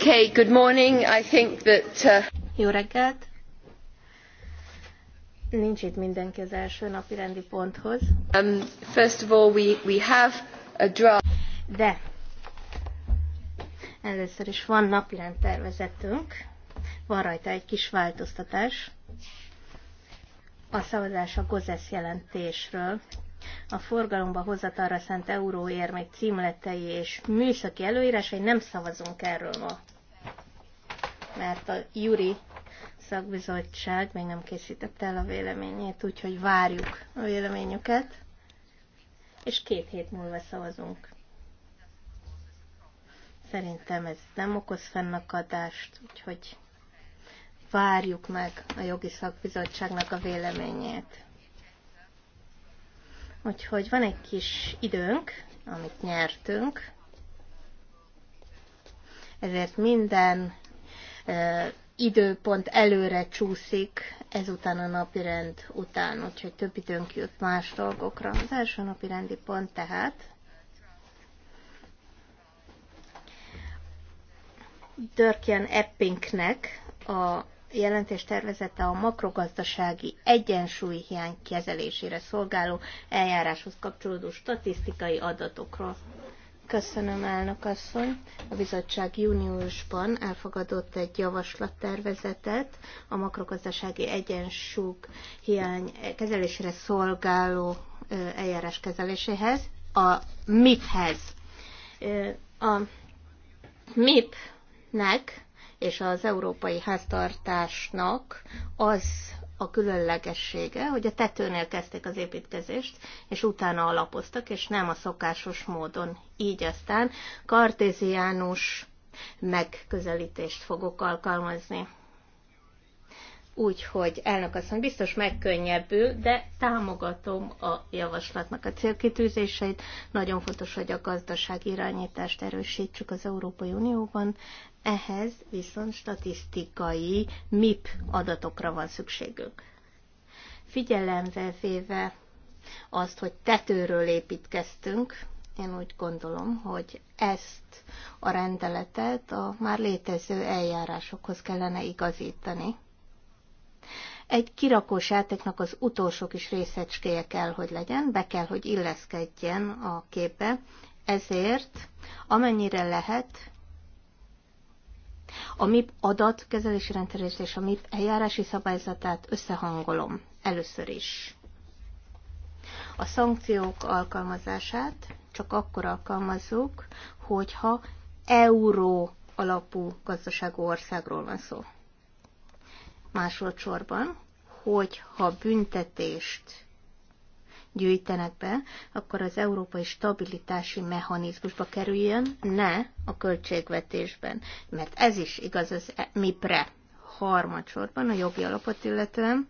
Okay, good morning. I think that, uh... Jó reggelt! Nincs itt mindenki az első napi rendi ponthoz. Um, first of all, we, we have a draft. De először is van napirend tervezetünk, van rajta egy kis változtatás. A szavazás a GOZESZ jelentésről, a forgalomba hozatalra szent euróérmék címletei és műszaki előírásai nem szavazunk erről ma mert a Juri szakbizottság még nem készítette el a véleményét, úgyhogy várjuk a véleményüket, és két hét múlva szavazunk. Szerintem ez nem okoz fennakadást, úgyhogy várjuk meg a jogi szakbizottságnak a véleményét. Úgyhogy van egy kis időnk, amit nyertünk, ezért minden időpont előre csúszik ezután a napirend után, úgyhogy több időnk jut más dolgokra. Az első napirendi pont tehát Dörkjen Eppinknek a jelentés tervezete a makrogazdasági egyensúlyhiány kezelésére szolgáló eljáráshoz kapcsolódó statisztikai adatokról. Köszönöm, elnök asszony. A bizottság júniusban elfogadott egy javaslattervezetet a makrogazdasági egyensúly hiány kezelésére szolgáló eljárás kezeléséhez, a MIP-hez. A MIP-nek és az európai háztartásnak az a különlegessége, hogy a tetőnél kezdték az építkezést, és utána alapoztak, és nem a szokásos módon. Így aztán kartéziánus megközelítést fogok alkalmazni. Úgyhogy elnök asszony biztos megkönnyebbül, de támogatom a javaslatnak a célkitűzéseit. Nagyon fontos, hogy a gazdaság irányítást erősítsük az Európai Unióban, ehhez viszont statisztikai MIP adatokra van szükségünk. Figyelembe véve azt, hogy tetőről építkeztünk, én úgy gondolom, hogy ezt a rendeletet a már létező eljárásokhoz kellene igazítani. Egy kirakós játéknak az utolsó kis részecskéje kell, hogy legyen, be kell, hogy illeszkedjen a képbe, ezért amennyire lehet, a MIP adatkezelési rendszerét és a MIP eljárási szabályzatát összehangolom először is. A szankciók alkalmazását csak akkor alkalmazzuk, hogyha euró alapú gazdaságú országról van szó. Másodszorban, hogyha büntetést gyűjtenek be, akkor az európai stabilitási mechanizmusba kerüljön, ne a költségvetésben. Mert ez is igaz az MIPRE harmadsorban, a jogi alapot illetően.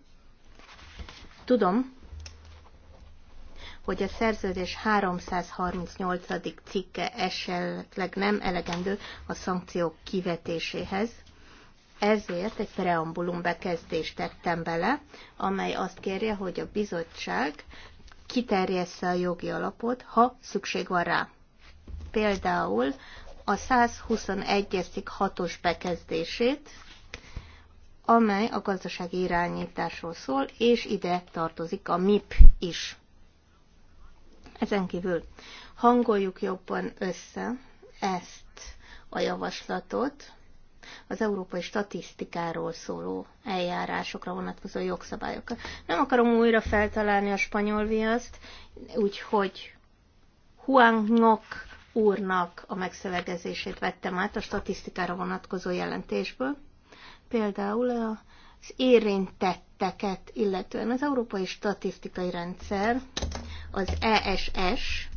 Tudom, hogy a szerződés 338. cikke esetleg nem elegendő a szankciók kivetéséhez, ezért egy preambulum bekezdést tettem bele, amely azt kérje, hogy a bizottság kiterjessze a jogi alapot, ha szükség van rá. Például a 121 hatos bekezdését, amely a gazdasági irányításról szól, és ide tartozik a MIP is. Ezen kívül hangoljuk jobban össze ezt a javaslatot az európai statisztikáról szóló eljárásokra vonatkozó jogszabályokat. Nem akarom újra feltalálni a spanyol viaszt, úgyhogy Juan Nok úrnak a megszövegezését vettem át a statisztikára vonatkozó jelentésből. Például az érintetteket, illetően az Európai Statisztikai Rendszer, az ESS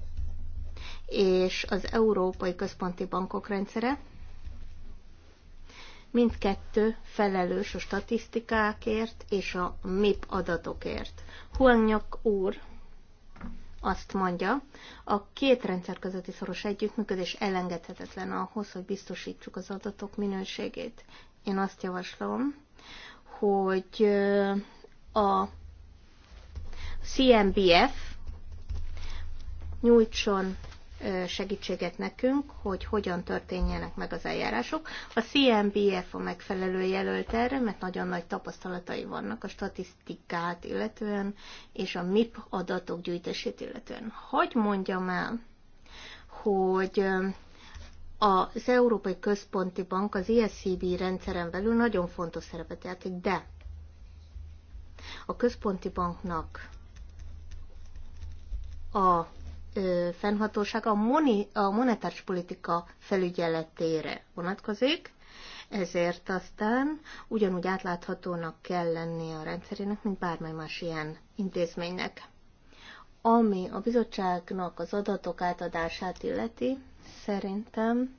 és az Európai Központi Bankok rendszere Mindkettő felelős a statisztikákért és a MIP adatokért. Huangnyok úr azt mondja, a két rendszer közötti szoros együttműködés elengedhetetlen ahhoz, hogy biztosítsuk az adatok minőségét. Én azt javaslom, hogy a CMBF nyújtson segítséget nekünk, hogy hogyan történjenek meg az eljárások. A CMBF a megfelelő jelölt erre, mert nagyon nagy tapasztalatai vannak a statisztikát illetően, és a MIP adatok gyűjtését illetően. Hogy mondjam el, hogy az Európai Központi Bank az ESCB rendszeren belül nagyon fontos szerepet játszik, de a központi banknak a fennhatóság a, moni, a monetáris politika felügyeletére vonatkozik, ezért aztán ugyanúgy átláthatónak kell lennie a rendszerének, mint bármely más ilyen intézménynek. Ami a bizottságnak az adatok átadását illeti, szerintem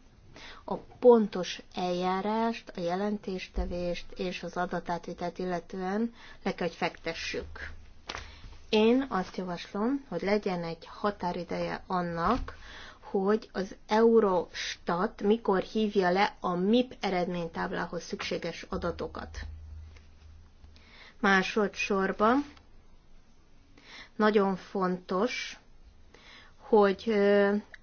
a pontos eljárást, a jelentéstevést és az adatátvitet illetően le kell, hogy fektessük. Én azt javaslom, hogy legyen egy határideje annak, hogy az Eurostat mikor hívja le a MIP eredménytáblához szükséges adatokat. Másodszorban nagyon fontos, hogy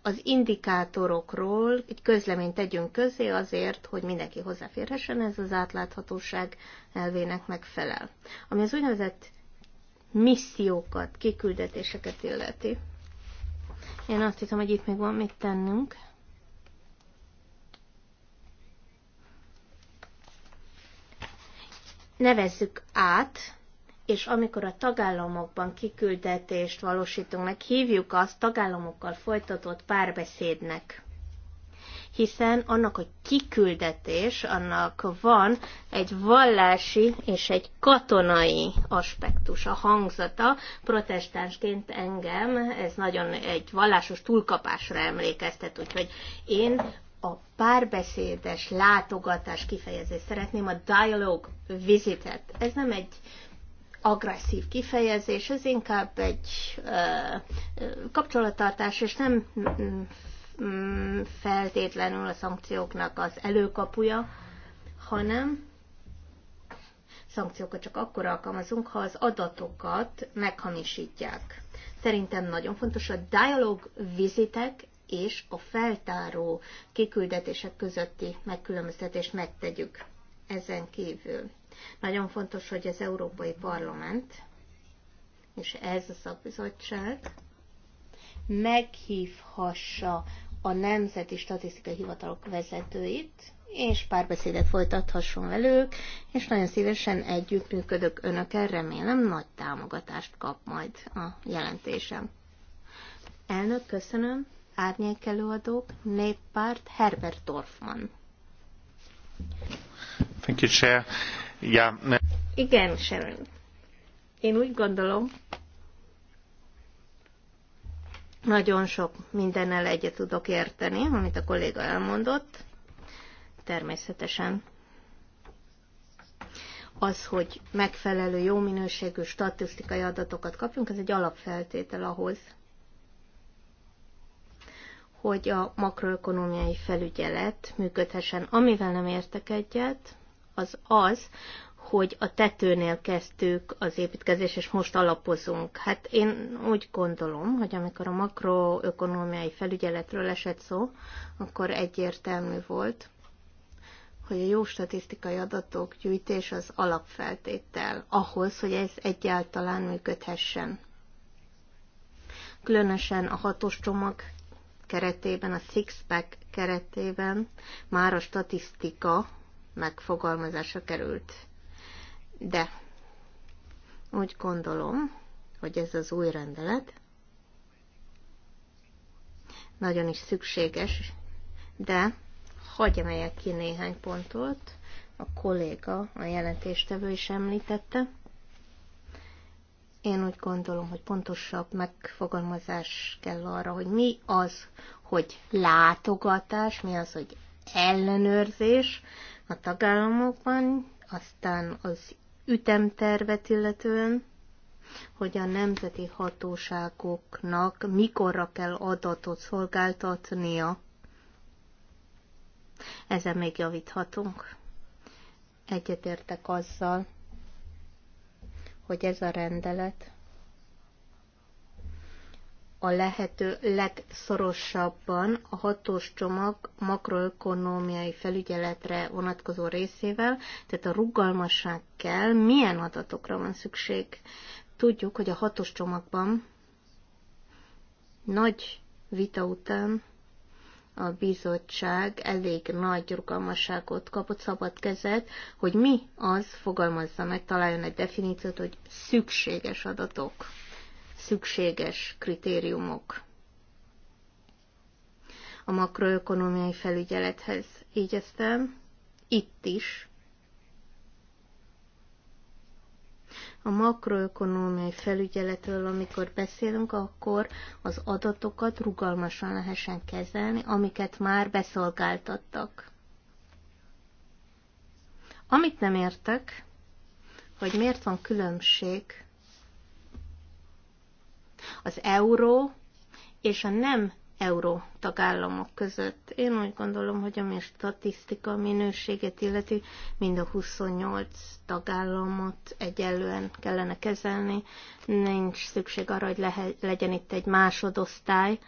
az indikátorokról egy közleményt tegyünk közé azért, hogy mindenki hozzáférhessen, ez az átláthatóság elvének megfelel. Ami az úgynevezett missziókat, kiküldetéseket illeti. Én azt hiszem, hogy itt még van mit tennünk. Nevezzük át, és amikor a tagállamokban kiküldetést valósítunk meg, hívjuk azt tagállamokkal folytatott párbeszédnek hiszen annak a kiküldetés, annak van egy vallási és egy katonai aspektus, a hangzata. Protestánsként engem ez nagyon egy vallásos túlkapásra emlékeztet, úgyhogy én a párbeszédes látogatás kifejezést szeretném, a dialogue visitet. Ez nem egy agresszív kifejezés, ez inkább egy uh, kapcsolattartás, és nem Mm, feltétlenül a szankcióknak az előkapuja, hanem szankciókat csak akkor alkalmazunk, ha az adatokat meghamisítják. Szerintem nagyon fontos a dialog vizitek és a feltáró kiküldetések közötti megkülönböztetést megtegyük. Ezen kívül nagyon fontos, hogy az Európai Parlament és ez a szakbizottság meghívhassa a Nemzeti Statisztikai Hivatalok vezetőit, és párbeszédet folytathasson velük, és nagyon szívesen együttműködök önökkel, remélem nagy támogatást kap majd a jelentésem. Elnök, köszönöm. Árnyék előadók, néppárt, Herbert Dorfman. Thank you, Chair. Yeah. Igen, Sharon. Én úgy gondolom, nagyon sok mindennel egyet tudok érteni, amit a kolléga elmondott. Természetesen az, hogy megfelelő, jó minőségű statisztikai adatokat kapjunk, ez egy alapfeltétel ahhoz, hogy a makroökonomiai felügyelet működhessen. Amivel nem értek egyet, az az, hogy a tetőnél kezdtük az építkezés, és most alapozunk. Hát én úgy gondolom, hogy amikor a makroökonómiai felügyeletről esett szó, akkor egyértelmű volt, hogy a jó statisztikai adatok gyűjtés az alapfeltétel ahhoz, hogy ez egyáltalán működhessen. Különösen a hatos csomag keretében, a six-pack keretében már a statisztika megfogalmazása került de úgy gondolom, hogy ez az új rendelet nagyon is szükséges, de hagyj emeljek ki néhány pontot. A kolléga, a jelentéstevő is említette. Én úgy gondolom, hogy pontosabb megfogalmazás kell arra, hogy mi az, hogy látogatás, mi az, hogy ellenőrzés a tagállamokban, aztán az ütemtervet illetően, hogy a nemzeti hatóságoknak mikorra kell adatot szolgáltatnia. Ezen még javíthatunk. Egyetértek azzal, hogy ez a rendelet a lehető legszorosabban a hatós csomag makroökonómiai felügyeletre vonatkozó részével, tehát a rugalmasság kell, milyen adatokra van szükség. Tudjuk, hogy a hatos csomagban nagy vita után a bizottság elég nagy rugalmasságot kapott, szabad kezet, hogy mi az fogalmazza meg, találjon egy definíciót, hogy szükséges adatok szükséges kritériumok a makroökonomiai felügyelethez. Így aztán itt is a makroökonomiai felügyeletről, amikor beszélünk, akkor az adatokat rugalmasan lehessen kezelni, amiket már beszolgáltattak. Amit nem értek, hogy miért van különbség az euró és a nem euró tagállamok között. Én úgy gondolom, hogy ami a statisztika minőséget illeti, mind a 28 tagállamot egyenlően kellene kezelni. Nincs szükség arra, hogy lehe, legyen itt egy másodosztály.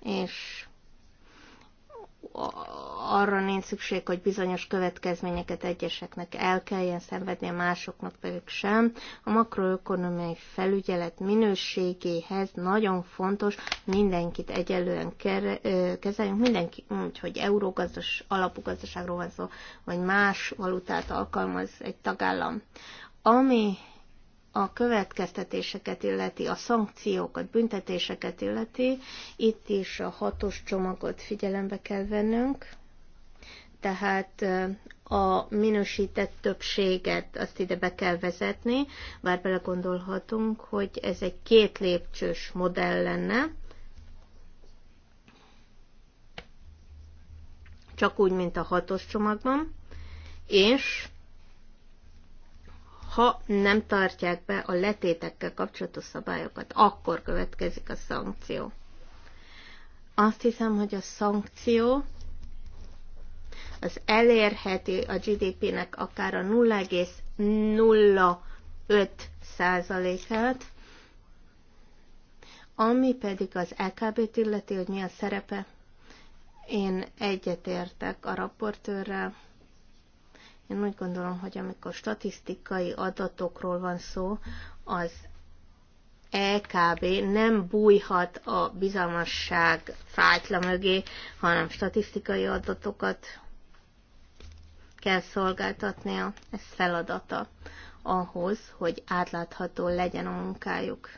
És arra nincs szükség, hogy bizonyos következményeket egyeseknek el kelljen szenvedni, a másoknak pedig sem. A makroökonomiai felügyelet minőségéhez nagyon fontos, mindenkit egyelően kezeljünk, mindenki, hogy eurógazdas, alapú gazdaságról van szó, vagy más valutát alkalmaz egy tagállam. Ami a következtetéseket illeti, a szankciókat, büntetéseket illeti, itt is a hatos csomagot figyelembe kell vennünk, tehát a minősített többséget azt ide be kell vezetni, bár belegondolhatunk, hogy ez egy két lépcsős modell lenne, csak úgy, mint a hatos csomagban, és ha nem tartják be a letétekkel kapcsolatos szabályokat, akkor következik a szankció. Azt hiszem, hogy a szankció az elérheti a GDP-nek akár a 0,05 százalékát, ami pedig az LKB-t illeti, hogy mi a szerepe. Én egyetértek a raportőrrel, én úgy gondolom, hogy amikor statisztikai adatokról van szó, az EKB nem bújhat a bizalmasság fájtla mögé, hanem statisztikai adatokat kell szolgáltatnia, ez feladata ahhoz, hogy átlátható legyen a munkájuk.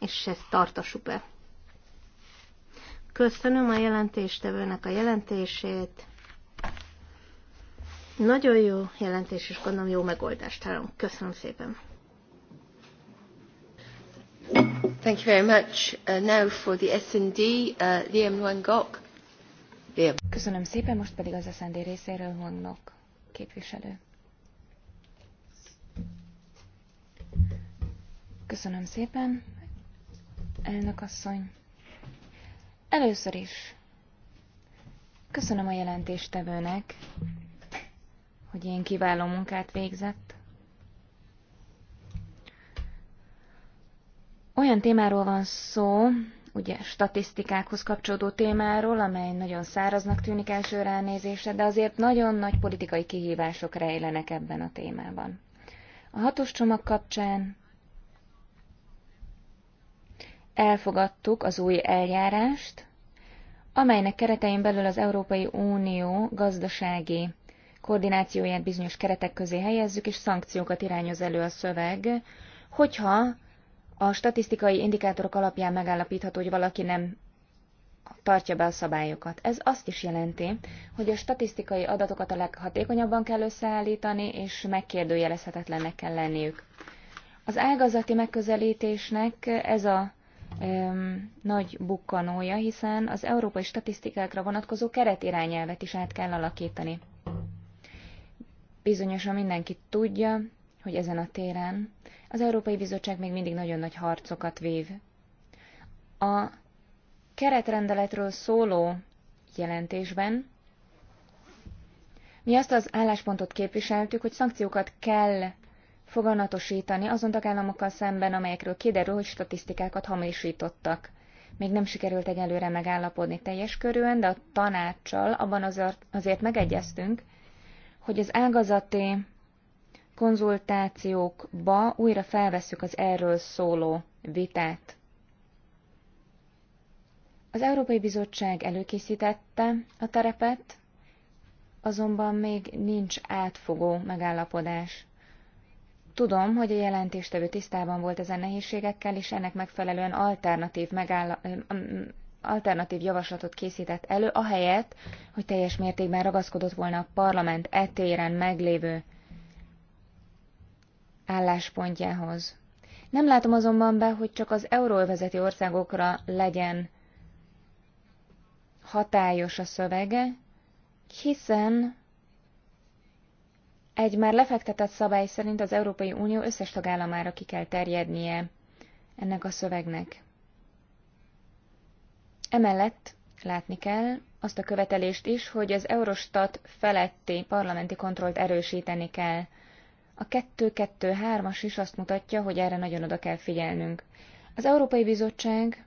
És ezt tartassuk be. Köszönöm a jelentéstevőnek a jelentését. Nagyon jó jelentés, és gondolom jó megoldást találunk. Köszönöm szépen. Thank you very much. Uh, now for the S&D, uh, Liam Wangok. Liam. Köszönöm szépen, most pedig az S&D részéről Wangok képviselő. Köszönöm szépen, elnök asszony. Először is köszönöm a jelentéstevőnek, hogy én kiváló munkát végzett. Olyan témáról van szó, ugye statisztikákhoz kapcsolódó témáról, amely nagyon száraznak tűnik első ránézésre, de azért nagyon nagy politikai kihívások rejlenek ebben a témában. A hatos csomag kapcsán elfogadtuk az új eljárást, amelynek keretein belül az Európai Unió gazdasági koordinációját bizonyos keretek közé helyezzük, és szankciókat irányoz elő a szöveg, hogyha a statisztikai indikátorok alapján megállapítható, hogy valaki nem tartja be a szabályokat. Ez azt is jelenti, hogy a statisztikai adatokat a leghatékonyabban kell összeállítani, és megkérdőjelezhetetlennek kell lenniük. Az ágazati megközelítésnek ez a öm, nagy bukkanója, hiszen az európai statisztikákra vonatkozó keretirányelvet is át kell alakítani. Bizonyosan mindenki tudja, hogy ezen a téren az Európai Bizottság még mindig nagyon nagy harcokat vív. A keretrendeletről szóló jelentésben mi azt az álláspontot képviseltük, hogy szankciókat kell foganatosítani azon tagállamokkal szemben, amelyekről kiderül, hogy statisztikákat hamisítottak. Még nem sikerült egyelőre megállapodni teljes körülön, de a tanácssal abban azért, azért megegyeztünk, hogy az ágazati konzultációkba újra felveszük az erről szóló vitát. Az Európai Bizottság előkészítette a terepet, azonban még nincs átfogó megállapodás. Tudom, hogy a jelentéstevő tisztában volt ezen nehézségekkel, és ennek megfelelően alternatív megáll- alternatív javaslatot készített elő, ahelyett, hogy teljes mértékben ragaszkodott volna a parlament etéren meglévő álláspontjához. Nem látom azonban be, hogy csak az euróvezeti országokra legyen hatályos a szövege, hiszen egy már lefektetett szabály szerint az Európai Unió összes tagállamára ki kell terjednie ennek a szövegnek. Emellett látni kell azt a követelést is, hogy az Eurostat feletti parlamenti kontrollt erősíteni kell. A 2-2-3-as is azt mutatja, hogy erre nagyon oda kell figyelnünk. Az Európai Bizottság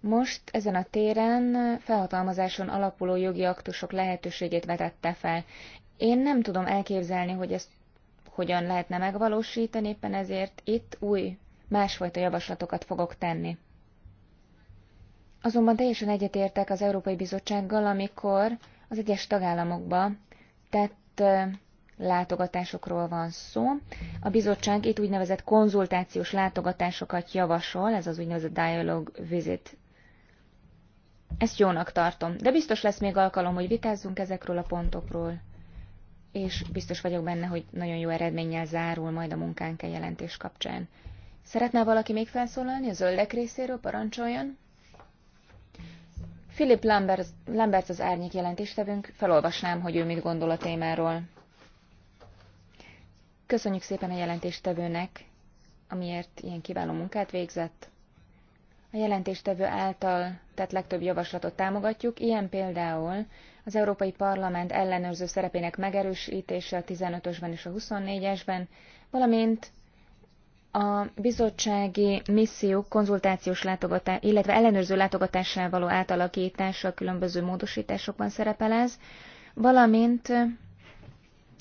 most ezen a téren felhatalmazáson alapuló jogi aktusok lehetőségét vetette fel. Én nem tudom elképzelni, hogy ezt hogyan lehetne megvalósítani, éppen ezért itt új másfajta javaslatokat fogok tenni. Azonban teljesen egyetértek az Európai Bizottsággal, amikor az egyes tagállamokba tett látogatásokról van szó. A bizottság itt úgynevezett konzultációs látogatásokat javasol, ez az úgynevezett dialogue visit. Ezt jónak tartom, de biztos lesz még alkalom, hogy vitázzunk ezekről a pontokról, és biztos vagyok benne, hogy nagyon jó eredménnyel zárul majd a munkánk a e jelentés kapcsán. Szeretne valaki még felszólalni a zöldek részéről? Parancsoljon. Philip Lambert, Lambert az árnyék jelentéstevünk, felolvasnám, hogy ő mit gondol a témáról. Köszönjük szépen a jelentéstevőnek, amiért ilyen kiváló munkát végzett. A jelentéstevő által tett legtöbb javaslatot támogatjuk, ilyen például az Európai Parlament ellenőrző szerepének megerősítése a 15-ösben és a 24-esben, valamint a bizottsági misszió konzultációs látogatás, illetve ellenőrző látogatással való átalakítása a különböző módosításokban szerepel ez, valamint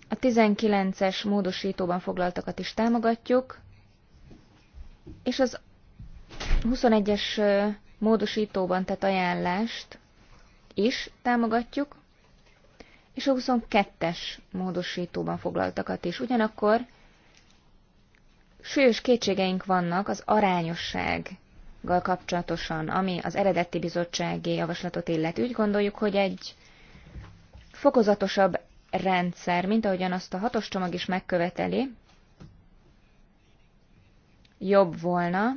a 19-es módosítóban foglaltakat is támogatjuk, és az 21-es módosítóban tett ajánlást is támogatjuk, és a 22-es módosítóban foglaltakat is. Ugyanakkor Súlyos kétségeink vannak az arányossággal kapcsolatosan, ami az eredeti bizottsági javaslatot illet. Úgy gondoljuk, hogy egy fokozatosabb rendszer, mint ahogyan azt a hatos csomag is megköveteli, jobb volna,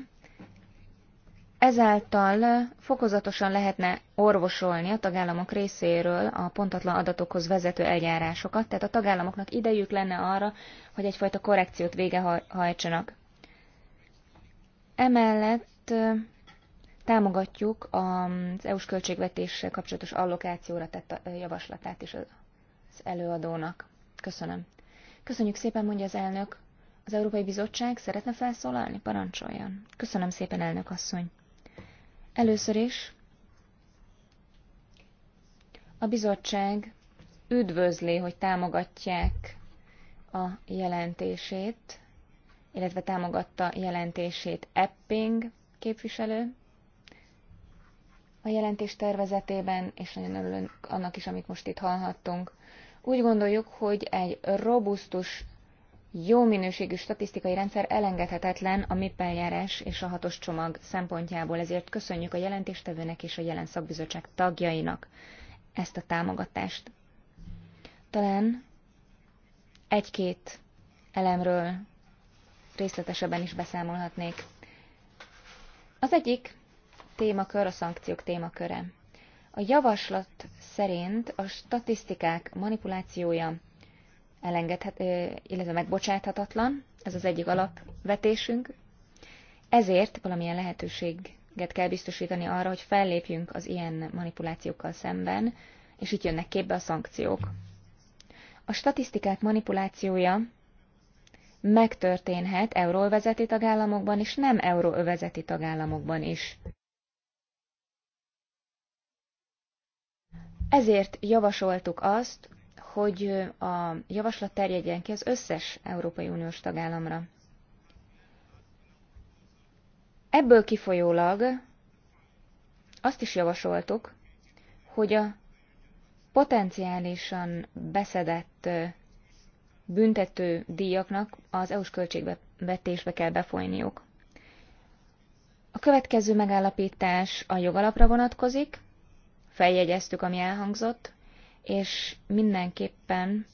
Ezáltal fokozatosan lehetne orvosolni a tagállamok részéről a pontatlan adatokhoz vezető eljárásokat, tehát a tagállamoknak idejük lenne arra, hogy egyfajta korrekciót végehajtsanak. Emellett támogatjuk az EU-s költségvetéssel kapcsolatos allokációra tett javaslatát is az előadónak. Köszönöm. Köszönjük szépen, mondja az elnök. Az Európai Bizottság szeretne felszólalni? Parancsoljon. Köszönöm szépen, elnök asszony. Először is a bizottság üdvözli, hogy támogatják a jelentését, illetve támogatta jelentését Epping képviselő a jelentés tervezetében, és nagyon örülünk annak is, amit most itt hallhattunk. Úgy gondoljuk, hogy egy robusztus jó minőségű statisztikai rendszer elengedhetetlen a MIP eljárás és a hatos csomag szempontjából, ezért köszönjük a jelentéstevőnek és a jelen szakbizottság tagjainak ezt a támogatást. Talán egy-két elemről részletesebben is beszámolhatnék. Az egyik témakör a szankciók témaköre. A javaslat szerint a statisztikák manipulációja elengedhet, illetve megbocsáthatatlan, ez az egyik alapvetésünk. Ezért valamilyen lehetőséget kell biztosítani arra, hogy fellépjünk az ilyen manipulációkkal szemben, és itt jönnek képbe a szankciók. A statisztikák manipulációja megtörténhet euróvezeti tagállamokban és nem euróövezeti tagállamokban is. Ezért javasoltuk azt, hogy a javaslat terjedjen ki az összes Európai Uniós tagállamra. Ebből kifolyólag azt is javasoltuk, hogy a potenciálisan beszedett büntető díjaknak az EU-s költségvetésbe kell befolyniuk. A következő megállapítás a jogalapra vonatkozik, feljegyeztük, ami elhangzott, és mindenképpen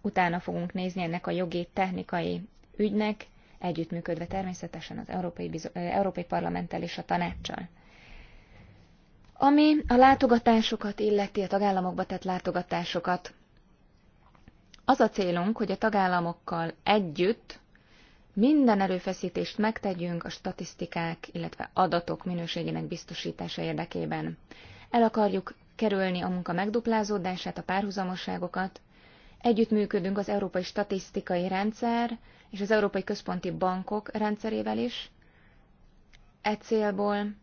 utána fogunk nézni ennek a jogi technikai ügynek, együttműködve természetesen az Európai, Bizo- Európai Parlamenttel és a tanácssal. Ami a látogatásokat illeti, a tagállamokba tett látogatásokat, az a célunk, hogy a tagállamokkal együtt minden erőfeszítést megtegyünk a statisztikák, illetve adatok minőségének biztosítása érdekében. El akarjuk kerülni a munka megduplázódását, a párhuzamoságokat. Együttműködünk az Európai Statisztikai Rendszer és az Európai Központi Bankok rendszerével is e célból,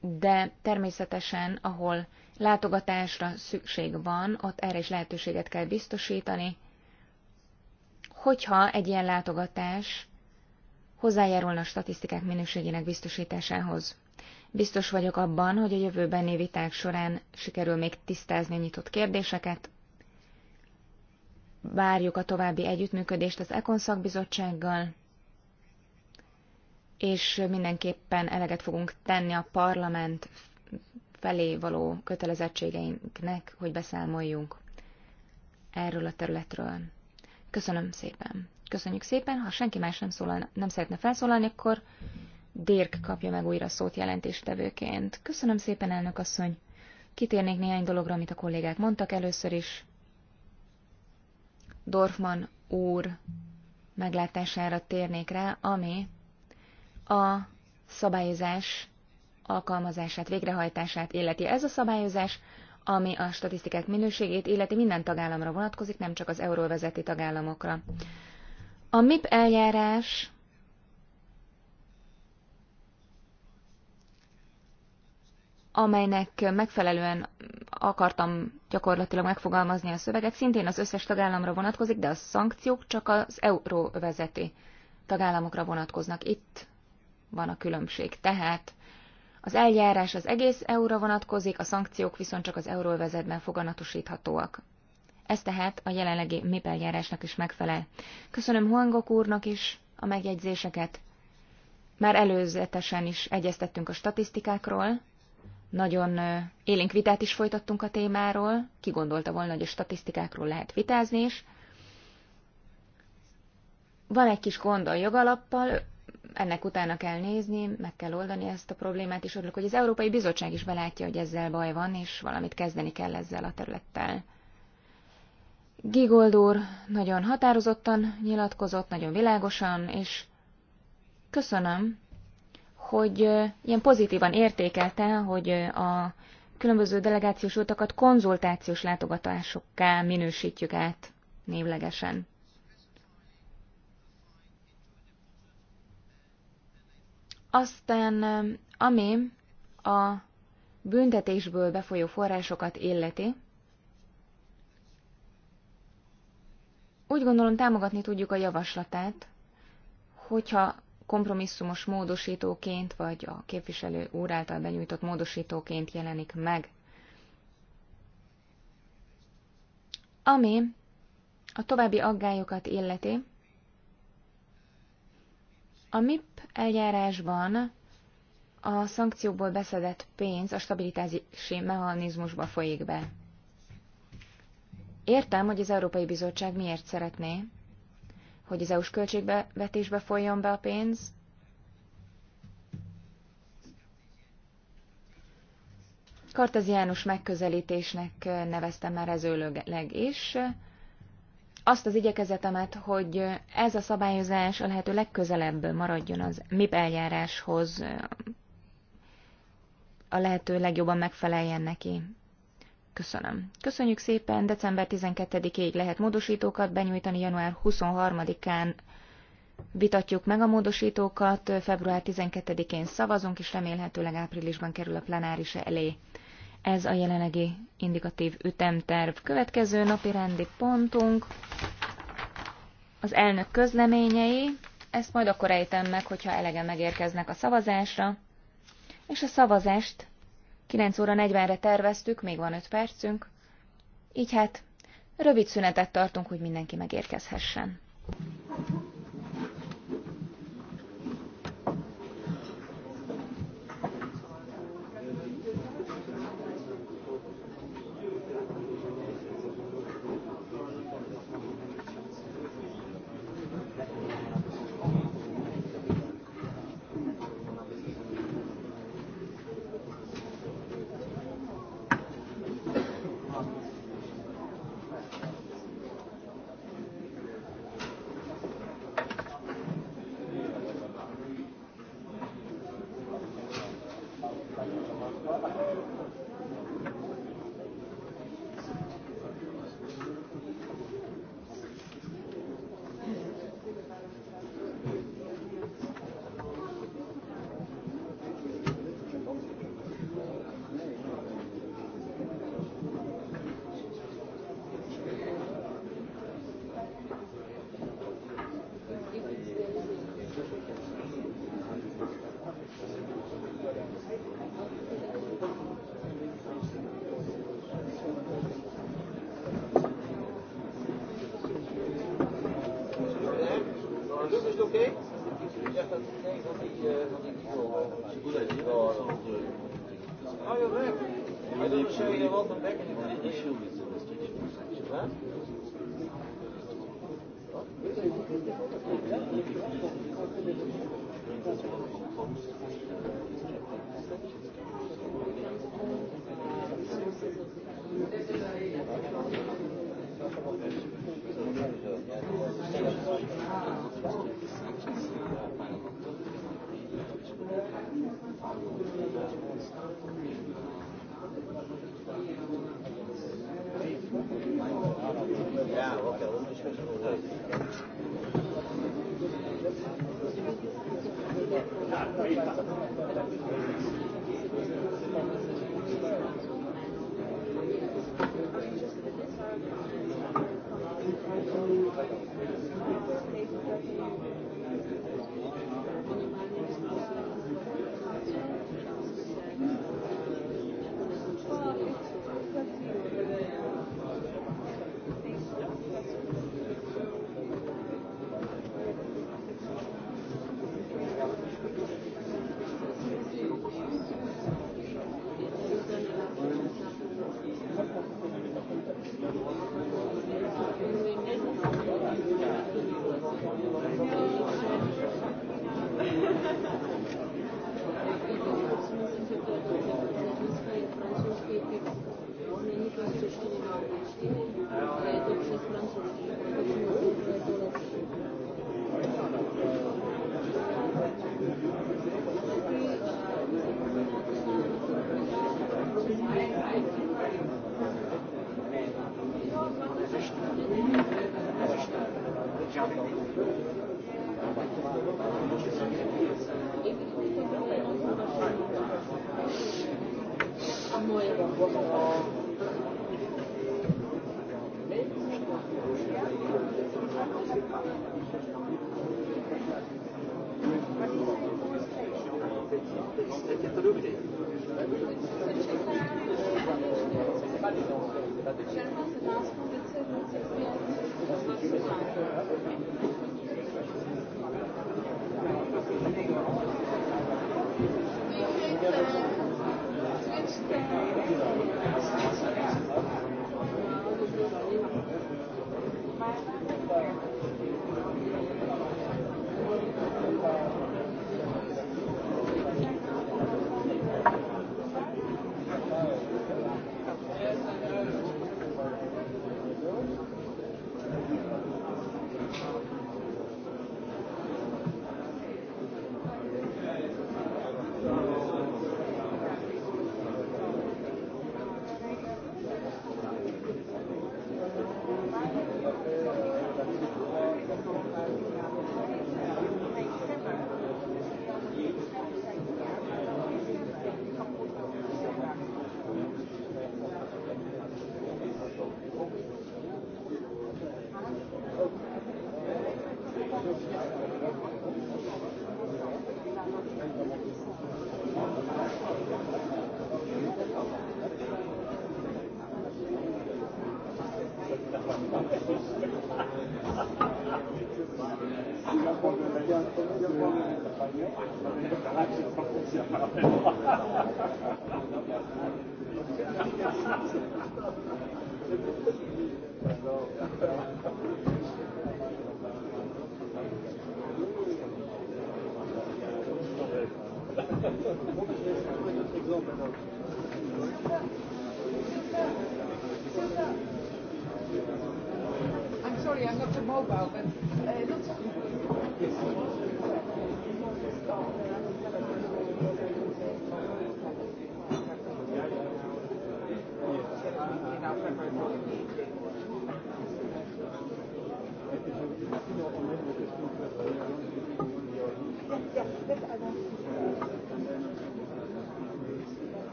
de természetesen, ahol látogatásra szükség van, ott erre is lehetőséget kell biztosítani, hogyha egy ilyen látogatás hozzájárulna a statisztikák minőségének biztosításához. Biztos vagyok abban, hogy a jövőbeni viták során sikerül még tisztázni a nyitott kérdéseket. Várjuk a további együttműködést az Ekon szakbizottsággal, és mindenképpen eleget fogunk tenni a parlament felé való kötelezettségeinknek, hogy beszámoljunk erről a területről. Köszönöm szépen. Köszönjük szépen. Ha senki más nem, szólal, nem szeretne felszólalni, akkor Dirk kapja meg újra szót jelentéstevőként. Köszönöm szépen, elnök asszony. Kitérnék néhány dologra, amit a kollégák mondtak először is. Dorfman úr meglátására térnék rá, ami a szabályozás alkalmazását, végrehajtását illeti. Ez a szabályozás, ami a statisztikák minőségét illeti minden tagállamra vonatkozik, nem csak az euróvezeti tagállamokra. A MIP eljárás amelynek megfelelően akartam gyakorlatilag megfogalmazni a szöveget, szintén az összes tagállamra vonatkozik, de a szankciók csak az euróvezeti tagállamokra vonatkoznak. Itt van a különbség. Tehát az eljárás az egész euróra vonatkozik, a szankciók viszont csak az euróvezetben foganatosíthatóak. Ez tehát a jelenlegi MIP eljárásnak is megfelel. Köszönöm Huangok úrnak is a megjegyzéseket. Már előzetesen is egyeztettünk a statisztikákról, nagyon élénk vitát is folytattunk a témáról, ki gondolta volna, hogy a statisztikákról lehet vitázni is. Van egy kis gond a jogalappal, ennek utána kell nézni, meg kell oldani ezt a problémát, és örülök, hogy az Európai Bizottság is belátja, hogy ezzel baj van, és valamit kezdeni kell ezzel a területtel. Gigold úr nagyon határozottan nyilatkozott, nagyon világosan, és köszönöm hogy ilyen pozitívan értékelte, hogy a különböző delegációs utakat konzultációs látogatásokká minősítjük át névlegesen. Aztán, ami a büntetésből befolyó forrásokat illeti, úgy gondolom támogatni tudjuk a javaslatát, hogyha kompromisszumos módosítóként, vagy a képviselő úr által benyújtott módosítóként jelenik meg. Ami a további aggályokat illeti, a MIP eljárásban a szankcióból beszedett pénz a stabilitási mechanizmusba folyik be. Értem, hogy az Európai Bizottság miért szeretné, hogy az EU-s költségbevetésbe folyjon be a pénz. János megközelítésnek neveztem már ezőleg is. Azt az igyekezetemet, hogy ez a szabályozás a lehető legközelebb maradjon az MIP eljáráshoz, a lehető legjobban megfeleljen neki. Köszönöm. Köszönjük szépen. December 12-ig lehet módosítókat benyújtani, január 23-án vitatjuk meg a módosítókat, február 12-én szavazunk, és remélhetőleg áprilisban kerül a plenáris elé. Ez a jelenlegi indikatív ütemterv. Következő napi rendi pontunk az elnök közleményei. Ezt majd akkor ejtem meg, hogyha elegen megérkeznek a szavazásra. És a szavazást 9 óra 40-re terveztük, még van 5 percünk. Így hát, rövid szünetet tartunk, hogy mindenki megérkezhessen.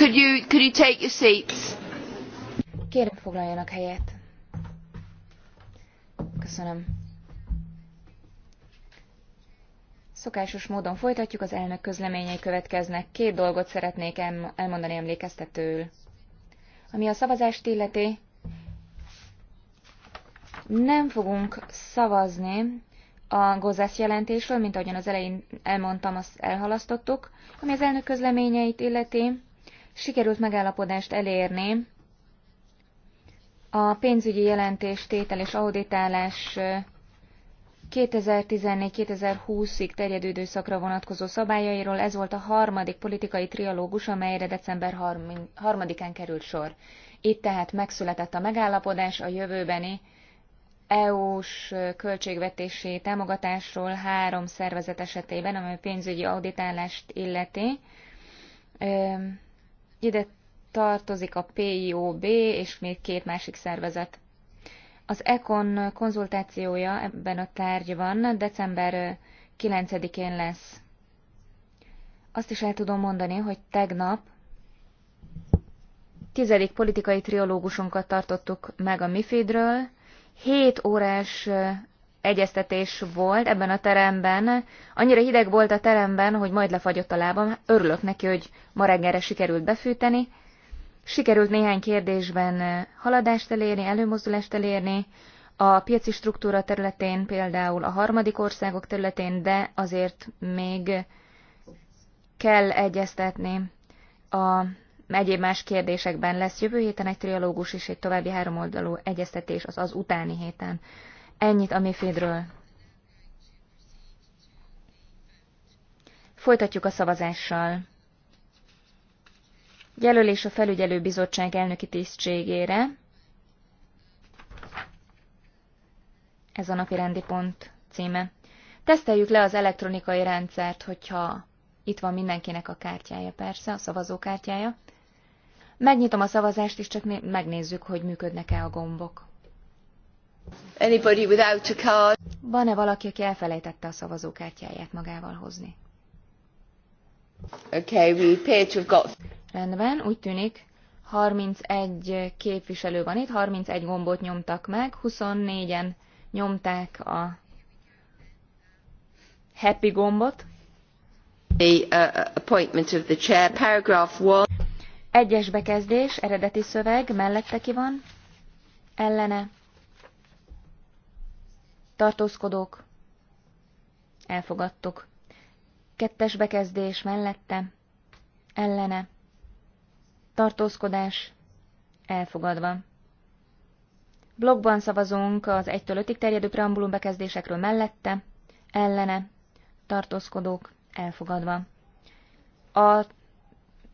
Could you, could you take your seats? Kérem foglaljanak helyet. Köszönöm. Szokásos módon folytatjuk, az elnök közleményei következnek. Két dolgot szeretnék elmondani emlékeztetőül. Ami a szavazást illeti, nem fogunk szavazni a Gozász jelentésről, mint ahogyan az elején elmondtam, azt elhalasztottuk. Ami az elnök közleményeit illeti, sikerült megállapodást elérni a pénzügyi jelentés tétel és auditálás 2014-2020-ig terjedő időszakra vonatkozó szabályairól ez volt a harmadik politikai trialógus, amelyre december 3-án került sor. Itt tehát megszületett a megállapodás a jövőbeni EU-s költségvetési támogatásról három szervezet esetében, amely pénzügyi auditálást illeti. Ide tartozik a PIOB és még két másik szervezet. Az ECON konzultációja ebben a tárgyban december 9-én lesz. Azt is el tudom mondani, hogy tegnap tizedik politikai triológusunkat tartottuk meg a MIFID-ről, 7 órás egyeztetés volt ebben a teremben. Annyira hideg volt a teremben, hogy majd lefagyott a lábam. Örülök neki, hogy ma reggelre sikerült befűteni. Sikerült néhány kérdésben haladást elérni, előmozdulást elérni, a piaci struktúra területén, például a harmadik országok területén, de azért még kell egyeztetni a egyéb más kérdésekben lesz jövő héten egy trialógus és egy további háromoldalú egyeztetés az az utáni héten. Ennyit a méfédről. Folytatjuk a szavazással. Jelölés a felügyelő bizottság elnöki tisztségére. Ez a napi rendi pont címe. Teszteljük le az elektronikai rendszert, hogyha itt van mindenkinek a kártyája, persze, a szavazókártyája. Megnyitom a szavazást, és csak megnézzük, hogy működnek-e a gombok. Anybody without a card? Van-e valaki, aki elfelejtette a szavazókártyáját magával hozni? Okay, we appear to have got... Rendben, úgy tűnik, 31 képviselő van itt, 31 gombot nyomtak meg, 24-en nyomták a happy gombot. The uh, appointment of the chair, paragraph one. Egyes bekezdés, eredeti szöveg, mellette ki van? Ellene tartózkodók, elfogadtuk. Kettes bekezdés mellette, ellene, tartózkodás, elfogadva. Blogban szavazunk az 1-től 5-ig terjedő preambulum bekezdésekről mellette, ellene, tartózkodók, elfogadva. A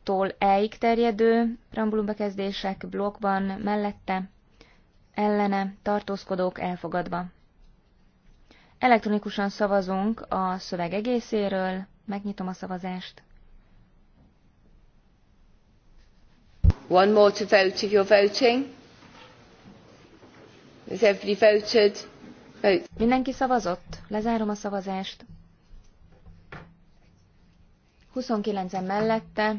tól E-ig terjedő preambulum bekezdések blogban mellette, ellene, tartózkodók, elfogadva. Elektronikusan szavazunk a szöveg egészéről. Megnyitom a szavazást. One more to vote if you're voting. Has everybody voted? Vote. Mindenki szavazott. Lezárom a szavazást. 29-en mellette,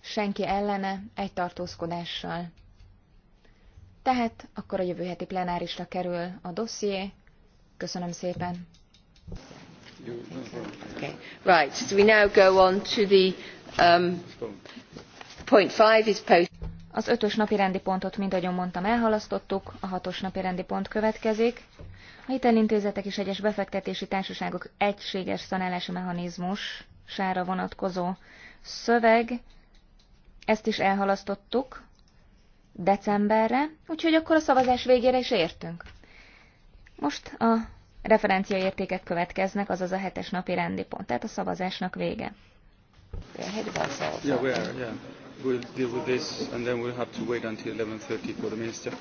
senki ellene, egy tartózkodással. Tehát akkor a jövő heti plenárisra kerül a dosszié, Köszönöm szépen. Okay. Right, so we now go on to the um, point five is post. Az ötös napi rendi pontot, mint mondtam, elhalasztottuk, a hatos napi rendi pont következik. A hitelintézetek és egyes befektetési társaságok egységes szanálási mechanizmus sára vonatkozó szöveg, ezt is elhalasztottuk decemberre, úgyhogy akkor a szavazás végére is értünk. Most a referenciaértékek következnek, azaz a hetes napi rendi pont, tehát a szavazásnak vége. Yeah, We'll deal with this and then we'll have to wait until 11.30 for the minister.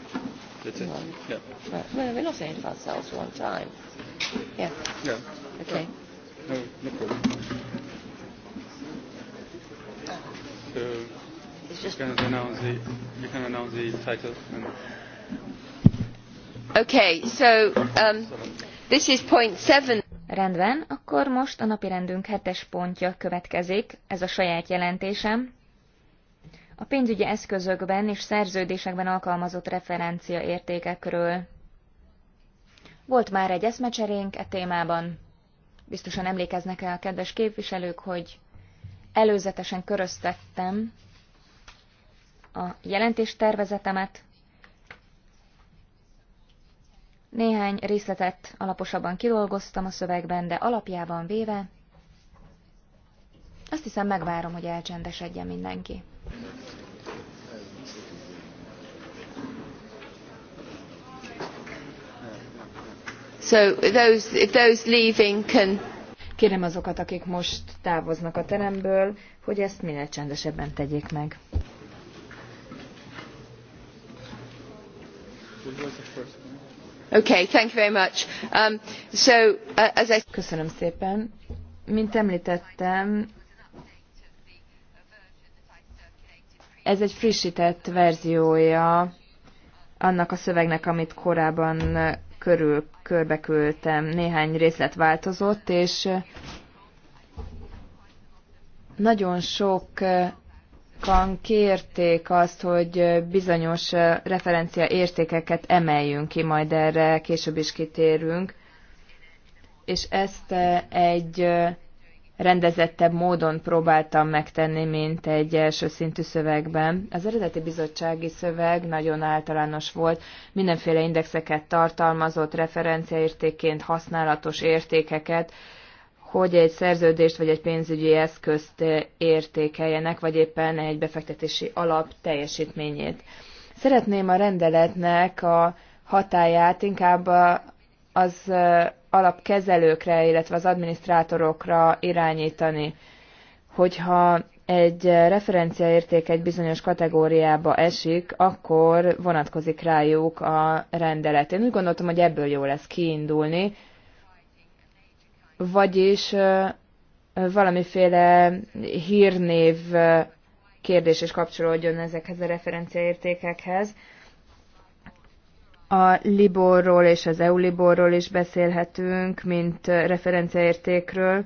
Mm-hmm. Yeah. Well, we're not time. Yeah. Yeah. Okay. No, problem. just... You can announce the, you can announce the title. And... Um, Rendben, akkor most a napirendünk hetes pontja következik, ez a saját jelentésem. A pénzügyi eszközökben és szerződésekben alkalmazott referencia értékekről. Volt már egy eszmecserénk e témában. Biztosan emlékeznek el a kedves képviselők, hogy előzetesen köröztettem a jelentéstervezetemet, néhány részletet alaposabban kidolgoztam a szövegben, de alapjában véve azt hiszem megvárom, hogy elcsendesedjen mindenki. So those, if those leaving can... Kérem azokat, akik most távoznak a teremből, hogy ezt minél csendesebben tegyék meg. Who was the first? Köszönöm szépen. Mint említettem, ez egy frissített verziója annak a szövegnek, amit korábban körül körbeküldtem. Néhány részlet változott, és nagyon sok sokan kérték azt, hogy bizonyos referencia értékeket emeljünk ki, majd erre később is kitérünk, és ezt egy rendezettebb módon próbáltam megtenni, mint egy első szintű szövegben. Az eredeti bizottsági szöveg nagyon általános volt, mindenféle indexeket tartalmazott, referenciaértékként használatos értékeket, hogy egy szerződést vagy egy pénzügyi eszközt értékeljenek, vagy éppen egy befektetési alap teljesítményét. Szeretném a rendeletnek a hatáját inkább az alapkezelőkre, illetve az adminisztrátorokra irányítani. Hogyha egy referenciaérték egy bizonyos kategóriába esik, akkor vonatkozik rájuk a rendelet. Én úgy gondoltam, hogy ebből jó lesz kiindulni, vagyis valamiféle hírnév kérdés is kapcsolódjon ezekhez a referenciaértékekhez. A Liborról és az EU-Liborról is beszélhetünk, mint referenciaértékről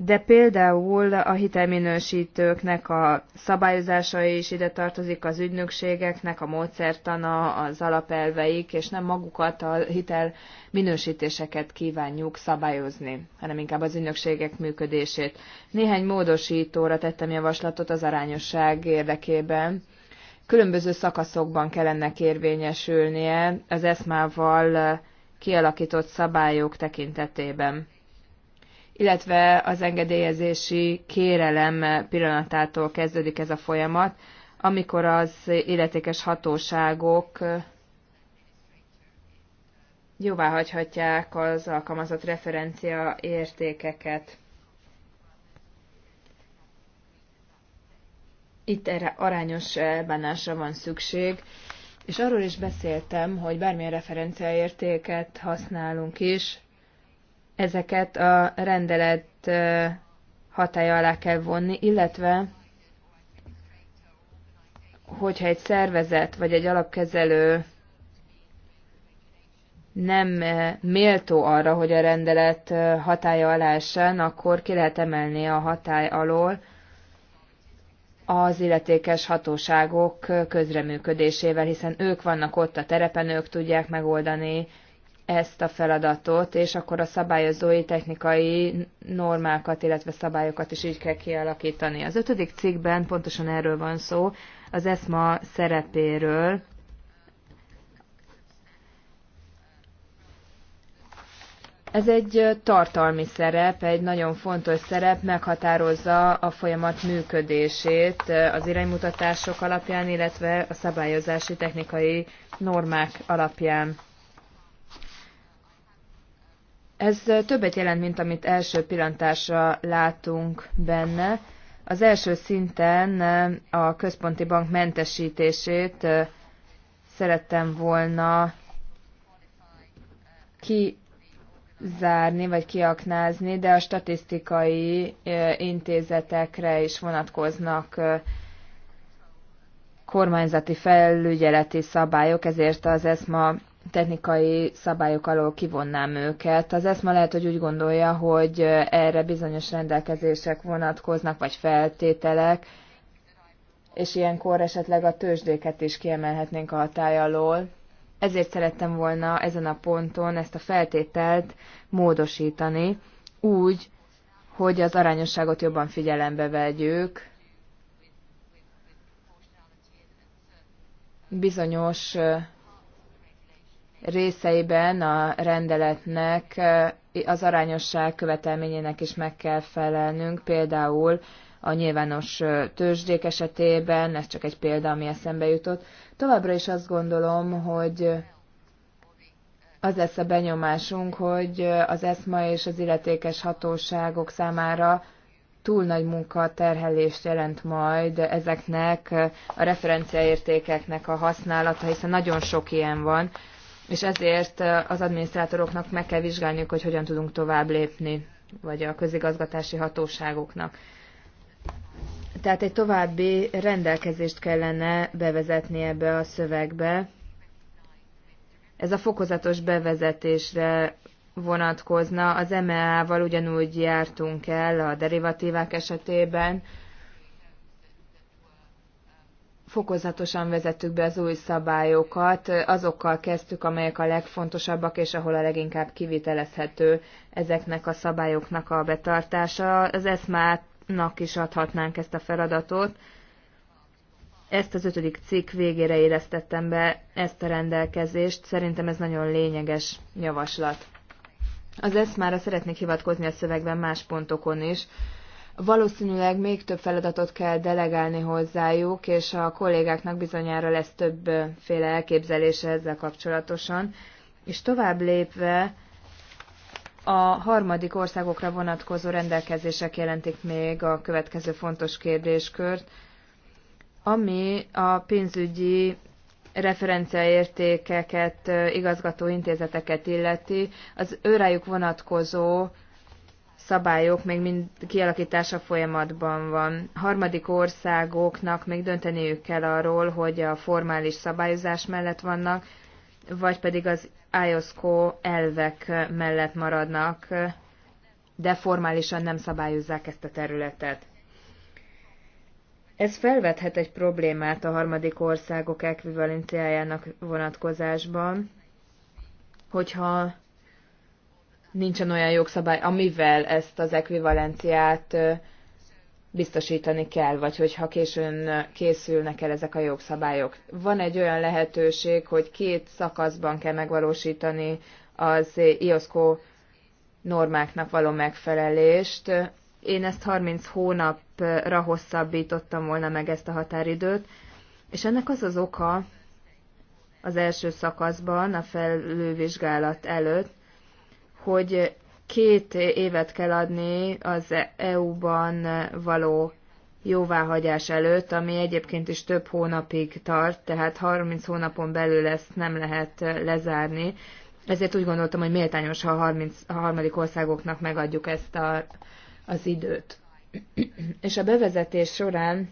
de például a hitelminősítőknek a szabályozása is ide tartozik, az ügynökségeknek a módszertana, az alapelveik, és nem magukat a hitelminősítéseket kívánjuk szabályozni, hanem inkább az ügynökségek működését. Néhány módosítóra tettem javaslatot az arányosság érdekében, különböző szakaszokban kell ennek érvényesülnie az eszmával kialakított szabályok tekintetében illetve az engedélyezési kérelem pillanatától kezdődik ez a folyamat, amikor az illetékes hatóságok jóvá hagyhatják az alkalmazott referencia értékeket. Itt erre arányos elbánásra van szükség, és arról is beszéltem, hogy bármilyen referenciaértéket használunk is, ezeket a rendelet hatája alá kell vonni, illetve hogyha egy szervezet vagy egy alapkezelő nem méltó arra, hogy a rendelet hatája alá essen, akkor ki lehet emelni a hatály alól az illetékes hatóságok közreműködésével, hiszen ők vannak ott a terepen, ők tudják megoldani ezt a feladatot, és akkor a szabályozói technikai normákat, illetve szabályokat is így kell kialakítani. Az ötödik cikkben pontosan erről van szó, az ESMA szerepéről, Ez egy tartalmi szerep, egy nagyon fontos szerep, meghatározza a folyamat működését az iránymutatások alapján, illetve a szabályozási technikai normák alapján. Ez többet jelent, mint amit első pillantásra látunk benne. Az első szinten a központi bank mentesítését szerettem volna kizárni vagy kiaknázni, de a statisztikai intézetekre is vonatkoznak kormányzati felügyeleti szabályok, ezért az ESMA technikai szabályok alól kivonnám őket. Az eszma lehet, hogy úgy gondolja, hogy erre bizonyos rendelkezések vonatkoznak, vagy feltételek, és ilyenkor esetleg a tőzsdéket is kiemelhetnénk a hatály alól. Ezért szerettem volna ezen a ponton ezt a feltételt módosítani, úgy, hogy az arányosságot jobban figyelembe vegyük, bizonyos részeiben a rendeletnek az arányosság követelményének is meg kell felelnünk, például a nyilvános tőzsdék esetében, ez csak egy példa, ami eszembe jutott. Továbbra is azt gondolom, hogy az lesz a benyomásunk, hogy az ESMA és az illetékes hatóságok számára túl nagy munkaterhelést jelent majd ezeknek a referenciaértékeknek a használata, hiszen nagyon sok ilyen van, és ezért az adminisztrátoroknak meg kell vizsgálniuk, hogy hogyan tudunk tovább lépni, vagy a közigazgatási hatóságoknak. Tehát egy további rendelkezést kellene bevezetni ebbe a szövegbe. Ez a fokozatos bevezetésre vonatkozna. Az MEA-val ugyanúgy jártunk el a derivatívák esetében, fokozatosan vezettük be az új szabályokat, azokkal kezdtük, amelyek a legfontosabbak, és ahol a leginkább kivitelezhető ezeknek a szabályoknak a betartása. Az ESMA-nak is adhatnánk ezt a feladatot. Ezt az ötödik cikk végére éreztettem be ezt a rendelkezést. Szerintem ez nagyon lényeges javaslat. Az ESMA-ra szeretnék hivatkozni a szövegben más pontokon is, Valószínűleg még több feladatot kell delegálni hozzájuk, és a kollégáknak bizonyára lesz többféle elképzelése ezzel kapcsolatosan. És tovább lépve a harmadik országokra vonatkozó rendelkezések jelentik még a következő fontos kérdéskört, ami a pénzügyi referenciaértékeket, igazgató intézeteket illeti, az őrájuk vonatkozó szabályok még mind kialakítása folyamatban van. Harmadik országoknak még dönteniük kell arról, hogy a formális szabályozás mellett vannak, vagy pedig az IOSCO elvek mellett maradnak, de formálisan nem szabályozzák ezt a területet. Ez felvethet egy problémát a harmadik országok ekvivalenciájának vonatkozásban, hogyha nincsen olyan jogszabály, amivel ezt az ekvivalenciát biztosítani kell, vagy hogyha későn készülnek el ezek a jogszabályok. Van egy olyan lehetőség, hogy két szakaszban kell megvalósítani az IOSCO normáknak való megfelelést. Én ezt 30 hónapra hosszabbítottam volna meg ezt a határidőt, és ennek az az oka az első szakaszban, a felülvizsgálat előtt, hogy két évet kell adni az EU-ban való jóváhagyás előtt, ami egyébként is több hónapig tart, tehát 30 hónapon belül ezt nem lehet lezárni. Ezért úgy gondoltam, hogy méltányos, ha a, 30, harmadik országoknak megadjuk ezt a, az időt. És a bevezetés során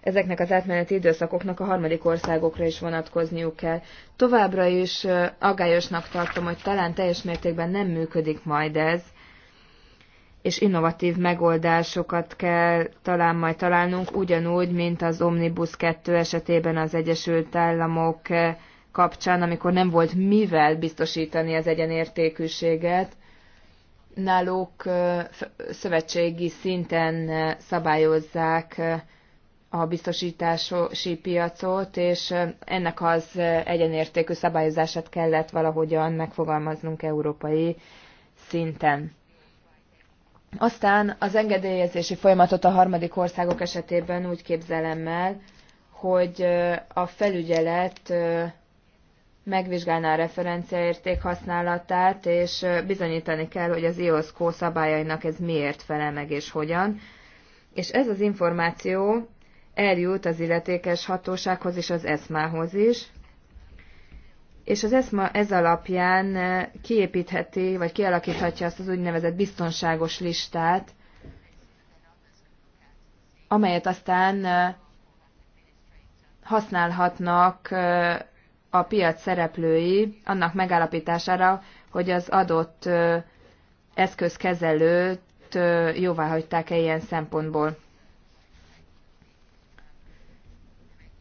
ezeknek az átmeneti időszakoknak a harmadik országokra is vonatkozniuk kell. Továbbra is aggályosnak tartom, hogy talán teljes mértékben nem működik majd ez, és innovatív megoldásokat kell talán majd találnunk, ugyanúgy, mint az Omnibus 2 esetében az Egyesült Államok kapcsán, amikor nem volt mivel biztosítani az egyenértékűséget, náluk szövetségi szinten szabályozzák a biztosítási piacot, és ennek az egyenértékű szabályozását kellett valahogyan megfogalmaznunk európai szinten. Aztán az engedélyezési folyamatot a harmadik országok esetében úgy képzelem el, hogy a felügyelet megvizsgálná a referenciaérték használatát, és bizonyítani kell, hogy az IOSCO szabályainak ez miért felel meg és hogyan. És ez az információ eljut az illetékes hatósághoz és az eszmához is, és az ESMA ez alapján eh, kiépítheti, vagy kialakíthatja azt az úgynevezett biztonságos listát, amelyet aztán eh, használhatnak eh, a piac szereplői annak megállapítására, hogy az adott eszközkezelőt jóváhagyták-e ilyen szempontból.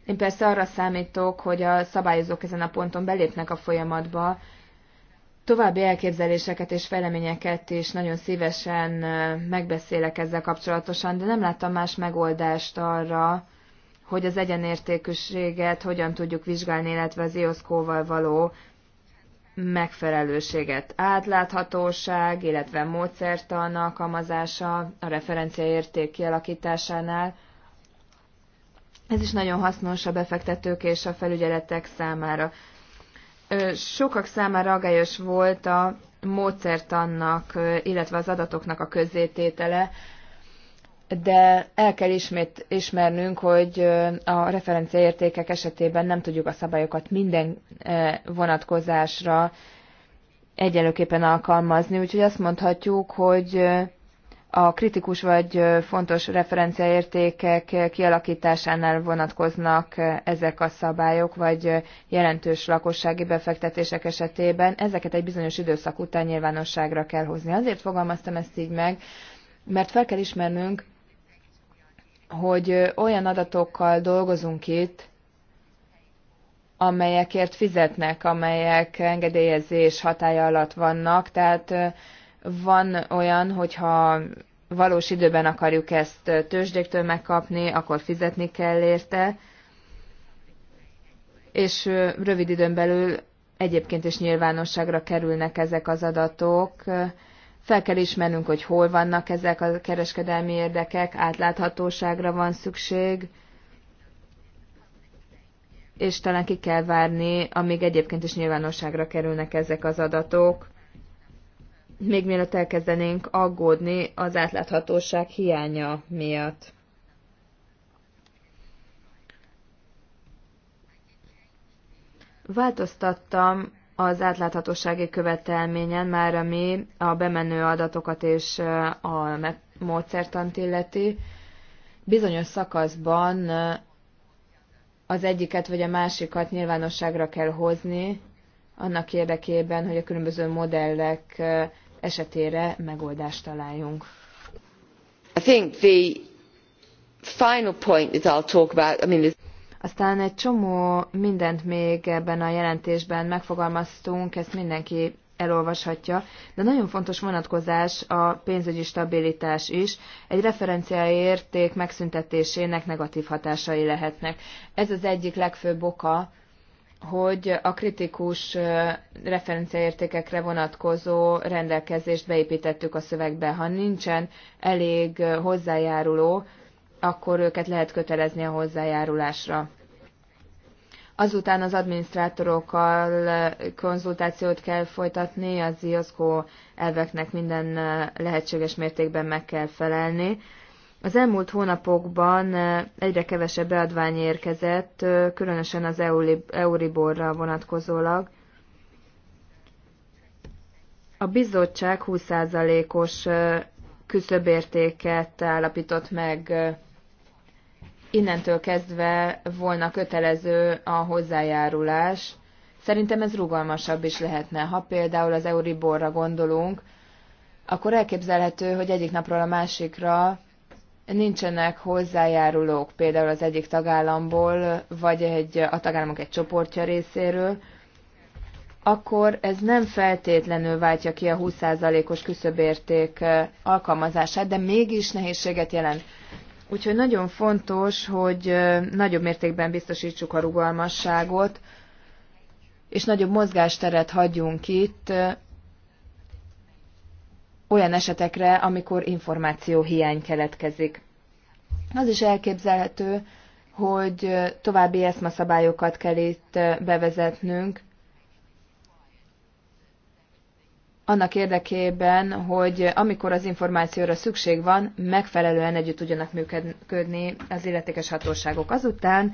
Én persze arra számítok, hogy a szabályozók ezen a ponton belépnek a folyamatba, További elképzeléseket és fejleményeket is nagyon szívesen megbeszélek ezzel kapcsolatosan, de nem láttam más megoldást arra, hogy az egyenértékűséget hogyan tudjuk vizsgálni, illetve az IOSZKÓ-val való megfelelőséget. Átláthatóság, illetve módszertan alkalmazása a referenciaérték kialakításánál – ez is nagyon hasznos a befektetők és a felügyeletek számára. Sokak számára agályos volt a módszertannak, illetve az adatoknak a közzététele, de el kell ismét ismernünk, hogy a referenciaértékek esetében nem tudjuk a szabályokat minden vonatkozásra egyenlőképpen alkalmazni, úgyhogy azt mondhatjuk, hogy a kritikus vagy fontos referenciaértékek kialakításánál vonatkoznak ezek a szabályok, vagy jelentős lakossági befektetések esetében. Ezeket egy bizonyos időszak után nyilvánosságra kell hozni. Azért fogalmaztam ezt így meg, mert fel kell ismernünk, hogy olyan adatokkal dolgozunk itt, amelyekért fizetnek, amelyek engedélyezés hatája alatt vannak, tehát van olyan, hogyha valós időben akarjuk ezt tőzsdéktől megkapni, akkor fizetni kell érte, és rövid időn belül egyébként is nyilvánosságra kerülnek ezek az adatok. Fel kell ismernünk, hogy hol vannak ezek a kereskedelmi érdekek, átláthatóságra van szükség, és talán ki kell várni, amíg egyébként is nyilvánosságra kerülnek ezek az adatok még mielőtt elkezdenénk aggódni az átláthatóság hiánya miatt. Változtattam az átláthatósági követelményen már, ami a bemenő adatokat és a módszertant illeti. Bizonyos szakaszban az egyiket vagy a másikat nyilvánosságra kell hozni, annak érdekében, hogy a különböző modellek esetére megoldást találjunk. I think the final point that I'll talk about, I mean, aztán egy csomó mindent még ebben a jelentésben megfogalmaztunk, ezt mindenki elolvashatja, de nagyon fontos vonatkozás a pénzügyi stabilitás is. Egy érték megszüntetésének negatív hatásai lehetnek. Ez az egyik legfőbb oka hogy a kritikus referenciaértékekre vonatkozó rendelkezést beépítettük a szövegbe. Ha nincsen elég hozzájáruló, akkor őket lehet kötelezni a hozzájárulásra. Azután az adminisztrátorokkal konzultációt kell folytatni, az IOSCO elveknek minden lehetséges mértékben meg kell felelni. Az elmúlt hónapokban egyre kevesebb beadvány érkezett, különösen az Euriborra vonatkozólag. A bizottság 20%-os küszöbértéket állapított meg, innentől kezdve volna kötelező a hozzájárulás. Szerintem ez rugalmasabb is lehetne. Ha például az Euriborra gondolunk, akkor elképzelhető, hogy egyik napról a másikra nincsenek hozzájárulók például az egyik tagállamból, vagy egy, a tagállamok egy csoportja részéről, akkor ez nem feltétlenül váltja ki a 20%-os küszöbérték eh, alkalmazását, de mégis nehézséget jelent. Úgyhogy nagyon fontos, hogy eh, nagyobb mértékben biztosítsuk a rugalmasságot, és nagyobb mozgásteret hagyjunk itt, eh, olyan esetekre, amikor információ hiány keletkezik. Az is elképzelhető, hogy további eszma szabályokat kell itt bevezetnünk, annak érdekében, hogy amikor az információra szükség van, megfelelően együtt tudjanak működni az illetékes hatóságok. Azután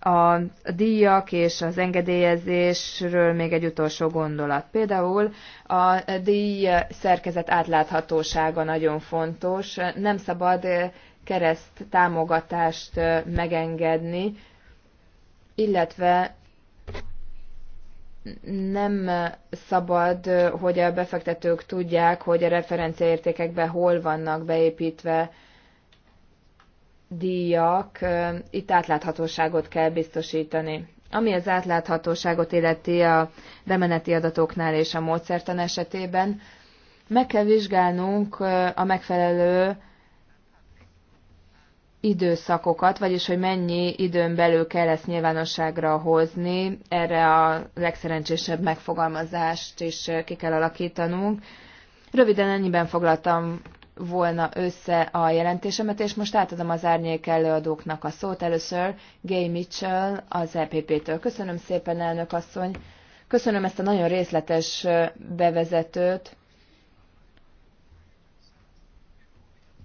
a díjak és az engedélyezésről még egy utolsó gondolat. Például a díj szerkezet átláthatósága nagyon fontos. Nem szabad kereszt támogatást megengedni, illetve nem szabad, hogy a befektetők tudják, hogy a referenciaértékekben hol vannak beépítve díjak, itt átláthatóságot kell biztosítani. Ami az átláthatóságot illeti a bemeneti adatoknál és a módszertan esetében, meg kell vizsgálnunk a megfelelő időszakokat, vagyis hogy mennyi időn belül kell ezt nyilvánosságra hozni, erre a legszerencsésebb megfogalmazást is ki kell alakítanunk. Röviden ennyiben foglaltam volna össze a jelentésemet, és most átadom az árnyék előadóknak a szót. Először Gay Mitchell az EPP-től. Köszönöm szépen, elnök asszony. Köszönöm ezt a nagyon részletes bevezetőt.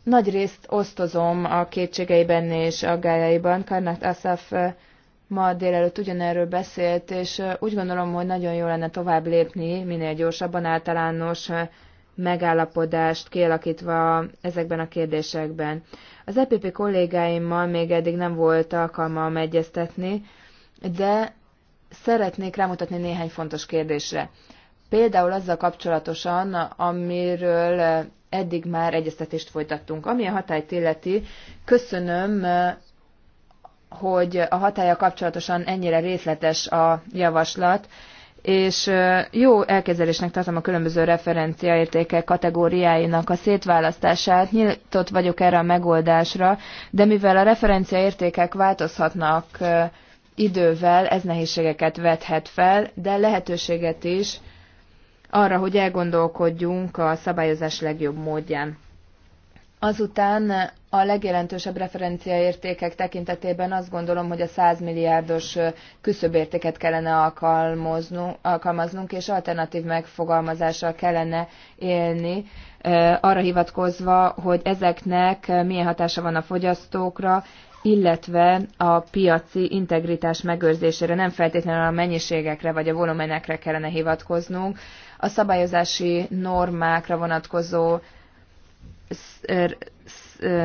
Nagy részt osztozom a kétségeiben és aggájaiban. Karnak Asaf ma délelőtt ugyanerről beszélt, és úgy gondolom, hogy nagyon jó lenne tovább lépni, minél gyorsabban általános megállapodást kialakítva ezekben a kérdésekben. Az EPP kollégáimmal még eddig nem volt alkalmam egyeztetni, de szeretnék rámutatni néhány fontos kérdésre. Például azzal kapcsolatosan, amiről eddig már egyeztetést folytattunk. Ami a hatályt illeti, köszönöm, hogy a hatája kapcsolatosan ennyire részletes a javaslat, és jó elkezelésnek tartom a különböző referenciaértékek kategóriáinak a szétválasztását. Nyitott vagyok erre a megoldásra, de mivel a referenciaértékek változhatnak idővel, ez nehézségeket vethet fel, de lehetőséget is arra, hogy elgondolkodjunk a szabályozás legjobb módján. Azután a legjelentősebb referenciaértékek tekintetében azt gondolom, hogy a 100 milliárdos küszöbértéket kellene alkalmaznunk, és alternatív megfogalmazással kellene élni, arra hivatkozva, hogy ezeknek milyen hatása van a fogyasztókra, illetve a piaci integritás megőrzésére, nem feltétlenül a mennyiségekre vagy a volumenekre kellene hivatkoznunk. A szabályozási normákra vonatkozó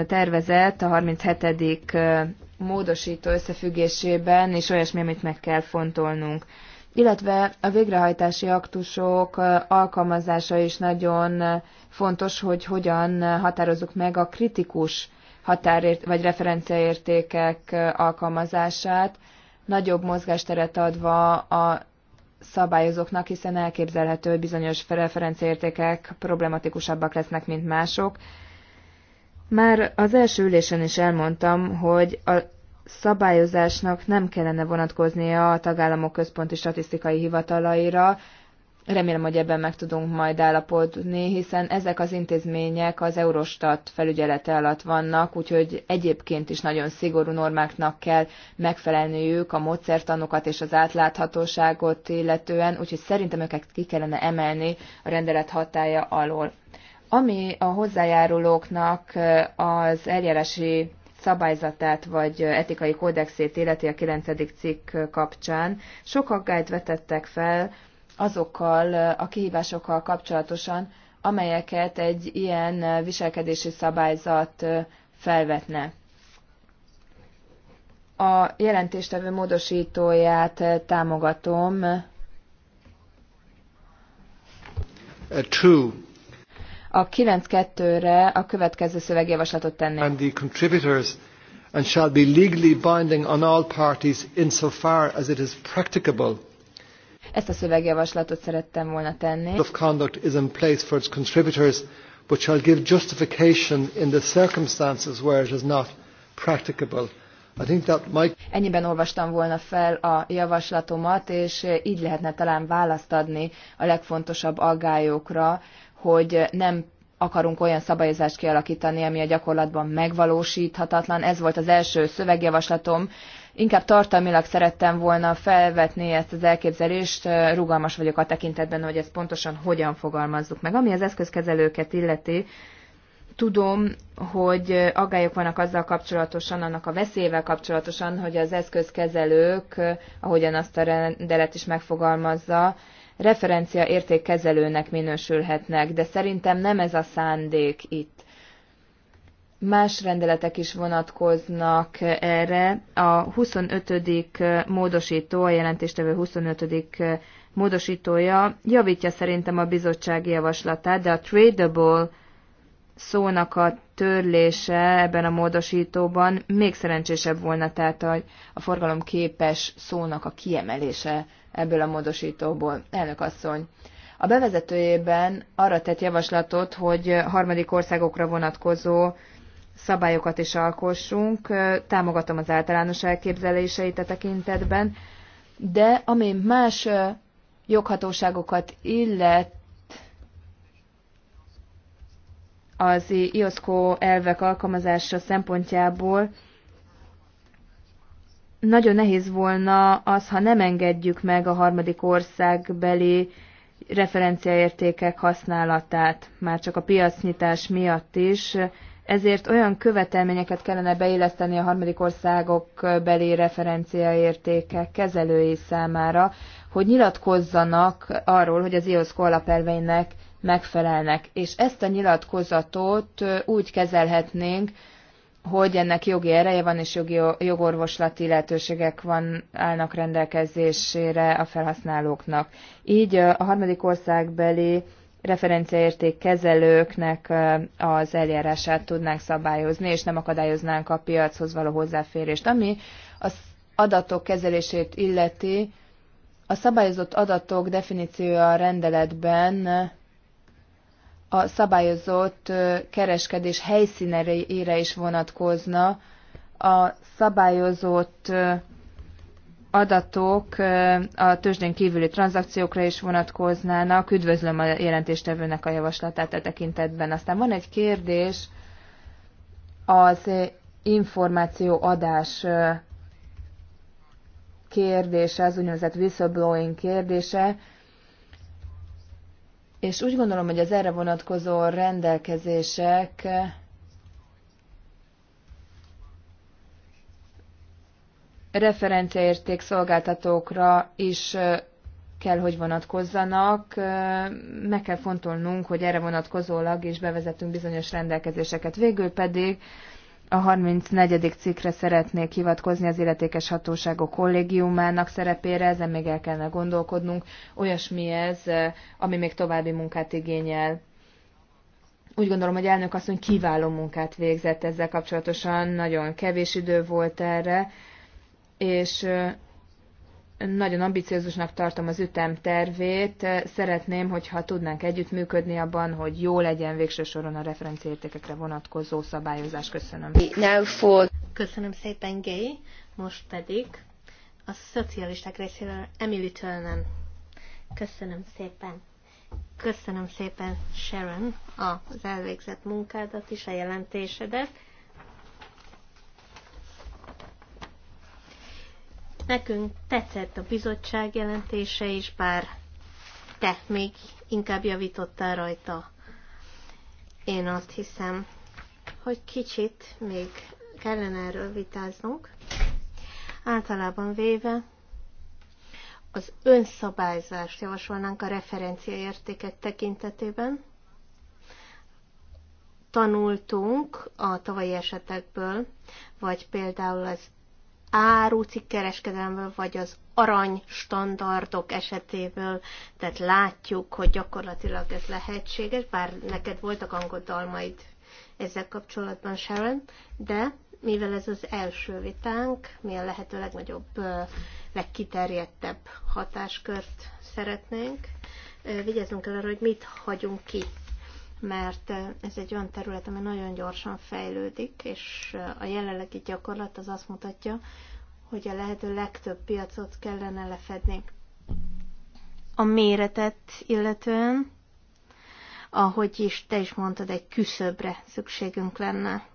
tervezett a 37. módosító összefüggésében és olyasmi, amit meg kell fontolnunk. Illetve a végrehajtási aktusok alkalmazása is nagyon fontos, hogy hogyan határozzuk meg a kritikus határért, vagy referenciaértékek alkalmazását, nagyobb mozgásteret adva a szabályozóknak, hiszen elképzelhető, hogy bizonyos referenciértékek problematikusabbak lesznek, mint mások. Már az első ülésen is elmondtam, hogy a szabályozásnak nem kellene vonatkoznia a tagállamok központi statisztikai hivatalaira, Remélem, hogy ebben meg tudunk majd állapodni, hiszen ezek az intézmények az Eurostat felügyelete alatt vannak, úgyhogy egyébként is nagyon szigorú normáknak kell megfelelniük a módszertanokat és az átláthatóságot illetően, úgyhogy szerintem őket ki kellene emelni a rendelet hatája alól. Ami a hozzájárulóknak az eljárási szabályzatát vagy etikai kódexét illeti a 9. cikk kapcsán, sok aggályt vetettek fel, azokkal a kihívásokkal kapcsolatosan, amelyeket egy ilyen viselkedési szabályzat felvetne. A jelentéstevő módosítóját támogatom. True. A 9.2-re a következő szövegjavaslatot tenném. And the contributors and shall be legally binding on all parties insofar as it is practicable ezt a szövegjavaslatot szerettem volna tenni. Of conduct is in place for its contributors, but shall give justification in the circumstances where it is not practicable. I think that might... Ennyiben olvastam volna fel a javaslatomat, és így lehetne talán választ adni a legfontosabb aggályokra, hogy nem akarunk olyan szabályozást kialakítani, ami a gyakorlatban megvalósíthatatlan. Ez volt az első szövegjavaslatom, Inkább tartalmilag szerettem volna felvetni ezt az elképzelést, rugalmas vagyok a tekintetben, hogy ezt pontosan hogyan fogalmazzuk meg. Ami az eszközkezelőket illeti, tudom, hogy aggályok vannak azzal kapcsolatosan, annak a veszélyvel kapcsolatosan, hogy az eszközkezelők, ahogyan azt a rendelet is megfogalmazza, referencia értékkezelőnek minősülhetnek, de szerintem nem ez a szándék itt. Más rendeletek is vonatkoznak erre. A 25. módosító, a jelentéstevő 25. módosítója javítja szerintem a bizottsági javaslatát, de a tradable szónak a törlése ebben a módosítóban még szerencsésebb volna, tehát a, a forgalom képes szónak a kiemelése ebből a módosítóból. Elnök asszony, a bevezetőjében arra tett javaslatot, hogy harmadik országokra vonatkozó szabályokat is alkossunk. Támogatom az általános elképzeléseit a tekintetben, de ami más joghatóságokat illet, az IOSCO elvek alkalmazása szempontjából nagyon nehéz volna az, ha nem engedjük meg a harmadik országbeli referenciaértékek használatát, már csak a piacnyitás miatt is, ezért olyan követelményeket kellene beilleszteni a harmadik országok beli referenciaértékek kezelői számára, hogy nyilatkozzanak arról, hogy az IOSCO alapelveinek megfelelnek. És ezt a nyilatkozatot úgy kezelhetnénk, hogy ennek jogi ereje van, és jogi, jogorvoslati lehetőségek van, állnak rendelkezésére a felhasználóknak. Így a harmadik országbeli referenciaérték kezelőknek az eljárását tudnánk szabályozni, és nem akadályoznánk a piachoz való hozzáférést. Ami az adatok kezelését illeti, a szabályozott adatok definíciója a rendeletben a szabályozott kereskedés helyszínére is vonatkozna. A szabályozott adatok a tőzsdén kívüli tranzakciókra is vonatkoznának. Üdvözlöm a jelentéstevőnek a javaslatát a e tekintetben. Aztán van egy kérdés az információ adás kérdése, az úgynevezett whistleblowing kérdése, és úgy gondolom, hogy az erre vonatkozó rendelkezések referenciaérték szolgáltatókra is kell, hogy vonatkozzanak. Meg kell fontolnunk, hogy erre vonatkozólag is bevezetünk bizonyos rendelkezéseket. Végül pedig a 34. cikkre szeretnék hivatkozni az illetékes hatóságok kollégiumának szerepére, ezen még el kellene gondolkodnunk. Olyasmi ez, ami még további munkát igényel. Úgy gondolom, hogy elnök asszony kiváló munkát végzett ezzel kapcsolatosan, nagyon kevés idő volt erre, és nagyon ambiciózusnak tartom az tervét. Szeretném, hogyha tudnánk együttműködni abban, hogy jó legyen végső soron a referenciértékekre vonatkozó szabályozás. Köszönöm. Köszönöm szépen, Gay. Most pedig a szocialisták részéről Emily Tölnen. Köszönöm szépen. Köszönöm szépen, Sharon, az elvégzett munkádat és a jelentésedet Nekünk tetszett a bizottság jelentése is, bár te még inkább javítottál rajta. Én azt hiszem, hogy kicsit még kellene erről vitáznunk. Általában véve az önszabályzást javasolnánk a referenciaértékek tekintetében. Tanultunk a tavalyi esetekből, vagy például az kereskedelmből, vagy az arany standardok esetéből, tehát látjuk, hogy gyakorlatilag ez lehetséges, bár neked voltak angodalmaid ezzel kapcsolatban, Sharon, de mivel ez az első vitánk, mi a lehető legnagyobb, legkiterjedtebb hatáskört szeretnénk, vigyázzunk el arra, hogy mit hagyunk ki mert ez egy olyan terület, ami nagyon gyorsan fejlődik, és a jelenlegi gyakorlat az azt mutatja, hogy a lehető legtöbb piacot kellene lefedni. A méretet illetően, ahogy is te is mondtad, egy küszöbre szükségünk lenne.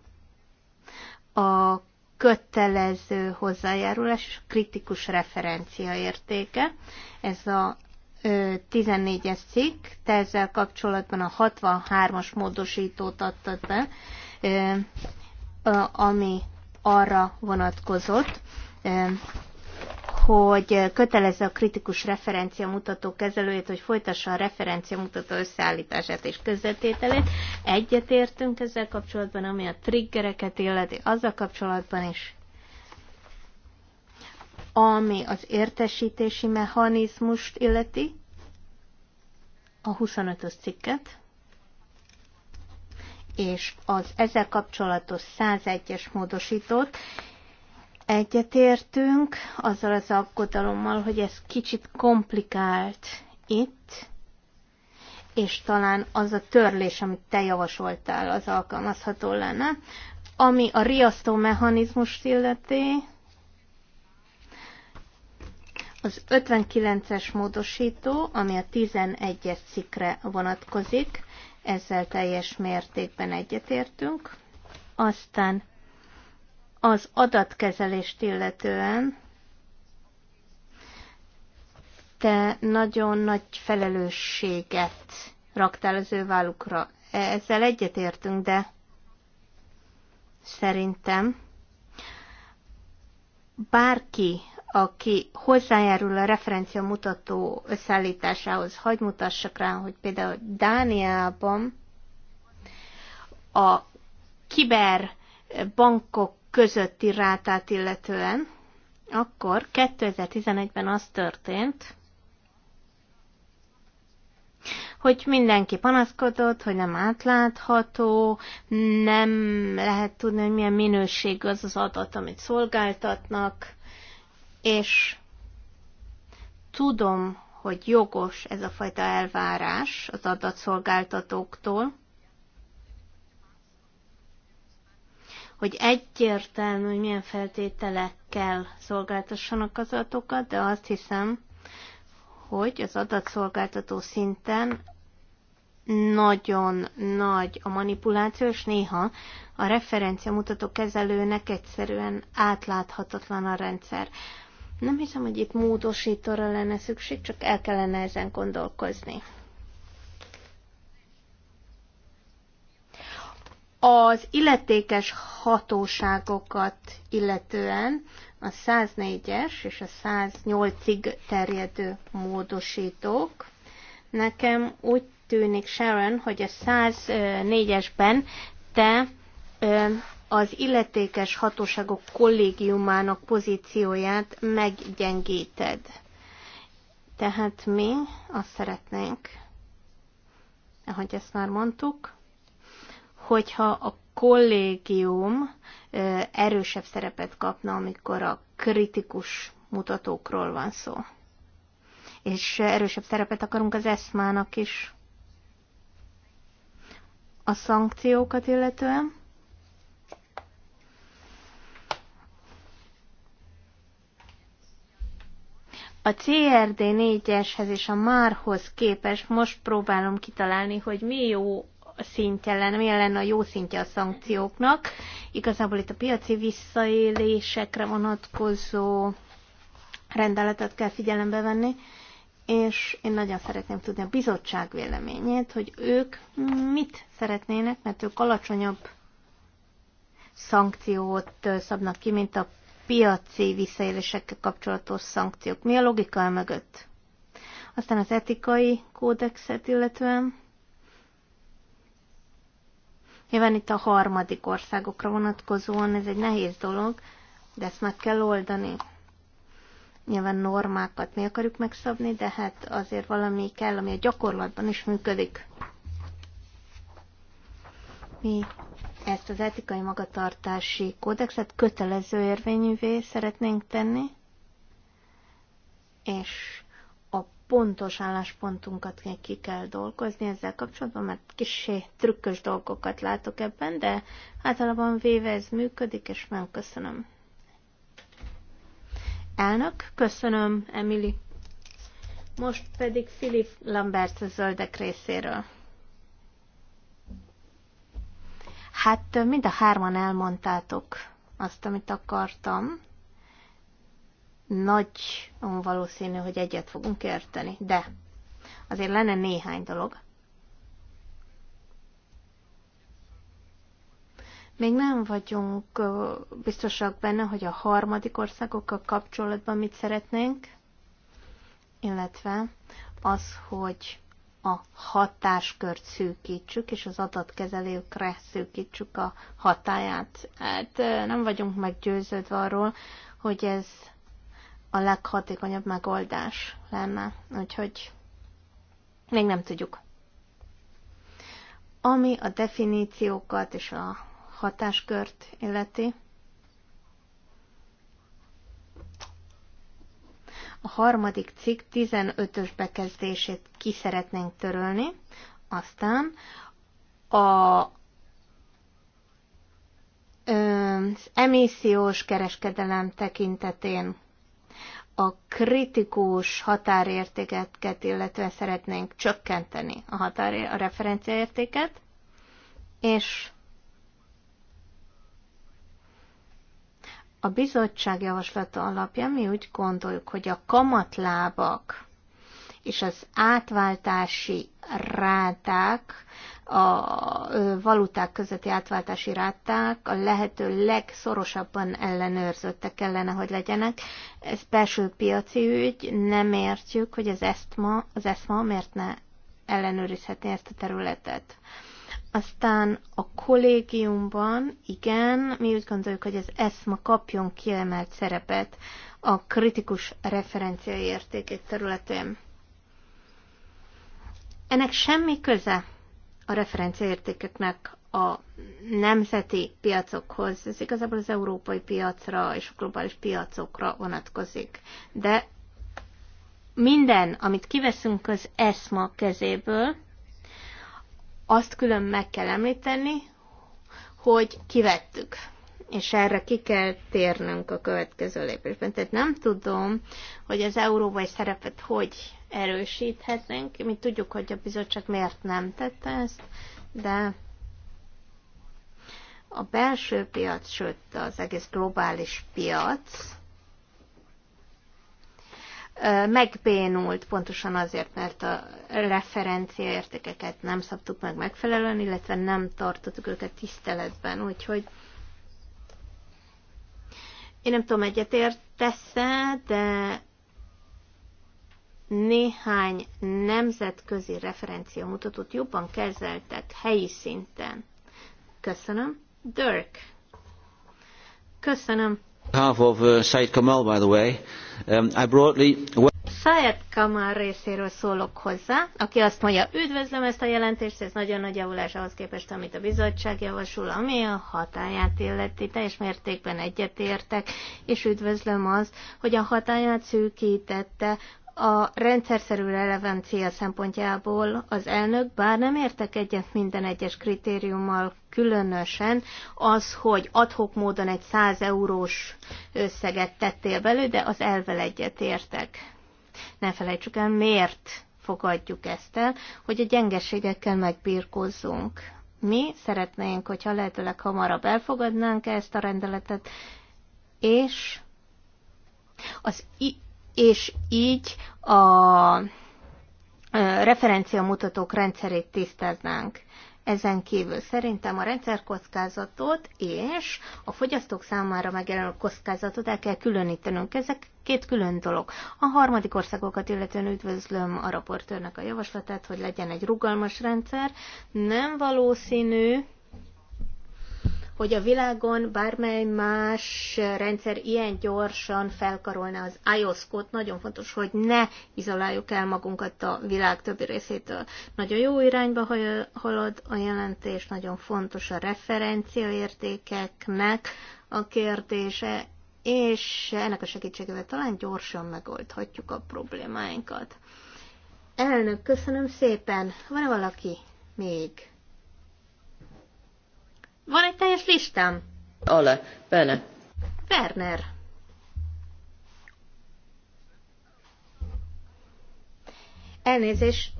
A kötelező hozzájárulás és kritikus referencia értéke, ez a 14-es cikk, te ezzel kapcsolatban a 63-as módosítót adtad be, ami arra vonatkozott, hogy kötelezze a kritikus referencia mutató kezelőjét, hogy folytassa a referencia mutató összeállítását és közvetételét. Egyetértünk ezzel kapcsolatban, ami a triggereket illeti, azzal kapcsolatban is ami az értesítési mechanizmust illeti, a 25-ös cikket, és az ezzel kapcsolatos 101-es módosítót, egyetértünk azzal az aggodalommal, hogy ez kicsit komplikált itt, és talán az a törlés, amit te javasoltál, az alkalmazható lenne. Ami a riasztó mechanizmus illeti, az 59-es módosító, ami a 11-es cikre vonatkozik, ezzel teljes mértékben egyetértünk. Aztán az adatkezelést illetően te nagyon nagy felelősséget raktál az ő vállukra. Ezzel egyetértünk, de szerintem bárki, aki hozzájárul a referencia mutató összeállításához, hagy mutassak rá, hogy például Dániában a kiber bankok közötti rátát illetően, akkor 2011-ben az történt, hogy mindenki panaszkodott, hogy nem átlátható, nem lehet tudni, hogy milyen minőség az az adat, amit szolgáltatnak, és tudom, hogy jogos ez a fajta elvárás az adatszolgáltatóktól, hogy egyértelmű, hogy milyen feltételekkel szolgáltassanak az adatokat, de azt hiszem, hogy az adatszolgáltató szinten nagyon nagy a manipuláció, és néha a mutató kezelőnek egyszerűen átláthatatlan a rendszer. Nem hiszem, hogy itt módosítóra lenne szükség, csak el kellene ezen gondolkozni. Az illetékes hatóságokat illetően a 104-es és a 108-ig terjedő módosítók. Nekem úgy tűnik, Sharon, hogy a 104-esben te az illetékes hatóságok kollégiumának pozícióját meggyengíted. Tehát mi azt szeretnénk, ahogy ezt már mondtuk, hogyha a kollégium erősebb szerepet kapna, amikor a kritikus mutatókról van szó. És erősebb szerepet akarunk az eszmának is. A szankciókat illetően A CRD 4-eshez és a márhoz képes most próbálom kitalálni, hogy mi jó szintje lenne, milyen lenne a jó szintje a szankcióknak. Igazából itt a piaci visszaélésekre vonatkozó rendeletet kell figyelembe venni, és én nagyon szeretném tudni a bizottság véleményét, hogy ők mit szeretnének, mert ők alacsonyabb szankciót szabnak ki, mint a piaci visszaélésekkel kapcsolatos szankciók. Mi a logika el mögött? Aztán az etikai kódexet illetően. Nyilván itt a harmadik országokra vonatkozóan ez egy nehéz dolog, de ezt meg kell oldani. Nyilván normákat mi akarjuk megszabni, de hát azért valami kell, ami a gyakorlatban is működik. Mi ezt az etikai magatartási kódexet kötelező érvényűvé szeretnénk tenni, és a pontos álláspontunkat ki kell dolgozni ezzel kapcsolatban, mert kicsi trükkös dolgokat látok ebben, de általában véve ez működik, és megköszönöm. Elnök, köszönöm, Emily. Most pedig Philip Lambert a zöldek részéről. Hát mind a hárman elmondtátok azt, amit akartam. Nagy valószínű, hogy egyet fogunk érteni, de azért lenne néhány dolog. Még nem vagyunk biztosak benne, hogy a harmadik országokkal kapcsolatban mit szeretnénk, illetve az, hogy a hatáskört szűkítsük, és az adatkezelőkre szűkítsük a hatáját. Hát nem vagyunk meggyőződve arról, hogy ez a leghatékonyabb megoldás lenne, úgyhogy még nem tudjuk. Ami a definíciókat és a hatáskört illeti, a harmadik cikk 15-ös bekezdését ki szeretnénk törölni, aztán a az emissziós kereskedelem tekintetén a kritikus határértéket, illetve szeretnénk csökkenteni a, határ, a referenciaértéket, és A bizottság javaslata alapján mi úgy gondoljuk, hogy a kamatlábak és az átváltási ráták, a valuták közötti átváltási ráták a lehető legszorosabban ellenőrzöttek kellene, hogy legyenek. Ez belső piaci ügy, nem értjük, hogy az ESMA, az ESMA miért ne ellenőrizhetné ezt a területet. Aztán a kollégiumban, igen, mi úgy gondoljuk, hogy az ESMA kapjon kiemelt szerepet a kritikus értékét területén. Ennek semmi köze a referenciaértékeknek a nemzeti piacokhoz, ez igazából az európai piacra és a globális piacokra vonatkozik. De minden, amit kiveszünk az ESMA kezéből, azt külön meg kell említeni, hogy kivettük. És erre ki kell térnünk a következő lépésben. Tehát nem tudom, hogy az európai szerepet hogy erősíthetnénk. Mi tudjuk, hogy a bizottság miért nem tette ezt, de a belső piac, sőt az egész globális piac megbénult, pontosan azért, mert a referenciaértékeket nem szabtuk meg megfelelően, illetve nem tartottuk őket tiszteletben, úgyhogy én nem tudom, egyetértesz-e, de néhány nemzetközi referencia mutatót jobban kezeltek helyi szinten. Köszönöm. Dirk. Köszönöm. Half of uh, Said Kamal, by the way. Um, I broadly... Kamal részéről szólok hozzá, aki azt mondja, üdvözlöm ezt a jelentést, ez nagyon nagy javulás ahhoz képest, amit a bizottság javasol, ami a hatáját illeti, teljes mértékben egyetértek, és üdvözlöm az, hogy a hatáját szűkítette a rendszerszerű relevancia szempontjából az elnök, bár nem értek egyet minden egyes kritériummal, különösen az, hogy adhok módon egy 100 eurós összeget tettél belő, de az elvel egyet értek. Ne felejtsük el, miért fogadjuk ezt el, hogy a gyengeségekkel megbírkozzunk. Mi szeretnénk, hogyha lehetőleg hamarabb elfogadnánk ezt a rendeletet, és az és így a referenciamutatók rendszerét tisztáznánk. Ezen kívül szerintem a rendszerkockázatot és a fogyasztók számára megjelenő kockázatot el kell különítenünk. Ezek két külön dolog. A harmadik országokat illetően üdvözlöm a raportőrnek a javaslatát, hogy legyen egy rugalmas rendszer. Nem valószínű, hogy a világon bármely más rendszer ilyen gyorsan felkarolná az ios -kód. Nagyon fontos, hogy ne izoláljuk el magunkat a világ többi részétől. Nagyon jó irányba halad a jelentés, nagyon fontos a referenciaértékeknek a kérdése, és ennek a segítségével talán gyorsan megoldhatjuk a problémáinkat. Elnök, köszönöm szépen. Van-e valaki még? Van egy teljes listám. Ale, bene. Werner. Elnézés,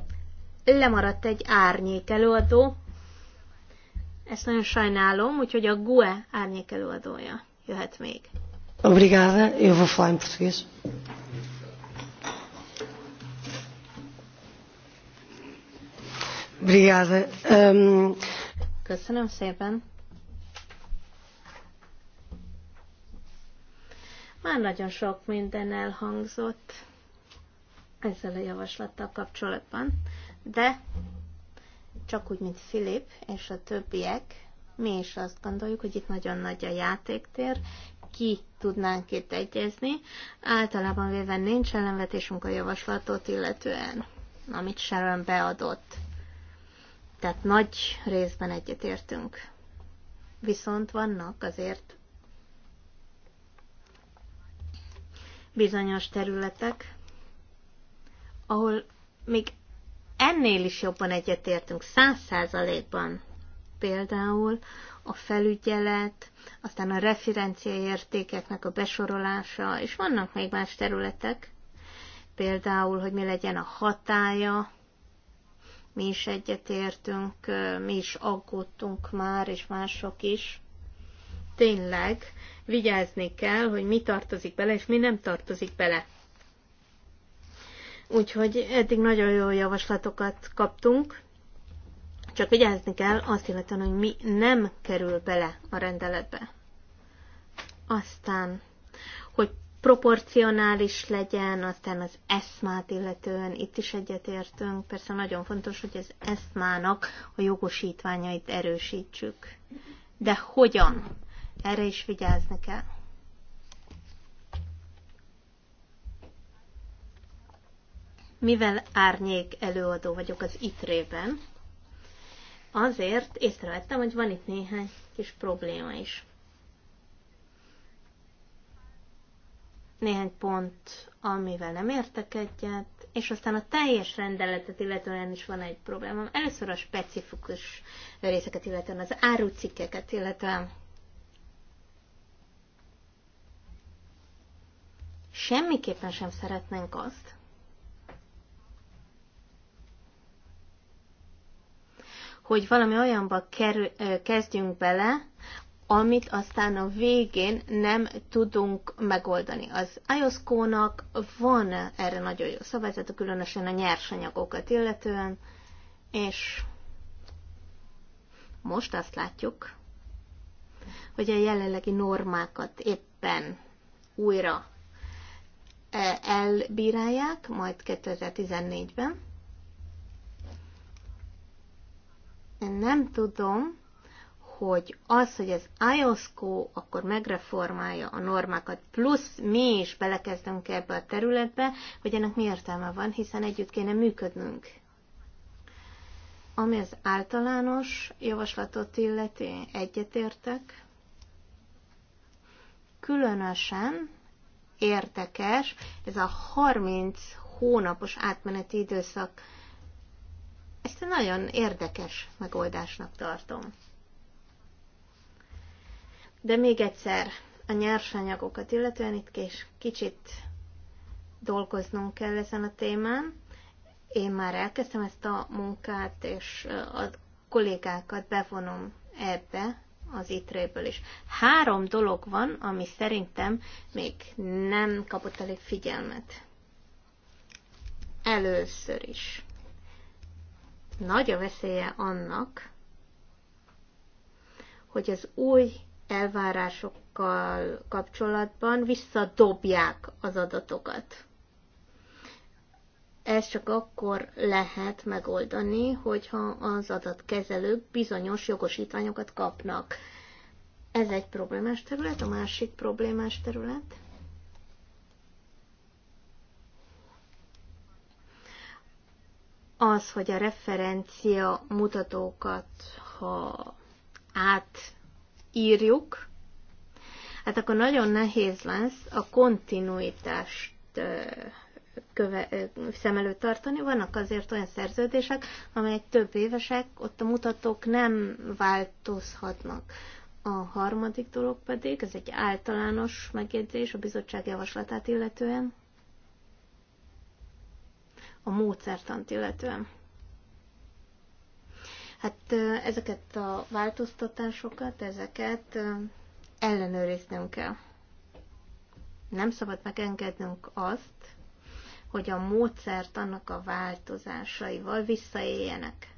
lemaradt egy árnyék előadó. Ezt nagyon sajnálom, úgyhogy a GUE árnyék előadója jöhet még. Obrigada, eu vou falar em português. Obrigada. Um... Köszönöm szépen. Már nagyon sok minden elhangzott ezzel a javaslattal kapcsolatban, de csak úgy, mint Filip és a többiek, mi is azt gondoljuk, hogy itt nagyon nagy a játéktér, ki tudnánk itt egyezni. Általában véve nincs ellenvetésünk a javaslatot illetően, amit Sharon beadott. Tehát nagy részben egyetértünk. Viszont vannak azért bizonyos területek, ahol még ennél is jobban egyetértünk, száz százalékban. Például a felügyelet, aztán a értékeknek a besorolása, és vannak még más területek, például, hogy mi legyen a hatája, mi is egyetértünk, mi is aggódtunk már, és mások is, tényleg vigyázni kell, hogy mi tartozik bele, és mi nem tartozik bele. Úgyhogy eddig nagyon jó javaslatokat kaptunk, csak vigyázni kell azt illetően, hogy mi nem kerül bele a rendeletbe. Aztán, hogy proporcionális legyen, aztán az eszmát illetően itt is egyetértünk. Persze nagyon fontos, hogy az eszmának a jogosítványait erősítsük. De hogyan? Erre is vigyázni kell. Mivel árnyék előadó vagyok az ITRE-ben, azért észrevettem, hogy van itt néhány kis probléma is. Néhány pont, amivel nem értek egyet, és aztán a teljes rendeletet illetően is van egy problémám. Először a specifikus részeket illetően, az árucikkeket illetően. semmiképpen sem szeretnénk azt, hogy valami olyanba kerül, kezdjünk bele, amit aztán a végén nem tudunk megoldani. Az IOSCO-nak van erre nagyon jó szabályzata, különösen a nyersanyagokat illetően, és most azt látjuk, hogy a jelenlegi normákat éppen újra elbírálják, majd 2014-ben. Én nem tudom, hogy az, hogy az IOSCO akkor megreformálja a normákat, plusz mi is belekezdünk ebbe a területbe, hogy ennek mi értelme van, hiszen együtt kéne működnünk. Ami az általános javaslatot illeti, egyetértek. Különösen érdekes, ez a 30 hónapos átmeneti időszak. Ezt egy nagyon érdekes megoldásnak tartom. De még egyszer, a nyersanyagokat illetően itt is kicsit dolgoznunk kell ezen a témán. Én már elkezdtem ezt a munkát, és a kollégákat bevonom ebbe, az itréből is. Három dolog van, ami szerintem még nem kapott elég figyelmet. Először is. Nagy a veszélye annak, hogy az új elvárásokkal kapcsolatban visszadobják az adatokat. Ez csak akkor lehet megoldani, hogyha az adatkezelők bizonyos jogosítványokat kapnak. Ez egy problémás terület, a másik problémás terület. Az, hogy a referencia mutatókat, ha átírjuk, hát akkor nagyon nehéz lesz a kontinuitást köve, szem előtt tartani. Vannak azért olyan szerződések, amelyek több évesek, ott a mutatók nem változhatnak. A harmadik dolog pedig, ez egy általános megjegyzés a bizottság javaslatát illetően, a módszertant illetően. Hát ezeket a változtatásokat, ezeket ellenőriznünk kell. Nem szabad megengednünk azt, hogy a módszert annak a változásaival visszaéljenek.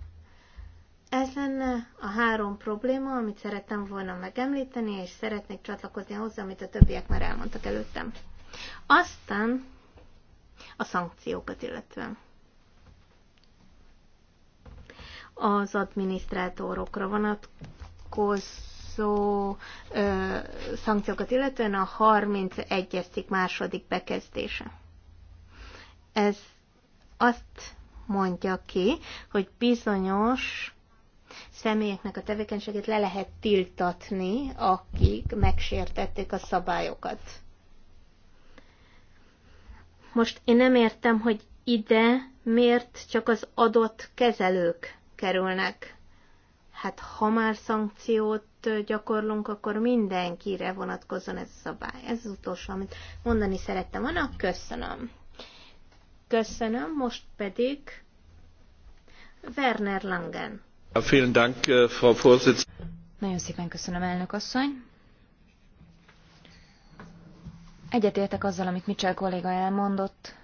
Ez lenne a három probléma, amit szerettem volna megemlíteni, és szeretnék csatlakozni ahhoz, amit a többiek már elmondtak előttem. Aztán a szankciókat illetően. Az adminisztrátorokra vonatkozó ö, szankciókat illetően a 31. cikk második bekezdése. Ez azt mondja ki, hogy bizonyos személyeknek a tevékenységét le lehet tiltatni, akik megsértették a szabályokat. Most én nem értem, hogy ide miért csak az adott kezelők kerülnek. Hát ha már szankciót gyakorlunk, akkor mindenkire vonatkozzon ez a szabály. Ez az utolsó, amit mondani szerettem volna. Köszönöm. Köszönöm, most pedig Werner Langen. Vielen Dank, äh, Frau Vorsitz. Nagyon szépen köszönöm, elnök asszony. Egyetértek azzal, amit Mitchell kolléga elmondott,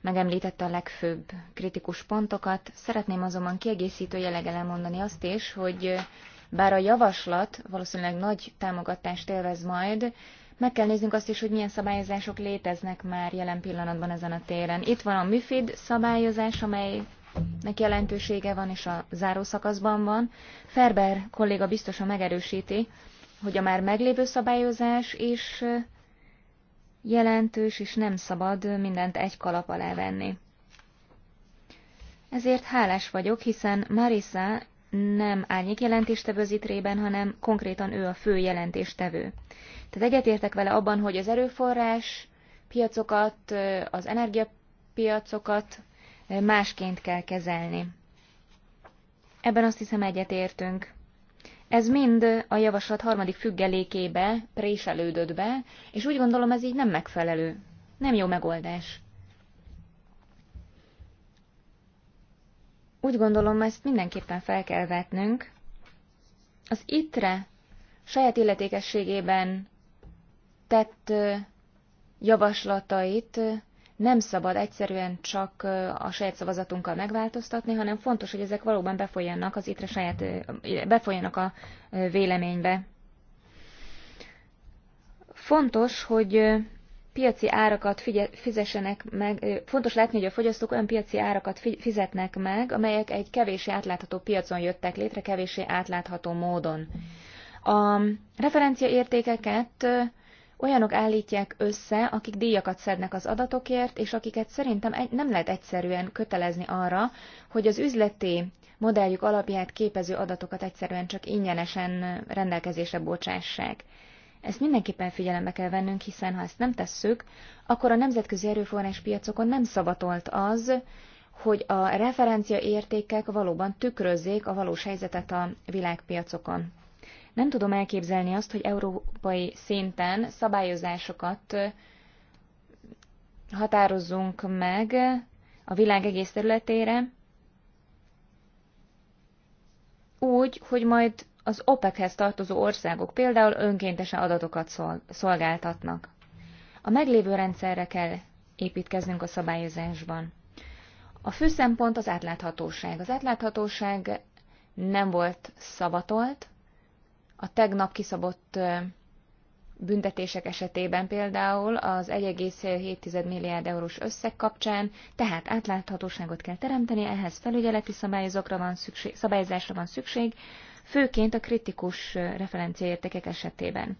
megemlítette a legfőbb kritikus pontokat. Szeretném azonban kiegészítő jelleggel elmondani azt is, hogy bár a javaslat valószínűleg nagy támogatást élvez majd, meg kell néznünk azt is, hogy milyen szabályozások léteznek már jelen pillanatban ezen a téren. Itt van a MIFID szabályozás, amelynek jelentősége van és a zárószakaszban van. Ferber kolléga biztosan megerősíti, hogy a már meglévő szabályozás is jelentős, és nem szabad mindent egy kalap alá venni. Ezért hálás vagyok, hiszen Marisa nem árnyék jelentéstevő zitrében, hanem konkrétan ő a fő jelentéstevő. Tehát egyetértek vele abban, hogy az erőforrás piacokat, az energiapiacokat másként kell kezelni. Ebben azt hiszem egyetértünk. Ez mind a javaslat harmadik függelékébe préselődött be, és úgy gondolom ez így nem megfelelő. Nem jó megoldás. Úgy gondolom, ezt mindenképpen fel kell vetnünk. Az ITRE saját illetékességében tett javaslatait nem szabad egyszerűen csak a saját szavazatunkkal megváltoztatni, hanem fontos, hogy ezek valóban befolyjanak az itre saját, befolyjanak a véleménybe. Fontos, hogy piaci árakat fizessenek meg, fontos látni, hogy a fogyasztók olyan piaci árakat fizetnek meg, amelyek egy kevéssé átlátható piacon jöttek létre, kevéssé átlátható módon. A referencia értékeket olyanok állítják össze, akik díjakat szednek az adatokért, és akiket szerintem nem lehet egyszerűen kötelezni arra, hogy az üzleti modelljük alapját képező adatokat egyszerűen csak ingyenesen rendelkezésre bocsássák. Ezt mindenképpen figyelembe kell vennünk, hiszen ha ezt nem tesszük, akkor a nemzetközi erőforráspiacokon nem szabatolt az, hogy a referencia értékek valóban tükrözzék a valós helyzetet a világpiacokon. Nem tudom elképzelni azt, hogy európai szinten szabályozásokat határozzunk meg a világ egész területére, úgy, hogy majd az OPEC-hez tartozó országok például önkéntesen adatokat szolgáltatnak. A meglévő rendszerre kell építkeznünk a szabályozásban. A fő szempont az átláthatóság. Az átláthatóság nem volt szavatolt, a tegnap kiszabott büntetések esetében például az 1,7 milliárd eurós összeg kapcsán, tehát átláthatóságot kell teremteni, ehhez felügyeleti szabályozókra van szükség, szabályozásra van szükség, főként a kritikus referenciaértékek esetében.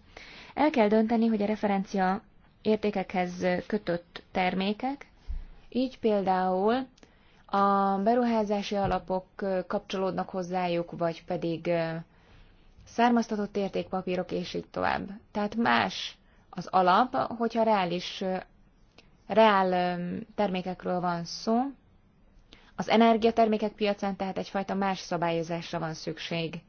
El kell dönteni, hogy a referencia értékekhez kötött termékek, így például a beruházási alapok kapcsolódnak hozzájuk, vagy pedig származtatott értékpapírok, és így tovább. Tehát más az alap, hogyha reális, reál termékekről van szó, az energiatermékek piacán tehát egyfajta más szabályozásra van szükség.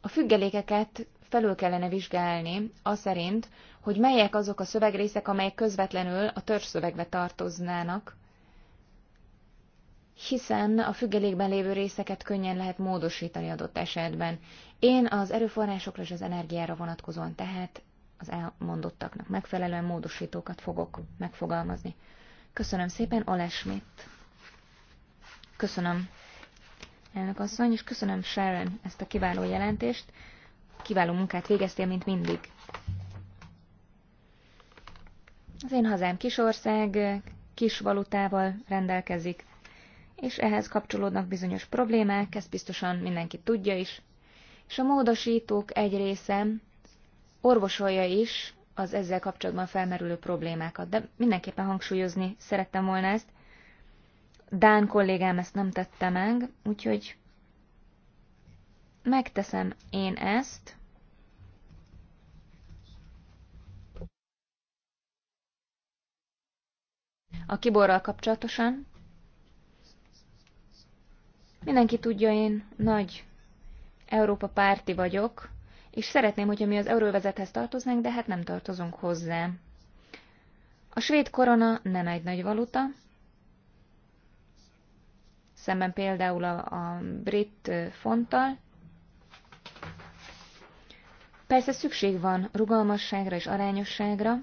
A függelékeket felül kellene vizsgálni, az szerint, hogy melyek azok a szövegrészek, amelyek közvetlenül a törzs szövegbe tartoznának, hiszen a függelékben lévő részeket könnyen lehet módosítani adott esetben. Én az erőforrásokra és az energiára vonatkozóan tehát az elmondottaknak megfelelően módosítókat fogok megfogalmazni. Köszönöm szépen, Ole Schmidt. Köszönöm, elnök asszony, és köszönöm Sharon ezt a kiváló jelentést. Kiváló munkát végeztél, mint mindig. Az én hazám kis ország, kis valutával rendelkezik, és ehhez kapcsolódnak bizonyos problémák, ezt biztosan mindenki tudja is, és a módosítók egy része orvosolja is az ezzel kapcsolatban felmerülő problémákat, de mindenképpen hangsúlyozni szerettem volna ezt. Dán kollégám ezt nem tette meg, úgyhogy megteszem én ezt. A kiborral kapcsolatosan Mindenki tudja, én nagy Európa párti vagyok, és szeretném, hogyha mi az euróvezethez tartoznánk, de hát nem tartozunk hozzá. A svéd korona nem egy nagy valuta, szemben például a, a brit fonttal. Persze szükség van rugalmasságra és arányosságra,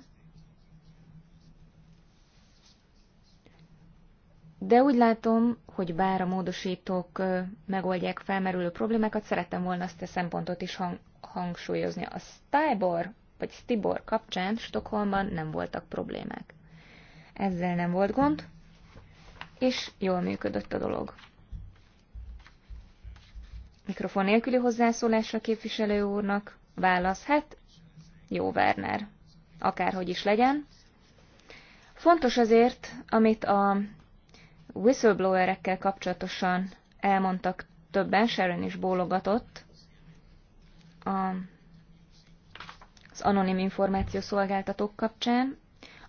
de úgy látom, hogy bár a módosítók megoldják felmerülő problémákat, szerettem volna azt a szempontot is hang- hangsúlyozni. A Stibor vagy Stibor kapcsán Stockholmban nem voltak problémák. Ezzel nem volt gond, és jól működött a dolog. Mikrofon nélküli hozzászólásra képviselő úrnak válasz, hát jó Werner, akárhogy is legyen. Fontos azért, amit a whistleblowerekkel kapcsolatosan elmondtak többen, Sharon is bólogatott, a, az anonim információ szolgáltatók kapcsán,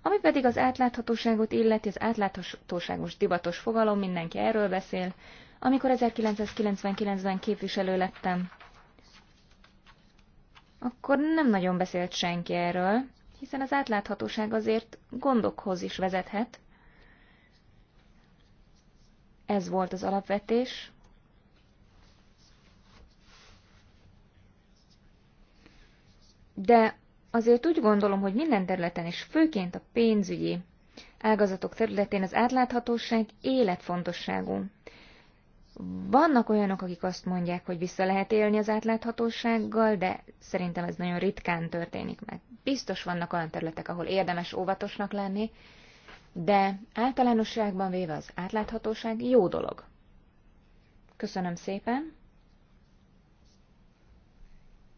ami pedig az átláthatóságot illeti, az átláthatóságos divatos fogalom, mindenki erről beszél. Amikor 1999-ben képviselő lettem, akkor nem nagyon beszélt senki erről, hiszen az átláthatóság azért gondokhoz is vezethet, ez volt az alapvetés. De azért úgy gondolom, hogy minden területen, és főként a pénzügyi ágazatok területén az átláthatóság életfontosságú. Vannak olyanok, akik azt mondják, hogy vissza lehet élni az átláthatósággal, de szerintem ez nagyon ritkán történik meg. Biztos vannak olyan területek, ahol érdemes óvatosnak lenni, de általánosságban véve az átláthatóság jó dolog. Köszönöm szépen.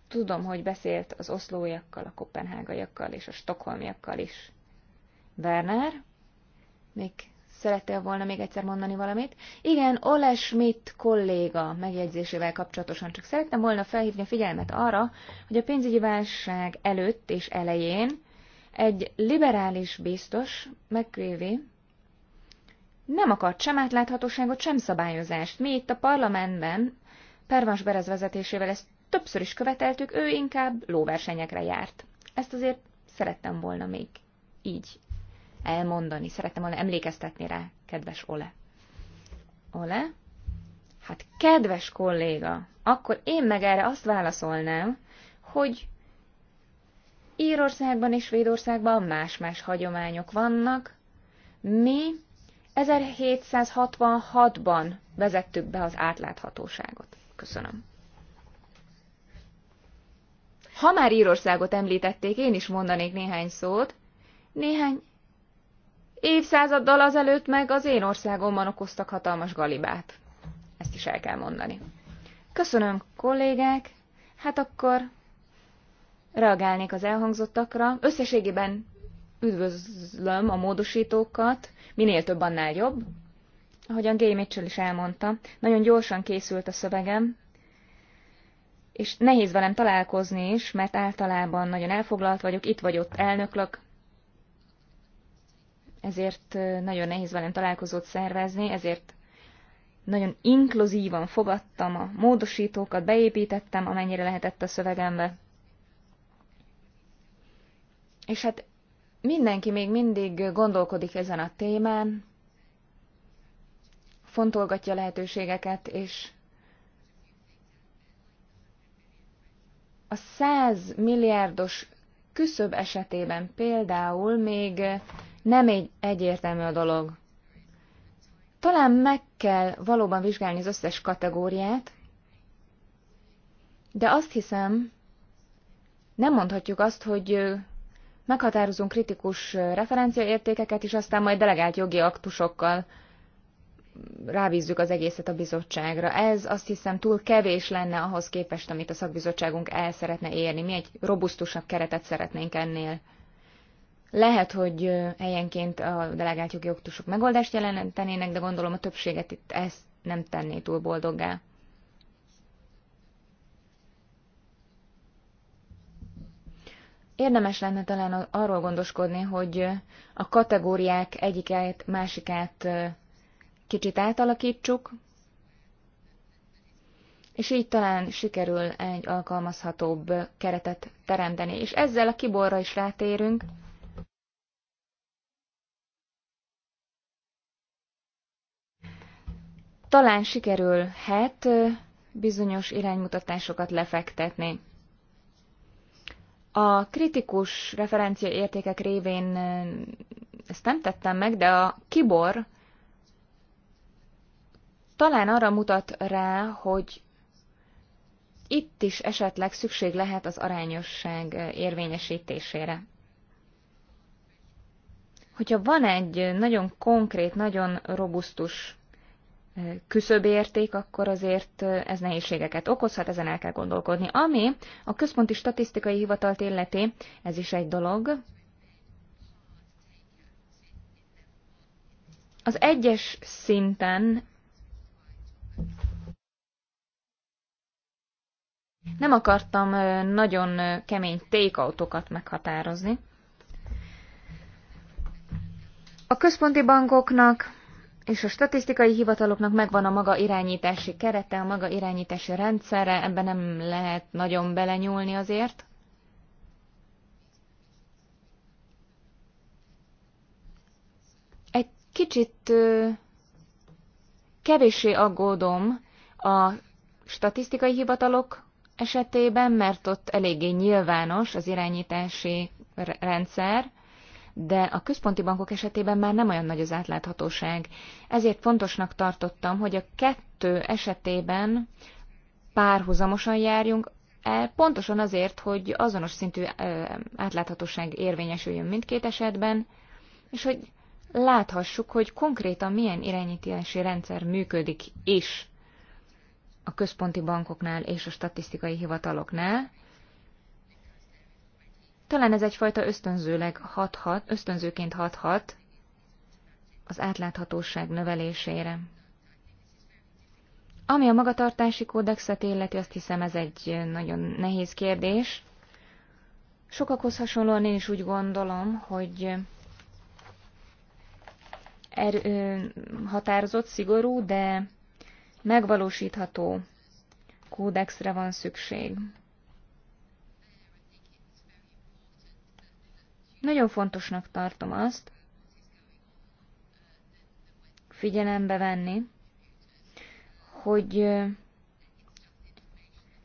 Tudom, hogy beszélt az oszlóiakkal, a kopenhágaiakkal és a stokholmiakkal is. Werner, még szerettél volna még egyszer mondani valamit? Igen, Ole Schmidt kolléga megjegyzésével kapcsolatosan csak szerettem volna felhívni a figyelmet arra, hogy a pénzügyi válság előtt és elején egy liberális biztos, McCreevy, nem akart sem átláthatóságot, sem szabályozást. Mi itt a parlamentben, Pervans Berez vezetésével ezt többször is követeltük, ő inkább lóversenyekre járt. Ezt azért szerettem volna még így elmondani, szerettem volna emlékeztetni rá, kedves Ole. Ole? Hát kedves kolléga, akkor én meg erre azt válaszolnám, hogy Írországban és Svédországban más-más hagyományok vannak. Mi 1766-ban vezettük be az átláthatóságot. Köszönöm. Ha már Írországot említették, én is mondanék néhány szót. Néhány évszázaddal azelőtt meg az én országomban okoztak hatalmas galibát. Ezt is el kell mondani. Köszönöm, kollégák. Hát akkor reagálnék az elhangzottakra. Összességében üdvözlöm a módosítókat, minél több, annál jobb. Ahogyan Gay Mitchell is elmondta, nagyon gyorsan készült a szövegem, és nehéz velem találkozni is, mert általában nagyon elfoglalt vagyok, itt vagy ott elnöklök, ezért nagyon nehéz velem találkozót szervezni, ezért nagyon inkluzívan fogadtam a módosítókat, beépítettem, amennyire lehetett a szövegembe. És hát mindenki még mindig gondolkodik ezen a témán, fontolgatja lehetőségeket, és a 100 milliárdos küszöb esetében például még nem egy egyértelmű a dolog. Talán meg kell valóban vizsgálni az összes kategóriát, de azt hiszem, nem mondhatjuk azt, hogy meghatározunk kritikus referenciaértékeket, és aztán majd delegált jogi aktusokkal rábízzük az egészet a bizottságra. Ez azt hiszem túl kevés lenne ahhoz képest, amit a szakbizottságunk el szeretne érni. Mi egy robusztusabb keretet szeretnénk ennél. Lehet, hogy helyenként a delegált jogi oktusok megoldást jelentenének, de gondolom a többséget itt ezt nem tenné túl boldoggá. Érdemes lenne talán arról gondoskodni, hogy a kategóriák egyiket, másikát kicsit átalakítsuk, és így talán sikerül egy alkalmazhatóbb keretet teremteni. És ezzel a kiborra is rátérünk. Talán sikerülhet bizonyos iránymutatásokat lefektetni. A kritikus referencia értékek révén ezt nem tettem meg, de a kibor talán arra mutat rá, hogy itt is esetleg szükség lehet az arányosság érvényesítésére. Hogyha van egy nagyon konkrét, nagyon robusztus küszöbérték, akkor azért ez nehézségeket okozhat, ezen el kell gondolkodni. Ami a központi statisztikai hivatalt illeti, ez is egy dolog. Az egyes szinten nem akartam nagyon kemény tékautokat meghatározni. A központi bankoknak és a statisztikai hivataloknak megvan a maga irányítási kerete, a maga irányítási rendszere, ebben nem lehet nagyon belenyúlni azért. Egy kicsit kevéssé aggódom a statisztikai hivatalok esetében, mert ott eléggé nyilvános az irányítási rendszer, de a központi bankok esetében már nem olyan nagy az átláthatóság. Ezért fontosnak tartottam, hogy a kettő esetében párhuzamosan járjunk pontosan azért, hogy azonos szintű átláthatóság érvényesüljön mindkét esetben, és hogy láthassuk, hogy konkrétan milyen irányítási rendszer működik is a központi bankoknál és a statisztikai hivataloknál, talán ez egyfajta ösztönzőleg hathat, ösztönzőként hathat az átláthatóság növelésére. Ami a magatartási kódexet illeti, azt hiszem ez egy nagyon nehéz kérdés. Sokakhoz hasonlóan én is úgy gondolom, hogy er, határozott, szigorú, de megvalósítható kódexre van szükség. Nagyon fontosnak tartom azt figyelembe venni, hogy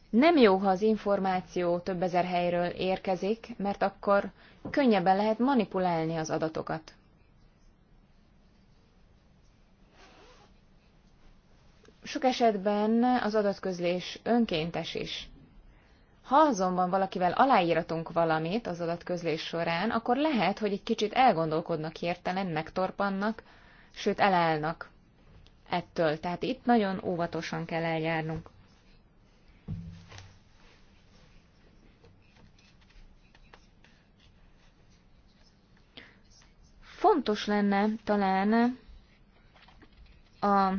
nem jó, ha az információ több ezer helyről érkezik, mert akkor könnyebben lehet manipulálni az adatokat. Sok esetben az adatközlés önkéntes is. Ha azonban valakivel aláíratunk valamit az adatközlés során, akkor lehet, hogy egy kicsit elgondolkodnak hirtelen, megtorpannak, sőt elállnak ettől. Tehát itt nagyon óvatosan kell eljárnunk. Fontos lenne talán a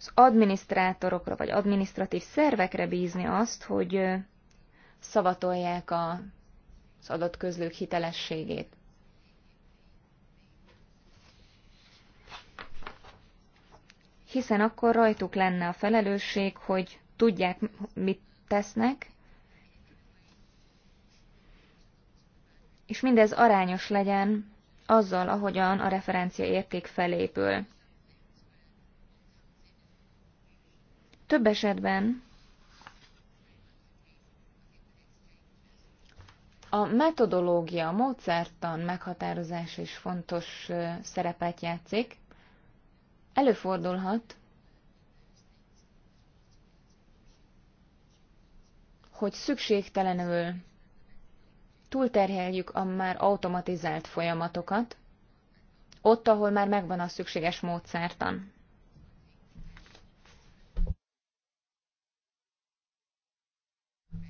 az adminisztrátorokra vagy adminisztratív szervekre bízni azt, hogy szavatolják a, az adott közlők hitelességét. Hiszen akkor rajtuk lenne a felelősség, hogy tudják, mit tesznek, és mindez arányos legyen azzal, ahogyan a referencia érték felépül. Több esetben a metodológia, a módszertan meghatározás is fontos szerepet játszik. Előfordulhat, hogy szükségtelenül túlterheljük a már automatizált folyamatokat, ott, ahol már megvan a szükséges módszertan.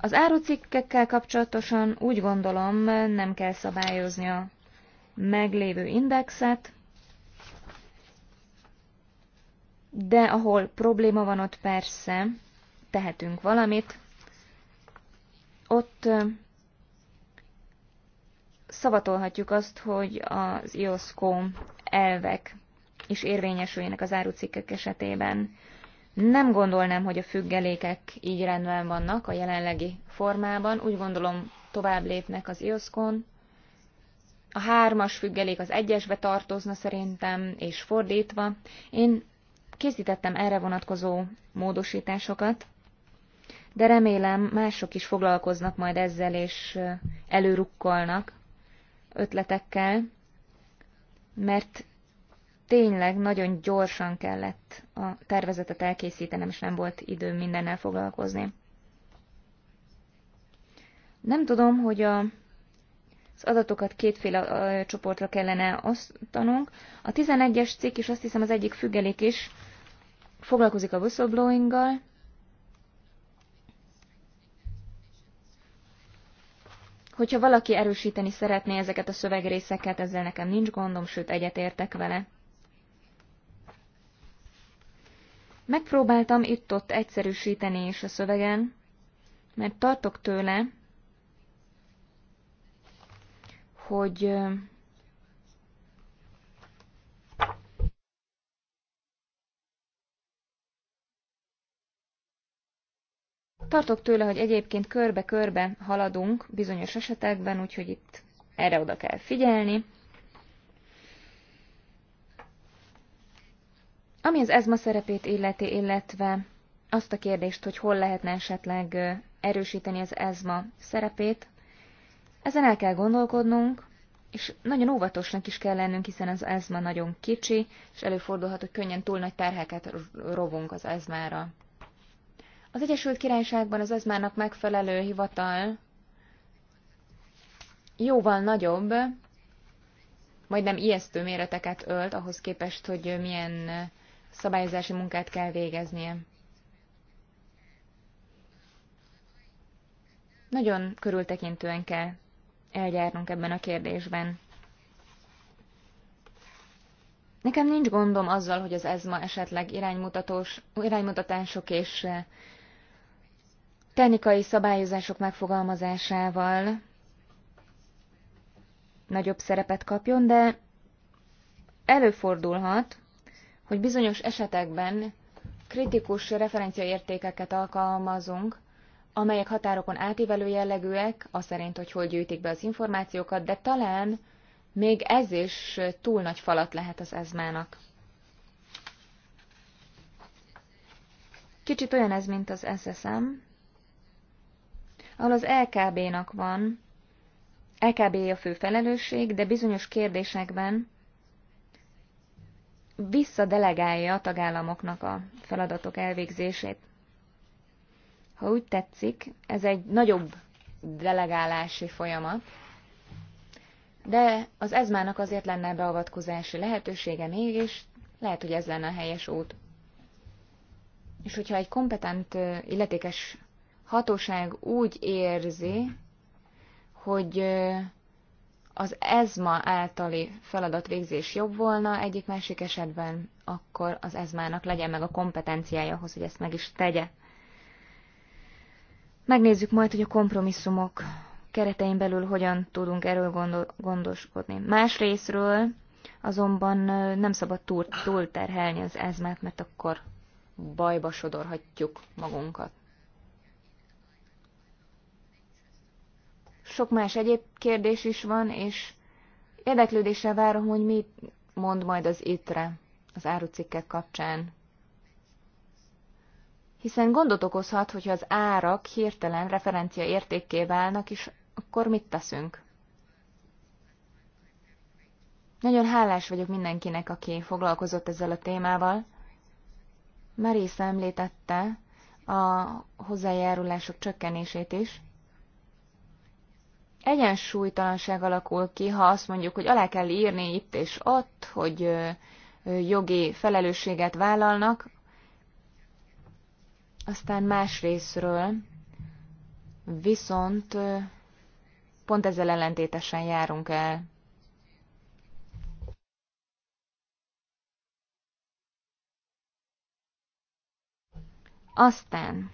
Az árucikkekkel kapcsolatosan úgy gondolom nem kell szabályozni a meglévő indexet, de ahol probléma van, ott persze tehetünk valamit. Ott szavatolhatjuk azt, hogy az IOSCO elvek is érvényesüljenek az árucikkek esetében. Nem gondolnám, hogy a függelékek így rendben vannak a jelenlegi formában. Úgy gondolom, tovább lépnek az IOSZKON. A hármas függelék az egyesbe tartozna szerintem, és fordítva. Én készítettem erre vonatkozó módosításokat, de remélem mások is foglalkoznak majd ezzel, és előrukkolnak ötletekkel, mert tényleg nagyon gyorsan kellett a tervezetet elkészítenem, és nem volt időm mindennel foglalkozni. Nem tudom, hogy a, az adatokat kétféle csoportra kellene osztanunk. A 11-es cikk is azt hiszem az egyik függelék is foglalkozik a whistleblowing-gal. Hogyha valaki erősíteni szeretné ezeket a szövegrészeket, ezzel nekem nincs gondom, sőt egyetértek vele. Megpróbáltam itt-ott egyszerűsíteni is a szövegen, mert tartok tőle, hogy Tartok tőle, hogy egyébként körbe-körbe haladunk bizonyos esetekben, úgyhogy itt erre oda kell figyelni. Ami az ezma szerepét illeti, illetve azt a kérdést, hogy hol lehetne esetleg erősíteni az ezma szerepét, ezen el kell gondolkodnunk, és nagyon óvatosnak is kell lennünk, hiszen az ezma nagyon kicsi, és előfordulhat, hogy könnyen túl nagy terheket rovunk az ezmára. Az Egyesült Királyságban az ezmának megfelelő hivatal jóval nagyobb, majdnem ijesztő méreteket ölt ahhoz képest, hogy milyen szabályozási munkát kell végeznie. Nagyon körültekintően kell eljárnunk ebben a kérdésben. Nekem nincs gondom azzal, hogy az ESMA esetleg iránymutatós, iránymutatások és eh, technikai szabályozások megfogalmazásával nagyobb szerepet kapjon, de előfordulhat, hogy bizonyos esetekben kritikus referenciaértékeket alkalmazunk, amelyek határokon átívelő jellegűek, az szerint, hogy hol gyűjtik be az információkat, de talán még ez is túl nagy falat lehet az ezmának. Kicsit olyan ez, mint az SSM, ahol az LKB-nak van, LKB a fő felelősség, de bizonyos kérdésekben visszadelegálja a tagállamoknak a feladatok elvégzését. Ha úgy tetszik, ez egy nagyobb delegálási folyamat, de az ezmának azért lenne beavatkozási lehetősége mégis, lehet, hogy ez lenne a helyes út. És hogyha egy kompetent, illetékes hatóság úgy érzi, hogy az ezma általi feladatvégzés jobb volna egyik-másik esetben, akkor az ezmának legyen meg a kompetenciája ahhoz, hogy ezt meg is tegye. Megnézzük majd, hogy a kompromisszumok keretein belül hogyan tudunk erről gondol- gondoskodni. Más részről azonban nem szabad túl, túl terhelni az ezmát, mert akkor bajba sodorhatjuk magunkat. sok más egyéb kérdés is van, és érdeklődéssel várom, hogy mit mond majd az ITRE az árucikkek kapcsán. Hiszen gondot okozhat, hogyha az árak hirtelen referencia értékké válnak, és akkor mit teszünk? Nagyon hálás vagyok mindenkinek, aki foglalkozott ezzel a témával. Marisa említette a hozzájárulások csökkenését is egyensúlytalanság alakul ki, ha azt mondjuk, hogy alá kell írni itt és ott, hogy jogi felelősséget vállalnak, aztán más részről viszont pont ezzel ellentétesen járunk el. Aztán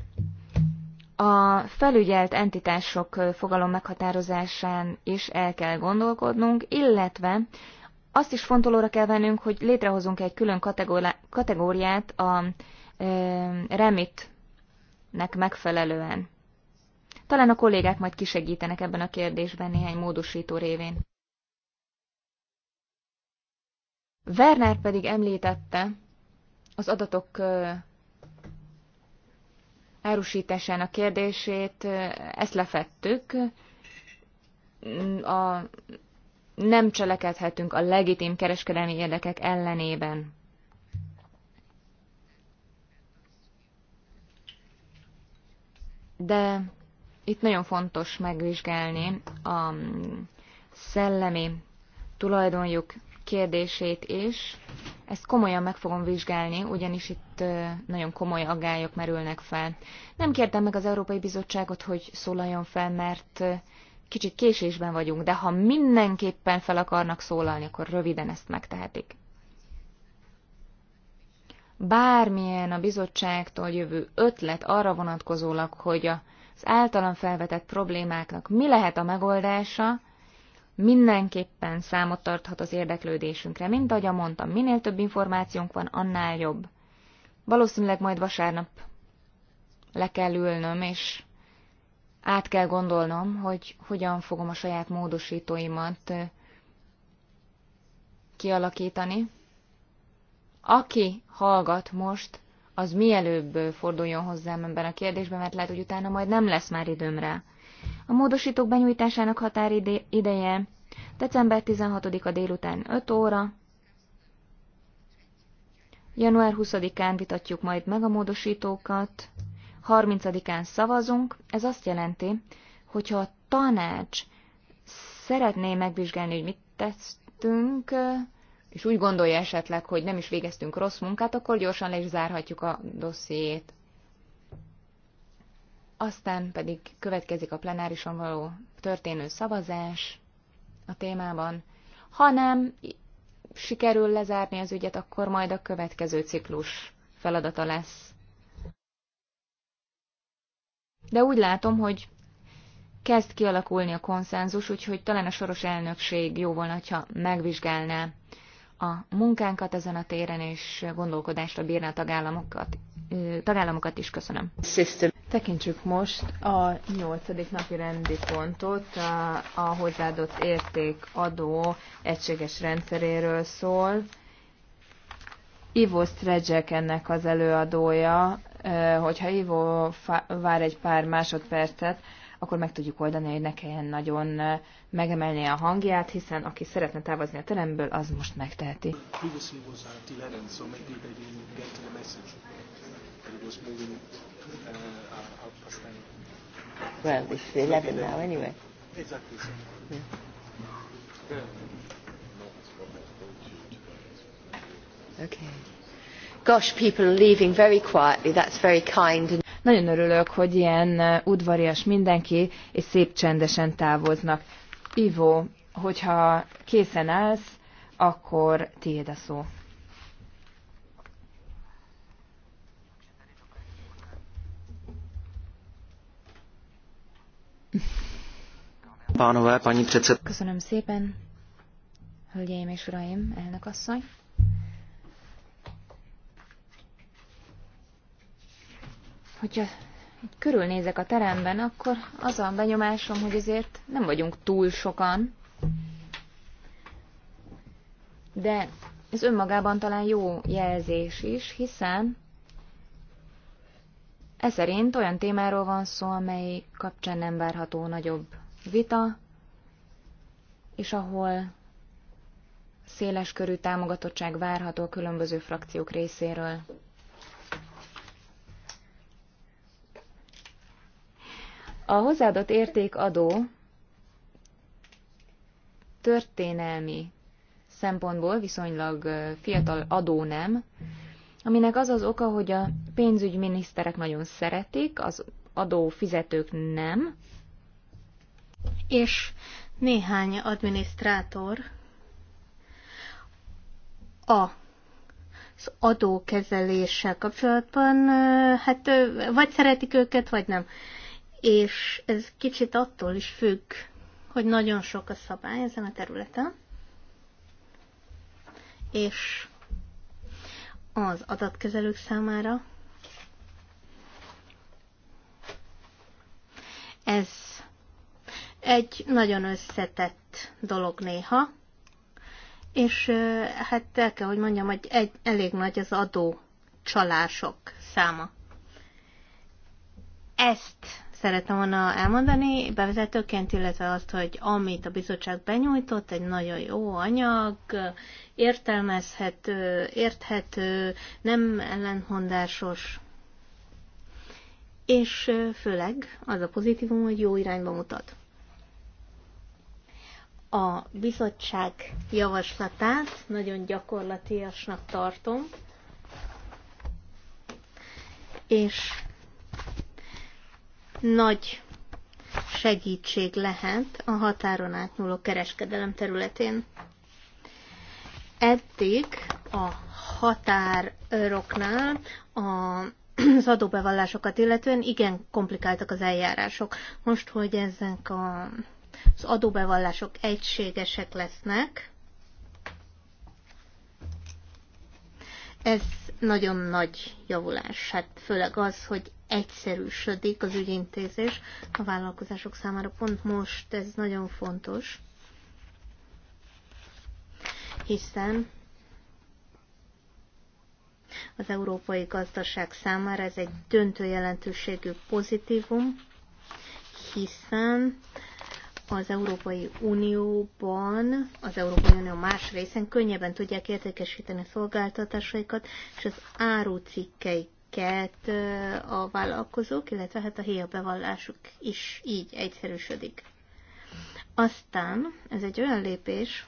a felügyelt entitások fogalom meghatározásán is el kell gondolkodnunk, illetve azt is fontolóra kell vennünk, hogy létrehozunk egy külön kategóriát a remitnek megfelelően. Talán a kollégák majd kisegítenek ebben a kérdésben néhány módosító révén. Werner pedig említette az adatok árusításának kérdését, ezt lefettük. A, nem cselekedhetünk a legitim kereskedelmi érdekek ellenében. De itt nagyon fontos megvizsgálni a mm, szellemi tulajdonjuk kérdését is. Ezt komolyan meg fogom vizsgálni, ugyanis itt nagyon komoly aggályok merülnek fel. Nem kértem meg az Európai Bizottságot, hogy szólaljon fel, mert kicsit késésben vagyunk, de ha mindenképpen fel akarnak szólalni, akkor röviden ezt megtehetik. Bármilyen a bizottságtól jövő ötlet arra vonatkozólag, hogy az általam felvetett problémáknak mi lehet a megoldása, mindenképpen számot tarthat az érdeklődésünkre. Mint ahogy mondtam, minél több információnk van, annál jobb. Valószínűleg majd vasárnap le kell ülnöm, és át kell gondolnom, hogy hogyan fogom a saját módosítóimat kialakítani. Aki hallgat most, az mielőbb forduljon hozzám ebben a kérdésben, mert lehet, hogy utána majd nem lesz már időm rá. A módosítók benyújtásának határideje december 16-a délután 5 óra. Január 20-án vitatjuk majd meg a módosítókat. 30-án szavazunk. Ez azt jelenti, hogyha a tanács szeretné megvizsgálni, hogy mit tesztünk, és úgy gondolja esetleg, hogy nem is végeztünk rossz munkát, akkor gyorsan le is zárhatjuk a dossziét aztán pedig következik a plenárison való történő szavazás a témában. Ha nem sikerül lezárni az ügyet, akkor majd a következő ciklus feladata lesz. De úgy látom, hogy kezd kialakulni a konszenzus, úgyhogy talán a soros elnökség jó volna, ha megvizsgálná a munkánkat ezen a téren, és gondolkodásra bírná a tagállamokat, tagállamokat is. Köszönöm. System. Tekintsük most a nyolcadik napi rendi pontot, a, hozzáadott érték adó egységes rendszeréről szól. Ivo Stredzsek ennek az előadója, hogyha Ivo vár egy pár másodpercet, akkor meg tudjuk oldani, hogy ne kelljen nagyon megemelni a hangját, hiszen aki szeretne távozni a teremből, az most megteheti. Previously was Well, it's 11 now anyway. Exactly. Yeah. Okay. Gosh, people are leaving very quietly. That's very kind. And Nagyon örülök, hogy ilyen uh, udvarias mindenki, és szép csendesen távoznak. Ivo, hogyha készen állsz, akkor tiéd a szó. Pánové, paní předsed... Köszönöm szépen, hölgyeim és uraim, elnök asszony. Hogyha körülnézek a teremben, akkor az a benyomásom, hogy azért nem vagyunk túl sokan, de ez önmagában talán jó jelzés is, hiszen ez szerint olyan témáról van szó, amely kapcsán nem várható nagyobb vita, és ahol széles körű támogatottság várható a különböző frakciók részéről. A hozzáadott értékadó történelmi szempontból viszonylag fiatal adó nem, aminek az az oka, hogy a pénzügyminiszterek nagyon szeretik, az adófizetők nem, és néhány adminisztrátor a az adókezeléssel kapcsolatban, hát vagy szeretik őket, vagy nem. És ez kicsit attól is függ, hogy nagyon sok a szabály ezen a területen, és az adatkezelők számára. Ez egy nagyon összetett dolog néha, és hát el kell, hogy mondjam, hogy egy, elég nagy az adó csalások száma. Ezt szerettem volna elmondani bevezetőként, illetve azt, hogy amit a bizottság benyújtott, egy nagyon jó anyag, értelmezhető, érthető, nem ellentmondásos, és főleg az a pozitívum, hogy jó irányba mutat. A bizottság javaslatát nagyon gyakorlatiasnak tartom, és nagy segítség lehet a határon átnyúló kereskedelem területén. Eddig a határoknál a az adóbevallásokat illetően igen komplikáltak az eljárások. Most, hogy ezek a, az adóbevallások egységesek lesznek, ez nagyon nagy javulás, hát főleg az, hogy egyszerűsödik az ügyintézés a vállalkozások számára. Pont most ez nagyon fontos, hiszen az európai gazdaság számára ez egy döntő jelentőségű pozitívum, hiszen az Európai Unióban, az Európai Unió más részen könnyebben tudják értékesíteni a szolgáltatásaikat és az árucikkeiket a vállalkozók, illetve hát a héja bevallásuk is így egyszerűsödik. Aztán ez egy olyan lépés,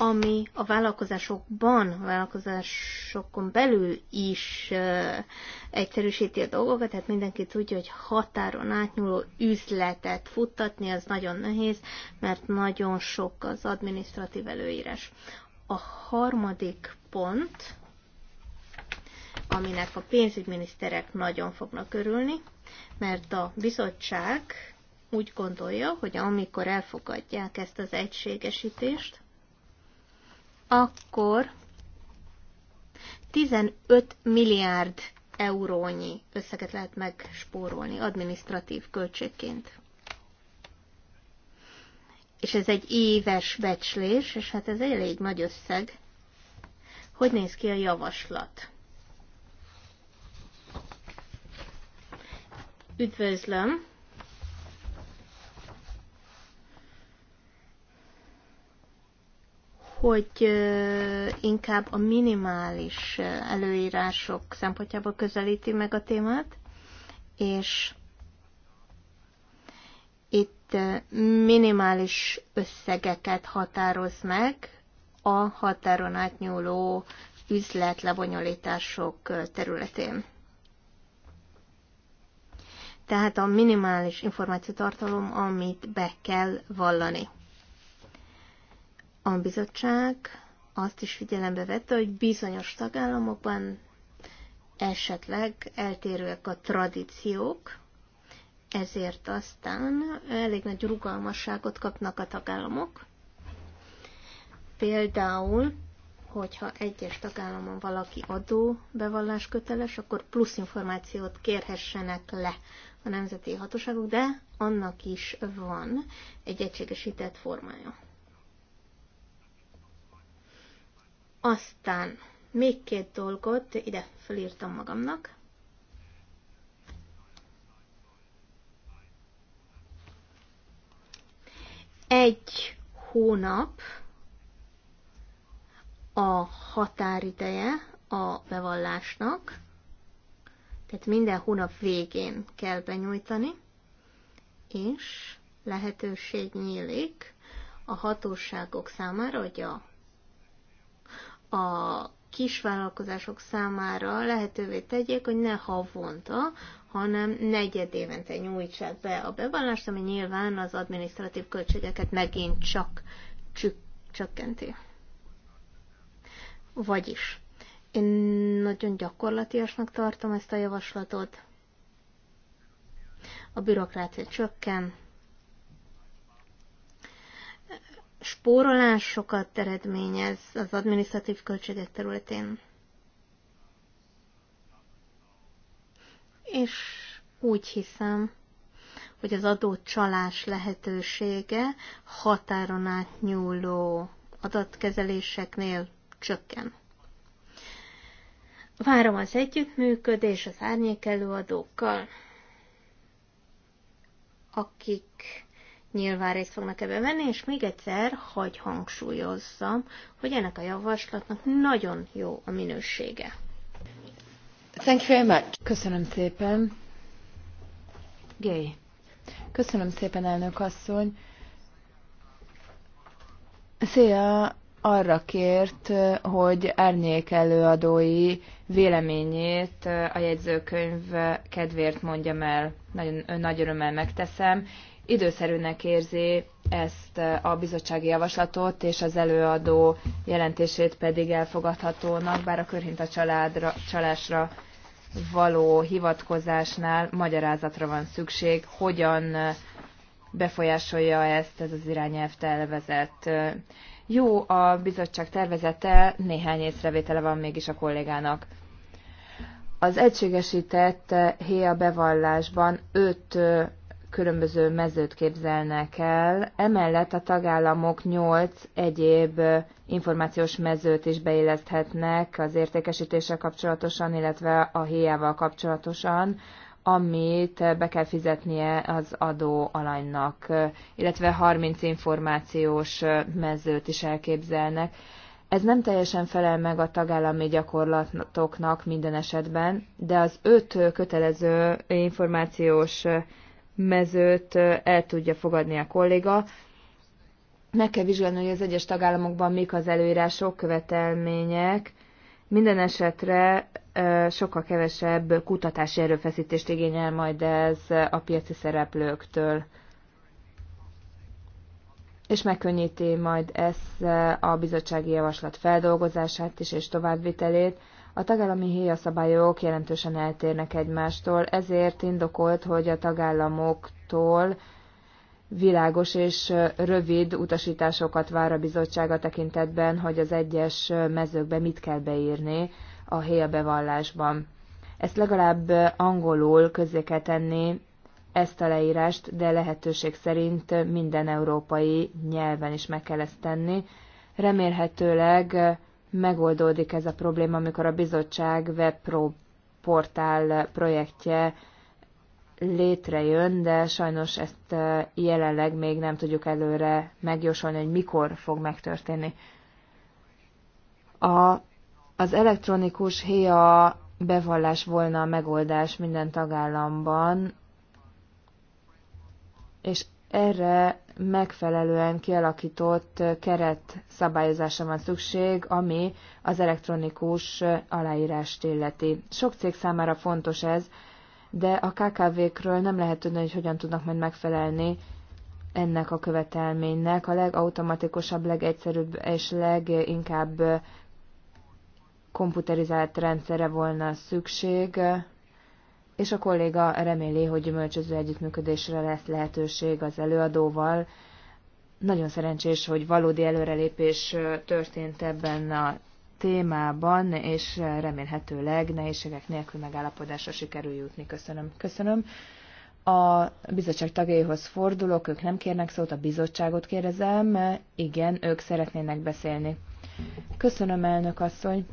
ami a vállalkozásokban, a vállalkozásokon belül is egyszerűsíti a dolgokat, tehát mindenki tudja, hogy határon átnyúló üzletet futtatni, az nagyon nehéz, mert nagyon sok az adminisztratív előírás. A harmadik pont, aminek a pénzügyminiszterek nagyon fognak örülni, mert a bizottság úgy gondolja, hogy amikor elfogadják ezt az egységesítést, akkor 15 milliárd eurónyi összeget lehet megspórolni adminisztratív költségként. És ez egy éves becslés, és hát ez elég nagy összeg. Hogy néz ki a javaslat? Üdvözlöm hogy inkább a minimális előírások szempontjából közelíti meg a témát, és itt minimális összegeket határoz meg a határon átnyúló üzlet területén. Tehát a minimális információtartalom, amit be kell vallani. A bizottság azt is figyelembe vette, hogy bizonyos tagállamokban esetleg eltérőek a tradíciók, ezért aztán elég nagy rugalmasságot kapnak a tagállamok. Például, hogyha egyes tagállamon valaki adó bevallás köteles, akkor plusz információt kérhessenek le a nemzeti hatóságok, de annak is van egy egységesített formája. Aztán még két dolgot ide felírtam magamnak. Egy hónap a határideje a bevallásnak, tehát minden hónap végén kell benyújtani, és lehetőség nyílik a hatóságok számára, hogy a a kisvállalkozások számára lehetővé tegyék, hogy ne havonta, hanem negyed évente nyújtsák be a bevallást, ami nyilván az adminisztratív költségeket megint csak csökkenti. Vagyis, én nagyon gyakorlatiasnak tartom ezt a javaslatot. A bürokrácia csökken, spórolásokat eredményez az adminisztratív költségek területén. És úgy hiszem, hogy az adócsalás lehetősége határon átnyúló adatkezeléseknél csökken. Várom az együttműködés az árnyékelőadókkal, akik nyilván részt fognak ebben venni, és még egyszer hagy hangsúlyozzam, hogy ennek a javaslatnak nagyon jó a minősége. Thank you very much. Köszönöm szépen. Gay. Köszönöm szépen, elnök asszony. Szia arra kért, hogy árnyék előadói véleményét a jegyzőkönyv kedvéért mondjam el. Nagyon nagy örömmel megteszem időszerűnek érzi ezt a bizottsági javaslatot, és az előadó jelentését pedig elfogadhatónak, bár a körhinta családra, csalásra való hivatkozásnál magyarázatra van szükség, hogyan befolyásolja ezt ez az irányelv tervezet. Jó a bizottság tervezete, néhány észrevétele van mégis a kollégának. Az egységesített héja bevallásban öt különböző mezőt képzelnek el. Emellett a tagállamok nyolc egyéb információs mezőt is beilleszthetnek az értékesítéssel kapcsolatosan, illetve a héjával kapcsolatosan, amit be kell fizetnie az adó alanynak, illetve 30 információs mezőt is elképzelnek. Ez nem teljesen felel meg a tagállami gyakorlatoknak minden esetben, de az öt kötelező információs mezőt el tudja fogadni a kolléga. Meg kell vizsgálni, hogy az egyes tagállamokban mik az előírások, követelmények. Minden esetre sokkal kevesebb kutatási erőfeszítést igényel majd ez a piaci szereplőktől és megkönnyíti majd ezt a bizottsági javaslat feldolgozását is és továbbvitelét. A tagállami héjaszabályok jelentősen eltérnek egymástól, ezért indokolt, hogy a tagállamoktól világos és rövid utasításokat vár a bizottsága tekintetben, hogy az egyes mezőkbe mit kell beírni a héja bevallásban. Ezt legalább angolul közé kell tenni, ezt a leírást, de lehetőség szerint minden európai nyelven is meg kell ezt tenni. Remélhetőleg megoldódik ez a probléma, amikor a bizottság portál projektje létrejön, de sajnos ezt eh, jelenleg még nem tudjuk előre megjósolni, hogy mikor fog megtörténni. A, az elektronikus héja bevallás volna a megoldás minden tagállamban, és erre megfelelően kialakított keret szabályozása van szükség, ami az elektronikus aláírást illeti. Sok cég számára fontos ez, de a KKV-kről nem lehet tudni, hogy hogyan tudnak majd megfelelni ennek a követelménynek. A legautomatikusabb, legegyszerűbb és leginkább komputerizált rendszerre volna szükség, és a kolléga reméli, hogy gyümölcsöző együttműködésre lesz lehetőség az előadóval. Nagyon szerencsés, hogy valódi előrelépés történt ebben a témában, és remélhetőleg nehézségek nélkül megállapodásra sikerül jutni. Köszönöm. Köszönöm. A bizottság tagjaihoz fordulok, ők nem kérnek szót, a bizottságot kérdezem. Igen, ők szeretnének beszélni. Köszönöm, elnök asszony.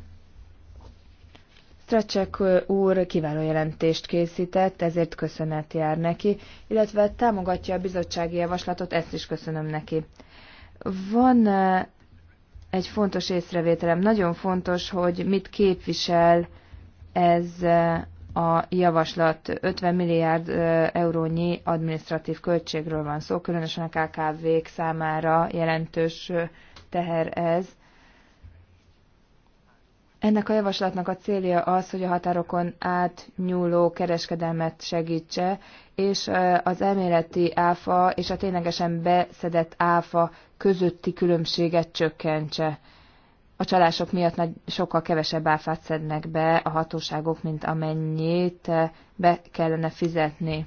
Stracek úr kiváló jelentést készített, ezért köszönet jár neki, illetve támogatja a bizottsági javaslatot, ezt is köszönöm neki. Van egy fontos észrevételem, nagyon fontos, hogy mit képvisel ez a javaslat. 50 milliárd eurónyi administratív költségről van szó, különösen a KKV-k számára jelentős teher ez. Ennek a javaslatnak a célja az, hogy a határokon átnyúló kereskedelmet segítse, és az elméleti áfa és a ténylegesen beszedett áfa közötti különbséget csökkentse. A csalások miatt nagy, sokkal kevesebb áfát szednek be a hatóságok, mint amennyit be kellene fizetni.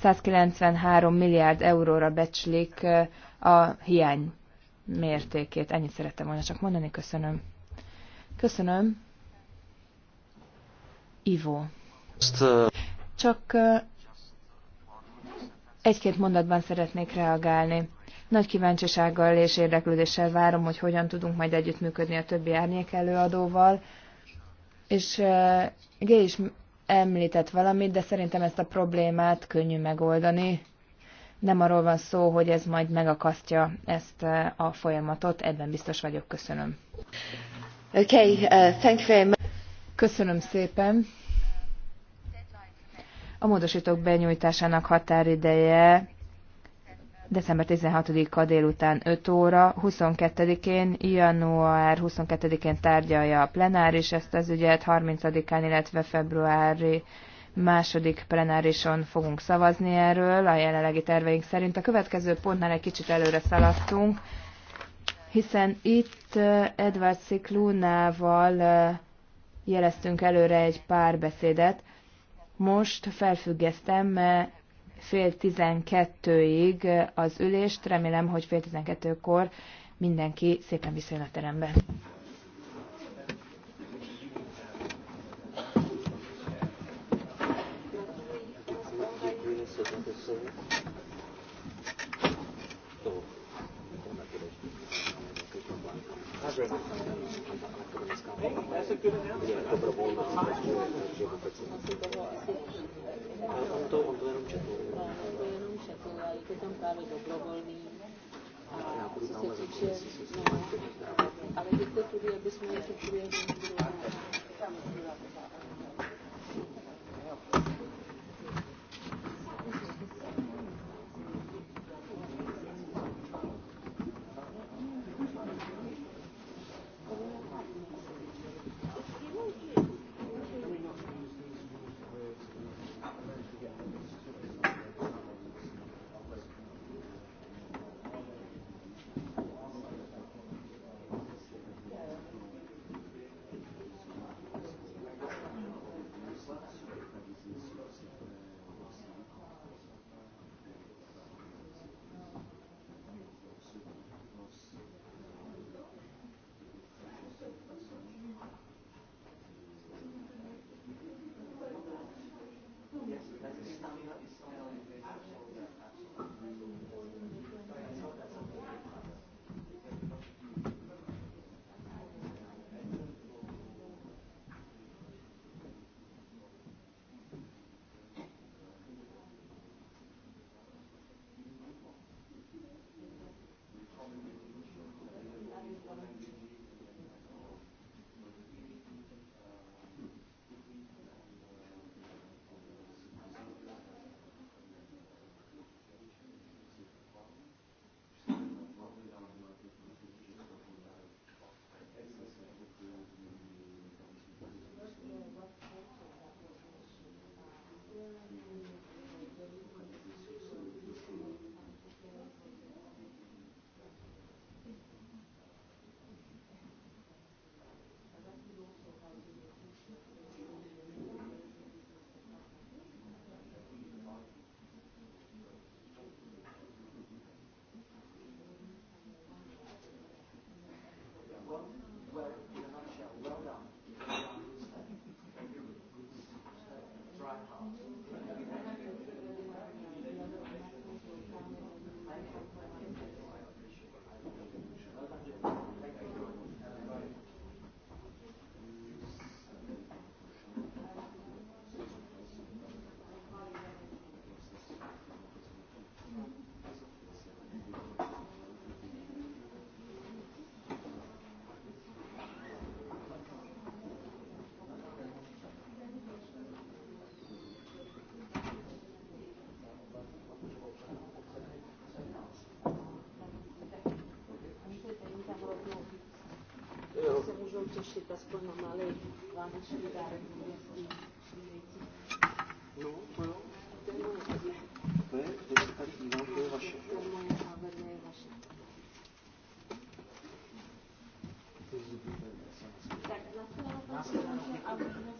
193 milliárd euróra becslik a hiány mértékét. Ennyit szerettem volna csak mondani, köszönöm. Köszönöm. Ivo. Csak egy-két mondatban szeretnék reagálni. Nagy kíváncsisággal és érdeklődéssel várom, hogy hogyan tudunk majd együttműködni a többi árnyék előadóval. És G is említett valamit, de szerintem ezt a problémát könnyű megoldani. Nem arról van szó, hogy ez majd megakasztja ezt a folyamatot, ebben biztos vagyok. Köszönöm. Uh, Köszönöm szépen. A módosítók benyújtásának határideje december 16-a délután 5 óra, 22-én, január 22-én tárgyalja a plenáris ezt az ügyet, 30-án, illetve februári második plenárison fogunk szavazni erről, a jelenlegi terveink szerint. A következő pontnál egy kicsit előre szaladtunk hiszen itt Edward Clunával jeleztünk előre egy pár beszédet. Most felfüggesztem fél tizenkettőig az ülést, remélem, hogy fél tizenkettőkor mindenki szépen visszajön a terembe. можем пришли поскольку малый главный швейцар No, to jo. To je, to se to je vaše. To je moje a je vaše. Tak, na shledanou, aby jsme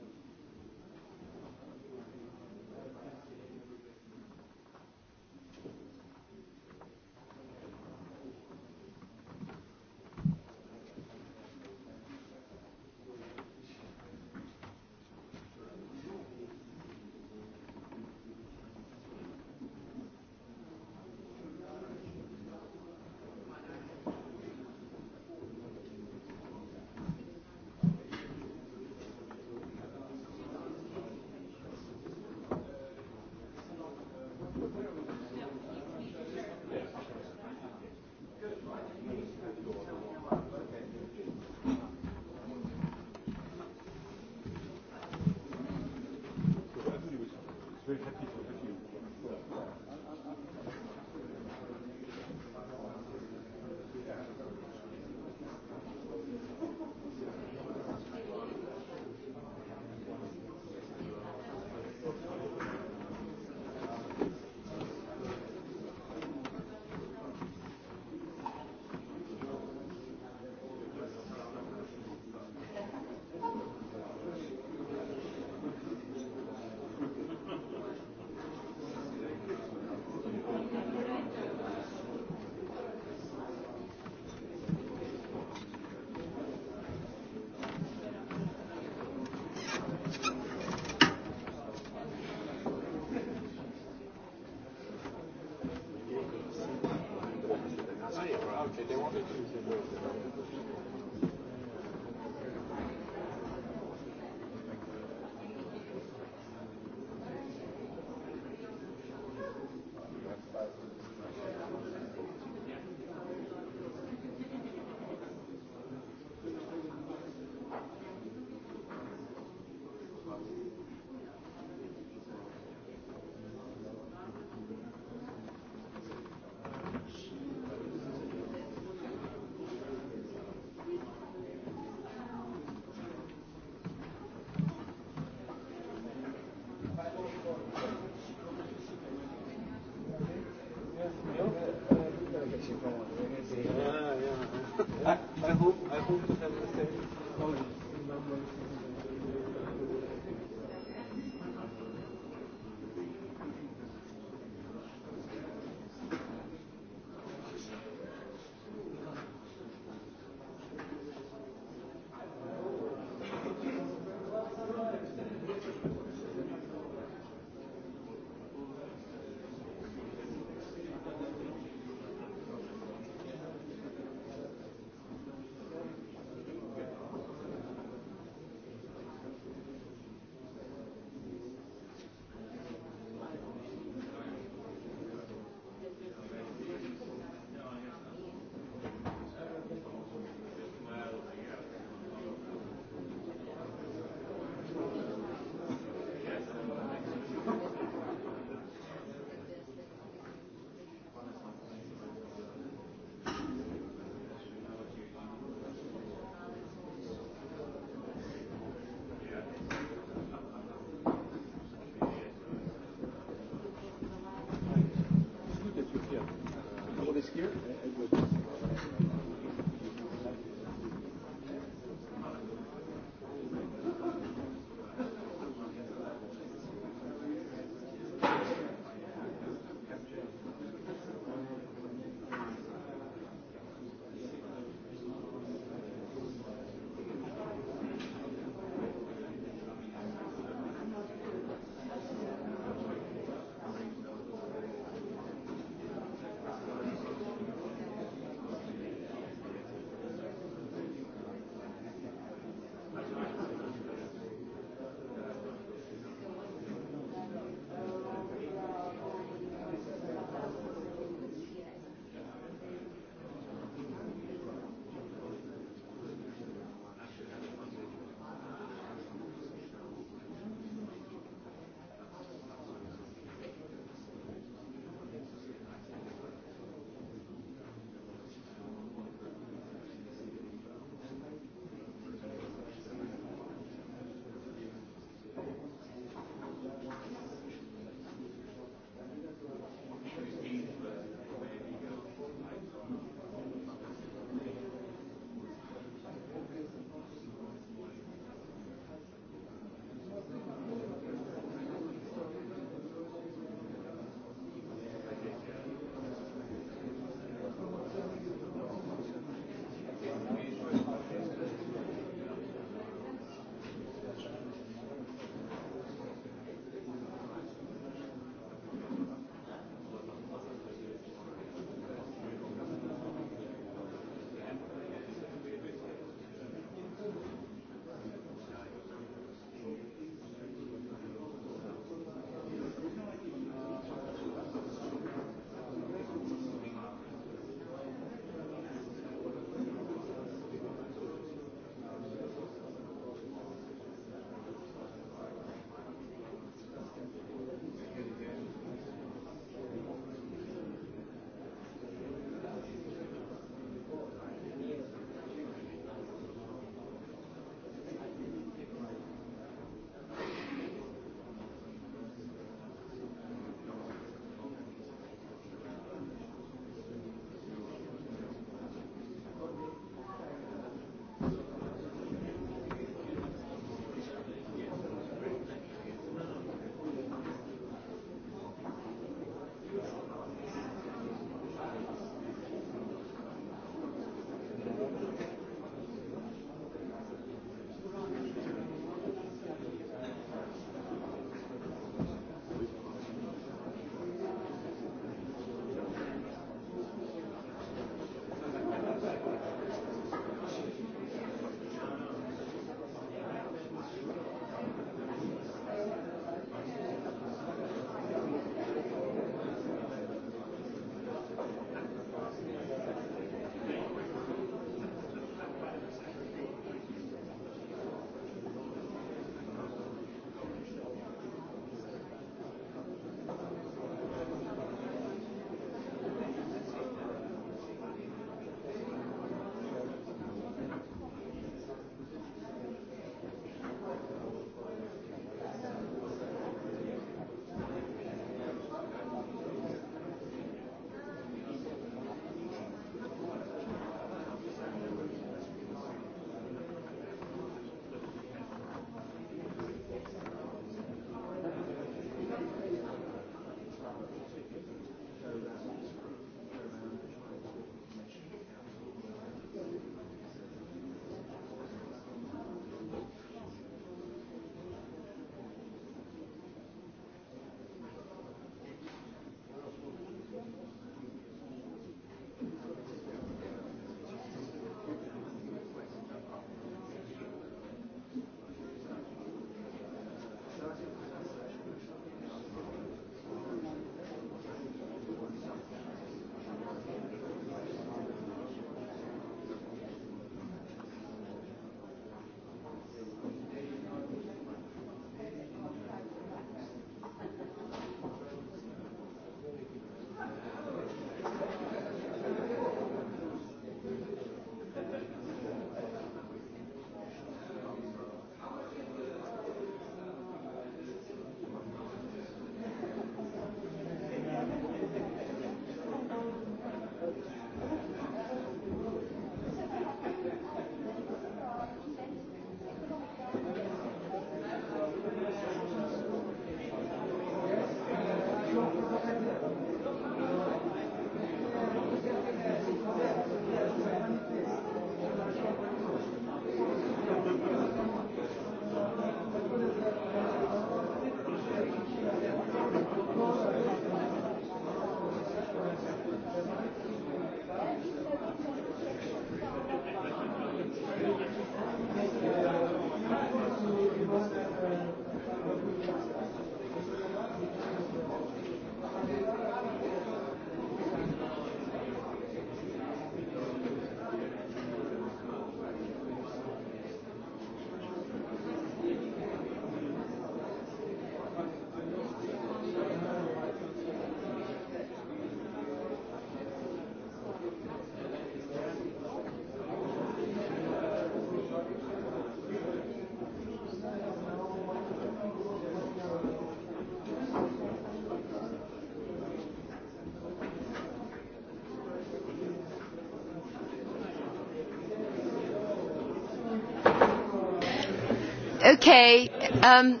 Okay. Um,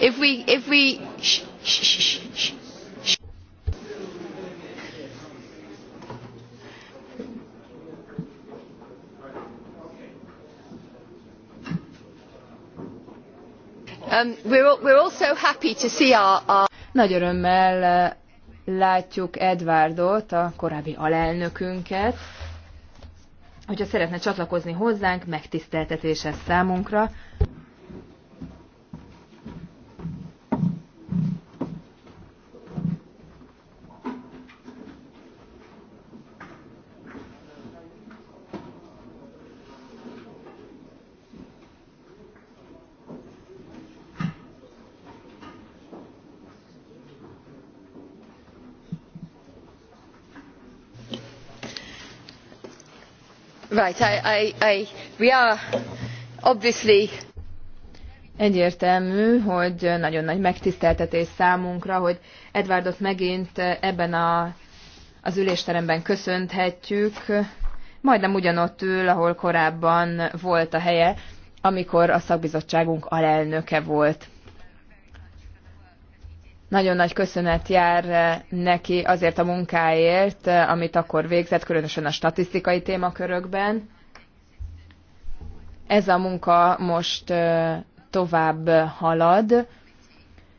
if we, if we, Um, we're, we're also happy to see our, our... Nagy örömmel uh, látjuk Edvárdot, a korábbi alelnökünket. Hogyha szeretne csatlakozni hozzánk, megtiszteltetés ez számunkra. Egyértelmű, hogy nagyon nagy megtiszteltetés számunkra, hogy Edwardot megint ebben a, az ülésteremben köszönthetjük. Majdnem ugyanott ül, ahol korábban volt a helye, amikor a szakbizottságunk alelnöke volt. Nagyon nagy köszönet jár eh, neki azért a munkáért, eh, amit akkor végzett, különösen a statisztikai témakörökben. Ez a munka most eh, tovább halad.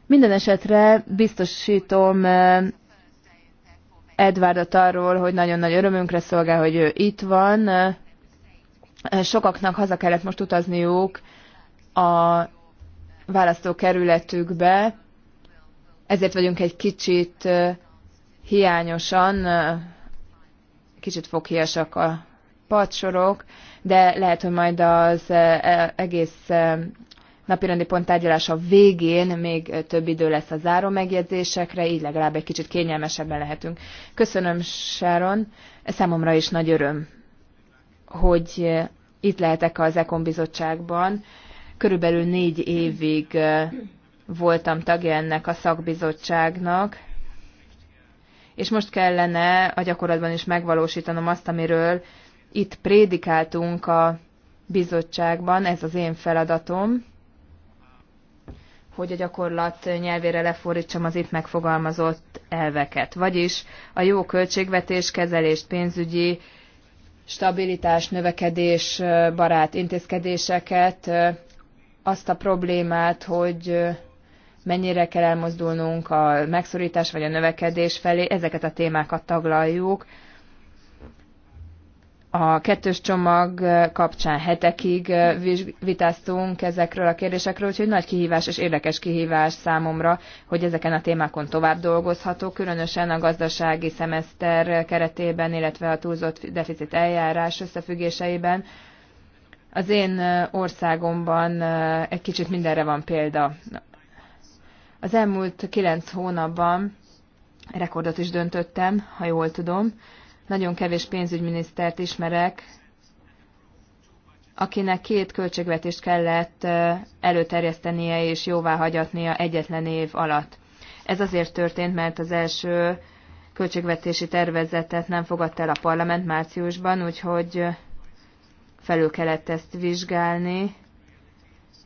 Minden esetre biztosítom Edvárdot arról, hogy nagyon nagy örömünkre szolgál, hogy ő itt van. Sokaknak haza kellett most utazniuk a választókerületükbe, ezért vagyunk egy kicsit hiányosan, kicsit foghiasak a padsorok, de lehet, hogy majd az e, egész napirendi pont tárgyalása végén még több idő lesz a záró megjegyzésekre, így legalább egy kicsit kényelmesebben lehetünk. Köszönöm, Sáron. Számomra is nagy öröm, hogy itt lehetek az Ekon bizottságban. Körülbelül négy évig voltam tagja ennek a szakbizottságnak, és most kellene a gyakorlatban is megvalósítanom azt, amiről itt prédikáltunk a bizottságban, ez az én feladatom, hogy a gyakorlat nyelvére lefordítsam az itt megfogalmazott elveket. Vagyis a jó költségvetés, kezelést, pénzügyi stabilitás, növekedés barát intézkedéseket, azt a problémát, hogy mennyire kell elmozdulnunk a megszorítás vagy a növekedés felé, ezeket a témákat taglaljuk. A kettős csomag kapcsán hetekig eh, vitáztunk ezekről a kérdésekről, úgyhogy nagy kihívás és érdekes kihívás számomra, hogy ezeken a témákon tovább dolgozható, különösen a gazdasági szemeszter keretében, illetve a túlzott deficit eljárás összefüggéseiben. Az én eh, országomban eh, egy kicsit mindenre van példa az elmúlt kilenc hónapban rekordot is döntöttem, ha jól tudom. Nagyon kevés pénzügyminisztert ismerek, akinek két költségvetést kellett előterjesztenie és jóváhagyatnia egyetlen év alatt. Ez azért történt, mert az első költségvetési tervezetet nem fogadta el a parlament márciusban, úgyhogy felül kellett ezt vizsgálni,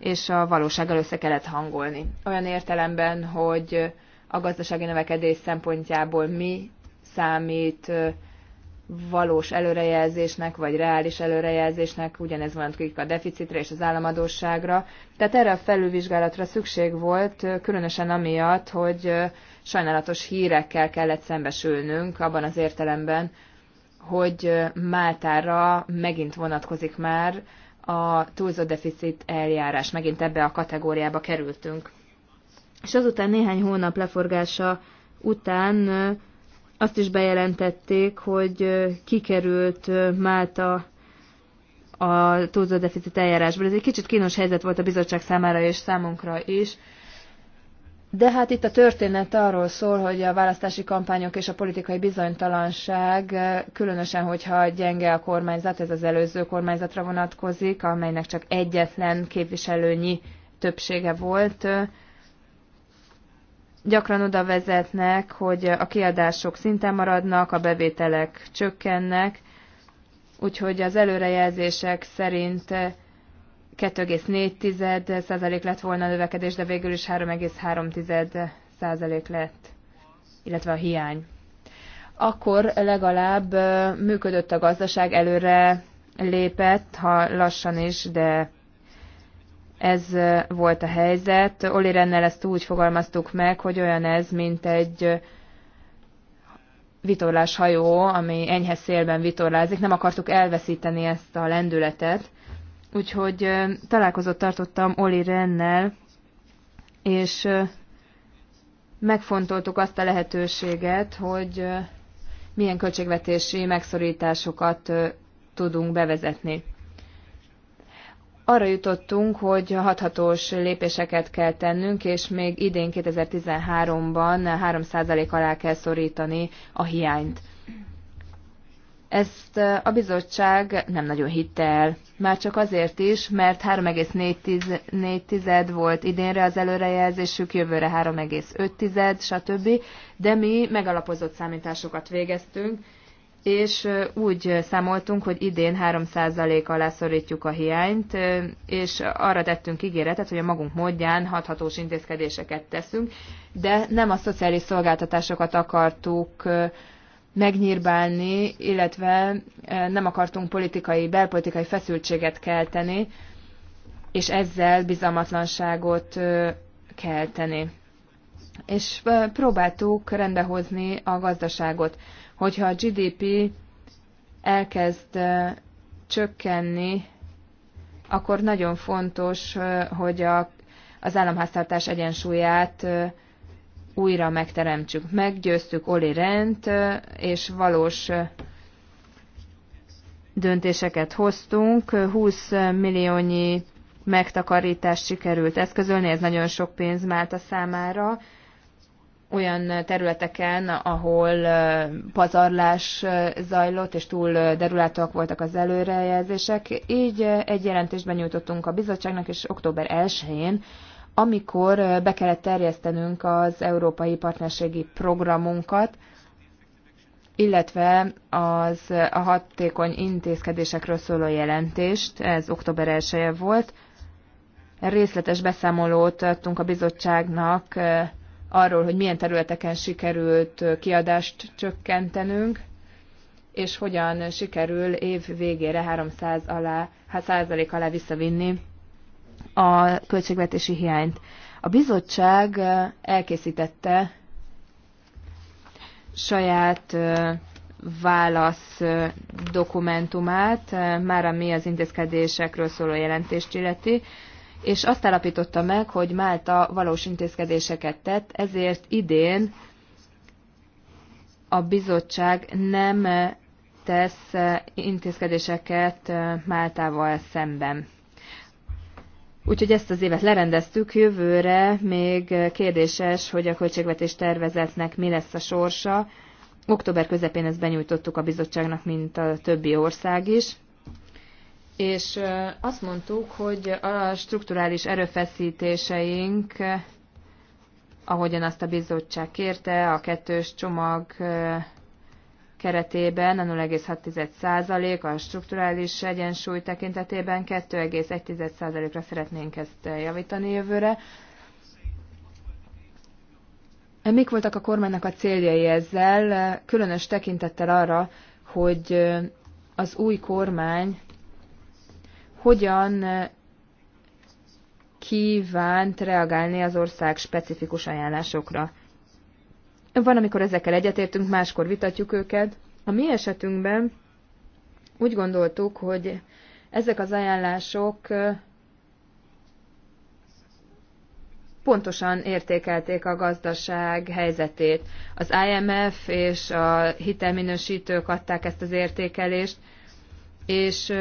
és a valósággal össze kellett hangolni. Olyan értelemben, hogy a gazdasági növekedés szempontjából mi számít valós előrejelzésnek, vagy reális előrejelzésnek, ugyanez vonatkozik a deficitre és az államadóságra. Tehát erre a felülvizsgálatra szükség volt, különösen amiatt, hogy sajnálatos hírekkel kellett szembesülnünk abban az értelemben, hogy Máltára megint vonatkozik már a túlzott deficit eljárás. Megint ebbe a kategóriába kerültünk. És azután néhány hónap leforgása után azt is bejelentették, hogy kikerült Málta a túlzott deficit eljárásból. Ez egy kicsit kínos helyzet volt a bizottság számára és számunkra is, de hát itt a történet arról szól, hogy a választási kampányok és a politikai bizonytalanság, különösen, hogyha gyenge a kormányzat, ez az előző kormányzatra vonatkozik, amelynek csak egyetlen képviselőnyi többsége volt, gyakran oda vezetnek, hogy a kiadások szinten maradnak, a bevételek csökkennek, úgyhogy az előrejelzések szerint 2,4% lett volna a növekedés, de végül is 3,3% lett, illetve a hiány. Akkor legalább működött a gazdaság, előre lépett, ha lassan is, de ez volt a helyzet. Oli Rennel ezt úgy fogalmaztuk meg, hogy olyan ez, mint egy vitorláshajó, ami enyhe szélben vitorlázik. Nem akartuk elveszíteni ezt a lendületet, Úgyhogy találkozott tartottam Oli Rennel, és megfontoltuk azt a lehetőséget, hogy milyen költségvetési megszorításokat tudunk bevezetni. Arra jutottunk, hogy hathatós lépéseket kell tennünk, és még idén 2013-ban 3% alá kell szorítani a hiányt. Ezt eh, a bizottság nem nagyon hitte el. Már csak azért is, mert 3,4 volt idénre az előrejelzésük, jövőre 3,5, stb. De mi megalapozott számításokat végeztünk, és eh, úgy számoltunk, hogy idén 3% alá szorítjuk a hiányt, eh, és arra tettünk ígéretet, hogy a magunk módján hathatós intézkedéseket teszünk, de nem a szociális szolgáltatásokat akartuk megnyírbálni, illetve e, nem akartunk politikai, belpolitikai feszültséget kelteni, és ezzel bizalmatlanságot e, kelteni. És e, próbáltuk rendbehozni a gazdaságot. Hogyha a GDP elkezd csökkenni, akkor nagyon fontos, hogy a, az államháztartás egyensúlyát újra megteremtsük. Meggyőztük Oli Rent, és valós döntéseket hoztunk. 20 milliónyi megtakarítást sikerült eszközölni, ez nagyon sok pénz Málta számára. Olyan területeken, ahol pazarlás zajlott, és túl derülátóak voltak az előrejelzések. Így egy jelentésben nyújtottunk a bizottságnak, és október 1-én amikor be kellett terjesztenünk az Európai Partnerségi Programunkat, illetve az a hatékony intézkedésekről szóló jelentést, ez október 1 -e volt. Részletes beszámolót adtunk a bizottságnak arról, hogy milyen területeken sikerült kiadást csökkentenünk, és hogyan sikerül év végére 300 alá, 100 hát alá visszavinni a költségvetési hiányt. A bizottság elkészítette saját válasz dokumentumát, már ami az intézkedésekről szóló jelentést illeti, és azt állapította meg, hogy Málta valós intézkedéseket tett, ezért idén a bizottság nem tesz intézkedéseket Máltával szemben. Úgyhogy ezt az évet lerendeztük, jövőre még kérdéses, hogy a költségvetés tervezetnek mi lesz a sorsa. Október közepén ezt benyújtottuk a bizottságnak, mint a többi ország is. És azt mondtuk, hogy a strukturális erőfeszítéseink, ahogyan azt a bizottság kérte, a kettős csomag keretében a 0,6% a strukturális egyensúly tekintetében 2,1%-ra szeretnénk ezt javítani jövőre. Mik voltak a kormánynak a céljai ezzel, különös tekintettel arra, hogy az új kormány hogyan kívánt reagálni az ország specifikus ajánlásokra? Van, amikor ezekkel egyetértünk, máskor vitatjuk őket. A mi esetünkben úgy gondoltuk, hogy ezek az ajánlások pontosan értékelték a gazdaság helyzetét. Az IMF és a hitelminősítők adták ezt az értékelést, és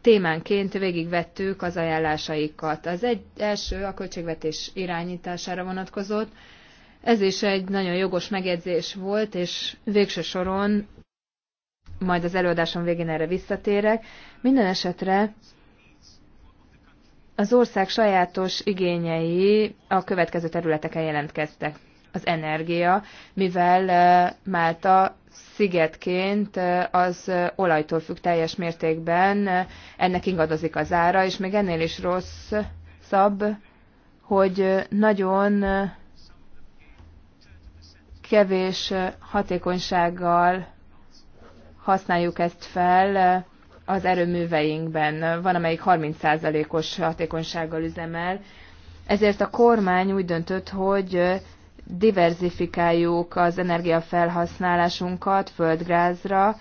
témánként végigvettük az ajánlásaikat. Az egy, első a költségvetés irányítására vonatkozott, ez is egy nagyon jogos megjegyzés volt, és végső soron, majd az előadásom végén erre visszatérek, minden esetre az ország sajátos igényei a következő területeken jelentkeztek. Az energia, mivel eh, Málta szigetként eh, az eh, olajtól függ teljes mértékben, ennek ingadozik az ára, és még ennél is rosszabb, hogy nagyon kevés hatékonysággal használjuk ezt fel az erőműveinkben. Van, amelyik 30%-os hatékonysággal üzemel. Ezért a kormány úgy döntött, hogy diverzifikáljuk az energiafelhasználásunkat földgázra,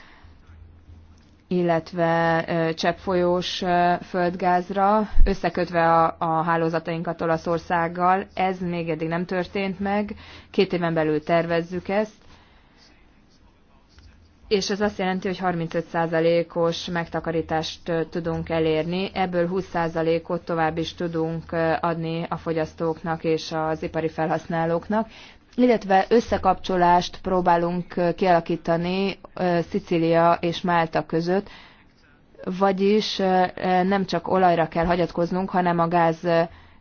illetve cseppfolyós földgázra, összekötve a, a hálózatainkat Olaszországgal. Ez még eddig nem történt meg, két éven belül tervezzük ezt, és ez azt jelenti, hogy 35%-os megtakarítást tudunk elérni, ebből 20%-ot tovább is tudunk adni a fogyasztóknak és az ipari felhasználóknak illetve összekapcsolást próbálunk kialakítani Szicília és Málta között, vagyis nem csak olajra kell hagyatkoznunk, hanem a gáz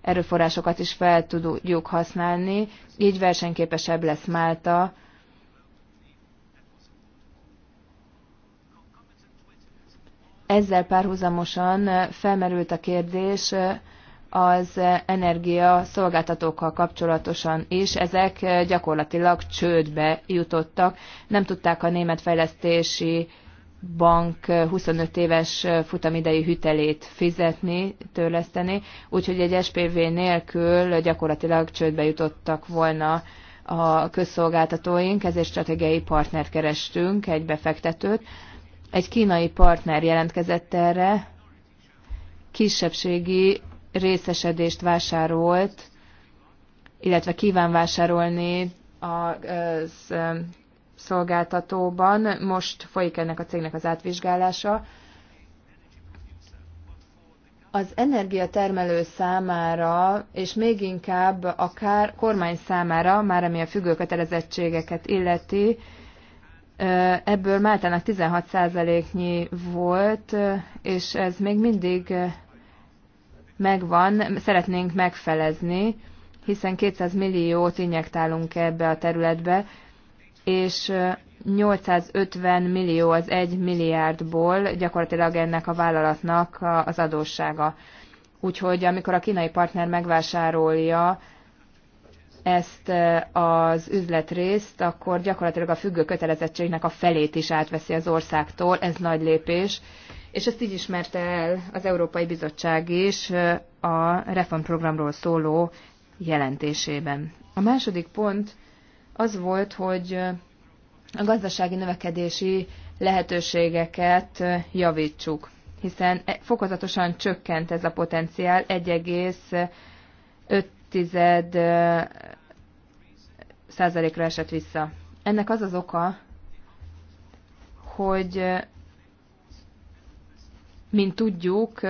erőforrásokat is fel tudjuk használni, így versenyképesebb lesz Málta. Ezzel párhuzamosan felmerült a kérdés, az energia szolgáltatókkal kapcsolatosan is. Ezek gyakorlatilag csődbe jutottak. Nem tudták a német fejlesztési bank 25 éves futamidei hütelét fizetni, törleszteni, úgyhogy egy SPV nélkül gyakorlatilag csődbe jutottak volna a közszolgáltatóink, ezért stratégiai partnert kerestünk, egy befektetőt. Egy kínai partner jelentkezett erre, kisebbségi részesedést vásárolt, illetve kíván vásárolni az szolgáltatóban. Most folyik ennek a cégnek az átvizsgálása. Az energiatermelő számára, és még inkább a kár, kormány számára, már ami a függő kötelezettségeket illeti, ebből Máltának 16%-nyi volt, és ez még mindig megvan, szeretnénk megfelezni, hiszen 200 milliót injektálunk ebbe a területbe, és 850 millió az 1 milliárdból gyakorlatilag ennek a vállalatnak az adóssága. Úgyhogy amikor a kínai partner megvásárolja ezt az üzletrészt, akkor gyakorlatilag a függő kötelezettségnek a felét is átveszi az országtól. Ez nagy lépés, és ezt így ismerte el az Európai Bizottság is a reformprogramról szóló jelentésében. A második pont az volt, hogy a gazdasági növekedési lehetőségeket javítsuk, hiszen e, fokozatosan csökkent ez a potenciál 1,5 százalékra esett vissza. Ennek az az oka, hogy mint tudjuk,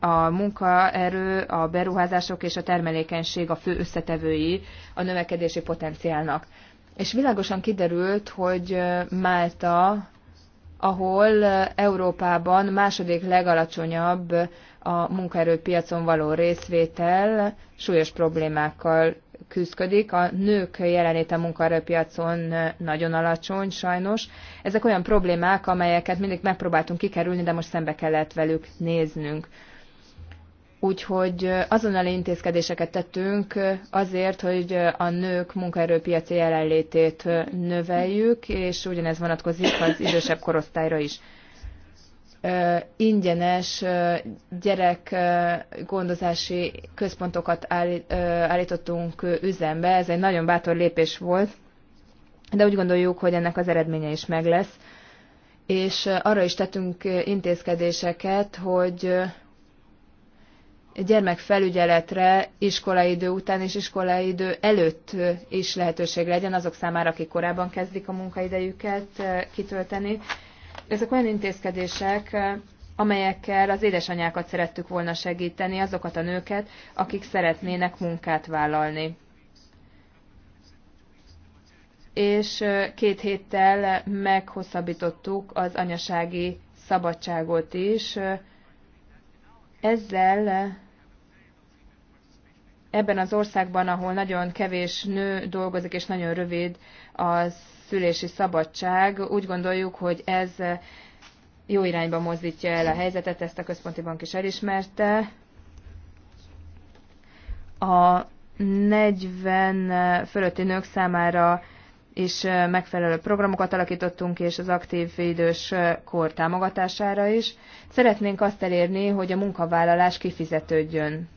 a munkaerő, a beruházások és a termelékenység a fő összetevői a növekedési potenciálnak. És világosan kiderült, hogy Málta, ahol Európában második legalacsonyabb a munkaerőpiacon való részvétel, súlyos problémákkal küzdködik. A nők jelenléte munkaerőpiacon nagyon alacsony sajnos. Ezek olyan problémák, amelyeket mindig megpróbáltunk kikerülni, de most szembe kellett velük néznünk. Úgyhogy azonnali intézkedéseket tettünk azért, hogy a nők munkaerőpiaci jelenlétét növeljük, és ugyanez vonatkozik az idősebb korosztályra is ingyenes gyerekgondozási központokat állítottunk üzembe. Ez egy nagyon bátor lépés volt, de úgy gondoljuk, hogy ennek az eredménye is meg lesz. És arra is tettünk intézkedéseket, hogy gyermekfelügyeletre iskolaidő után és iskolaidő előtt is lehetőség legyen azok számára, akik korábban kezdik a munkaidejüket kitölteni, ezek olyan intézkedések, amelyekkel az édesanyákat szerettük volna segíteni, azokat a nőket, akik szeretnének munkát vállalni. És két héttel meghosszabbítottuk az anyasági szabadságot is. Ezzel ebben az országban, ahol nagyon kevés nő dolgozik, és nagyon rövid az szülési szabadság. Úgy gondoljuk, hogy ez jó irányba mozdítja el a helyzetet, ezt a központi bank is elismerte. A 40 fölötti nők számára is megfelelő programokat alakítottunk, és az aktív idős kor támogatására is. Szeretnénk azt elérni, hogy a munkavállalás kifizetődjön.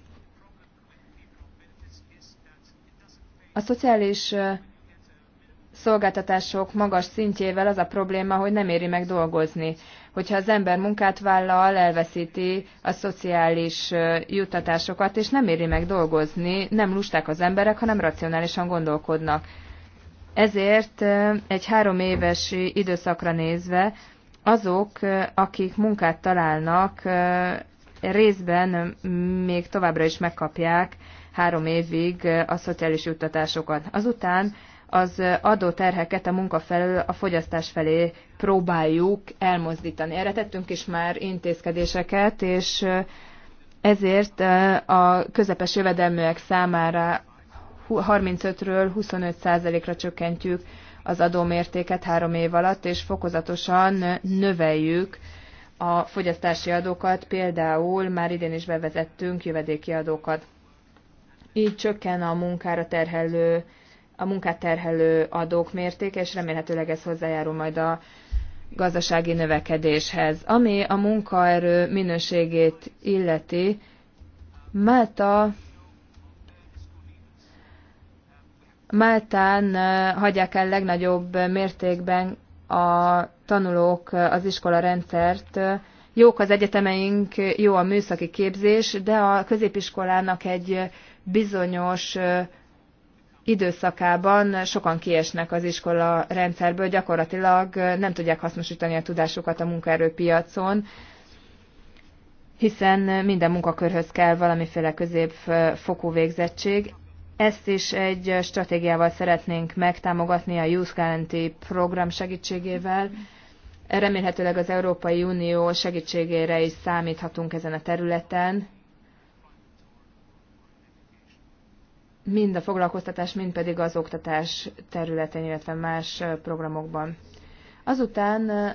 A szociális szolgáltatások magas szintjével az a probléma, hogy nem éri meg dolgozni. Hogyha az ember munkát vállal, elveszíti a szociális juttatásokat, és nem éri meg dolgozni, nem lusták az emberek, hanem racionálisan gondolkodnak. Ezért egy három éves időszakra nézve azok, akik munkát találnak, részben még továbbra is megkapják három évig a szociális juttatásokat. Azután az terheket a munka felől a fogyasztás felé próbáljuk elmozdítani. Erre tettünk is már intézkedéseket, és ezért e, a közepes jövedelműek számára 35-ről 25%-ra csökkentjük az adómértéket három év alatt, és fokozatosan növeljük a fogyasztási adókat, például már idén is bevezettünk jövedéki adókat. Így csökken a munkára terhelő a munkát terhelő adók mértéke, és remélhetőleg ez hozzájárul majd a gazdasági növekedéshez. Ami a munkaerő minőségét illeti, Málta Máltán eh, hagyják el legnagyobb mértékben a tanulók eh, az iskola rendszert. Jók az egyetemeink, jó a műszaki képzés, de a középiskolának egy bizonyos eh, időszakában sokan kiesnek az iskola rendszerből, gyakorlatilag nem tudják hasznosítani a tudásukat a munkaerőpiacon, hiszen minden munkakörhöz kell valamiféle középfokú végzettség. Ezt is egy stratégiával szeretnénk megtámogatni a Youth Guarantee program segítségével. Remélhetőleg az Európai Unió segítségére is számíthatunk ezen a területen, mind a foglalkoztatás, mind pedig az oktatás területén, illetve más programokban. Azután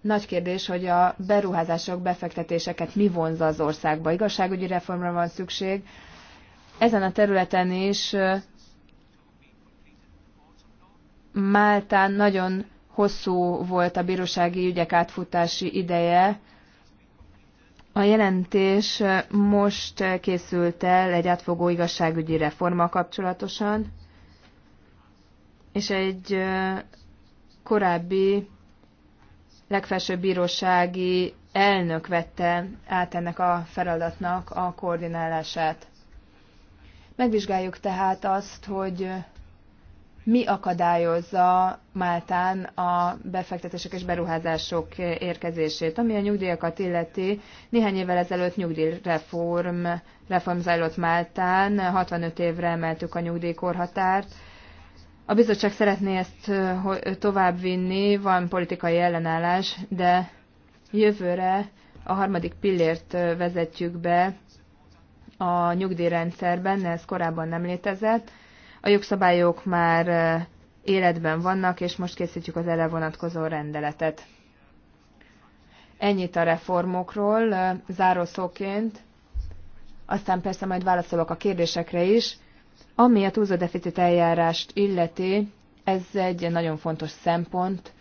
nagy kérdés, hogy a beruházások, befektetéseket mi vonza az országba. Igazságügyi reformra van szükség. Ezen a területen is Máltán nagyon hosszú volt a bírósági ügyek átfutási ideje, a jelentés most készült el egy átfogó igazságügyi reforma kapcsolatosan, és egy korábbi legfelsőbb bírósági elnök vette át ennek a feladatnak a koordinálását. Megvizsgáljuk tehát azt, hogy mi akadályozza Máltán a befektetések és beruházások érkezését. Ami a nyugdíjakat illeti, néhány évvel ezelőtt nyugdíjreform reform zajlott Máltán, 65 évre emeltük a nyugdíjkorhatárt. A bizottság szeretné ezt továbbvinni, van politikai ellenállás, de jövőre a harmadik pillért vezetjük be a nyugdíjrendszerben, ez korábban nem létezett, a jogszabályok már életben vannak, és most készítjük az erre vonatkozó rendeletet. Ennyit a reformokról zárószóként, aztán persze majd válaszolok a kérdésekre is. Ami a túlzó deficit eljárást illeti, ez egy nagyon fontos szempont.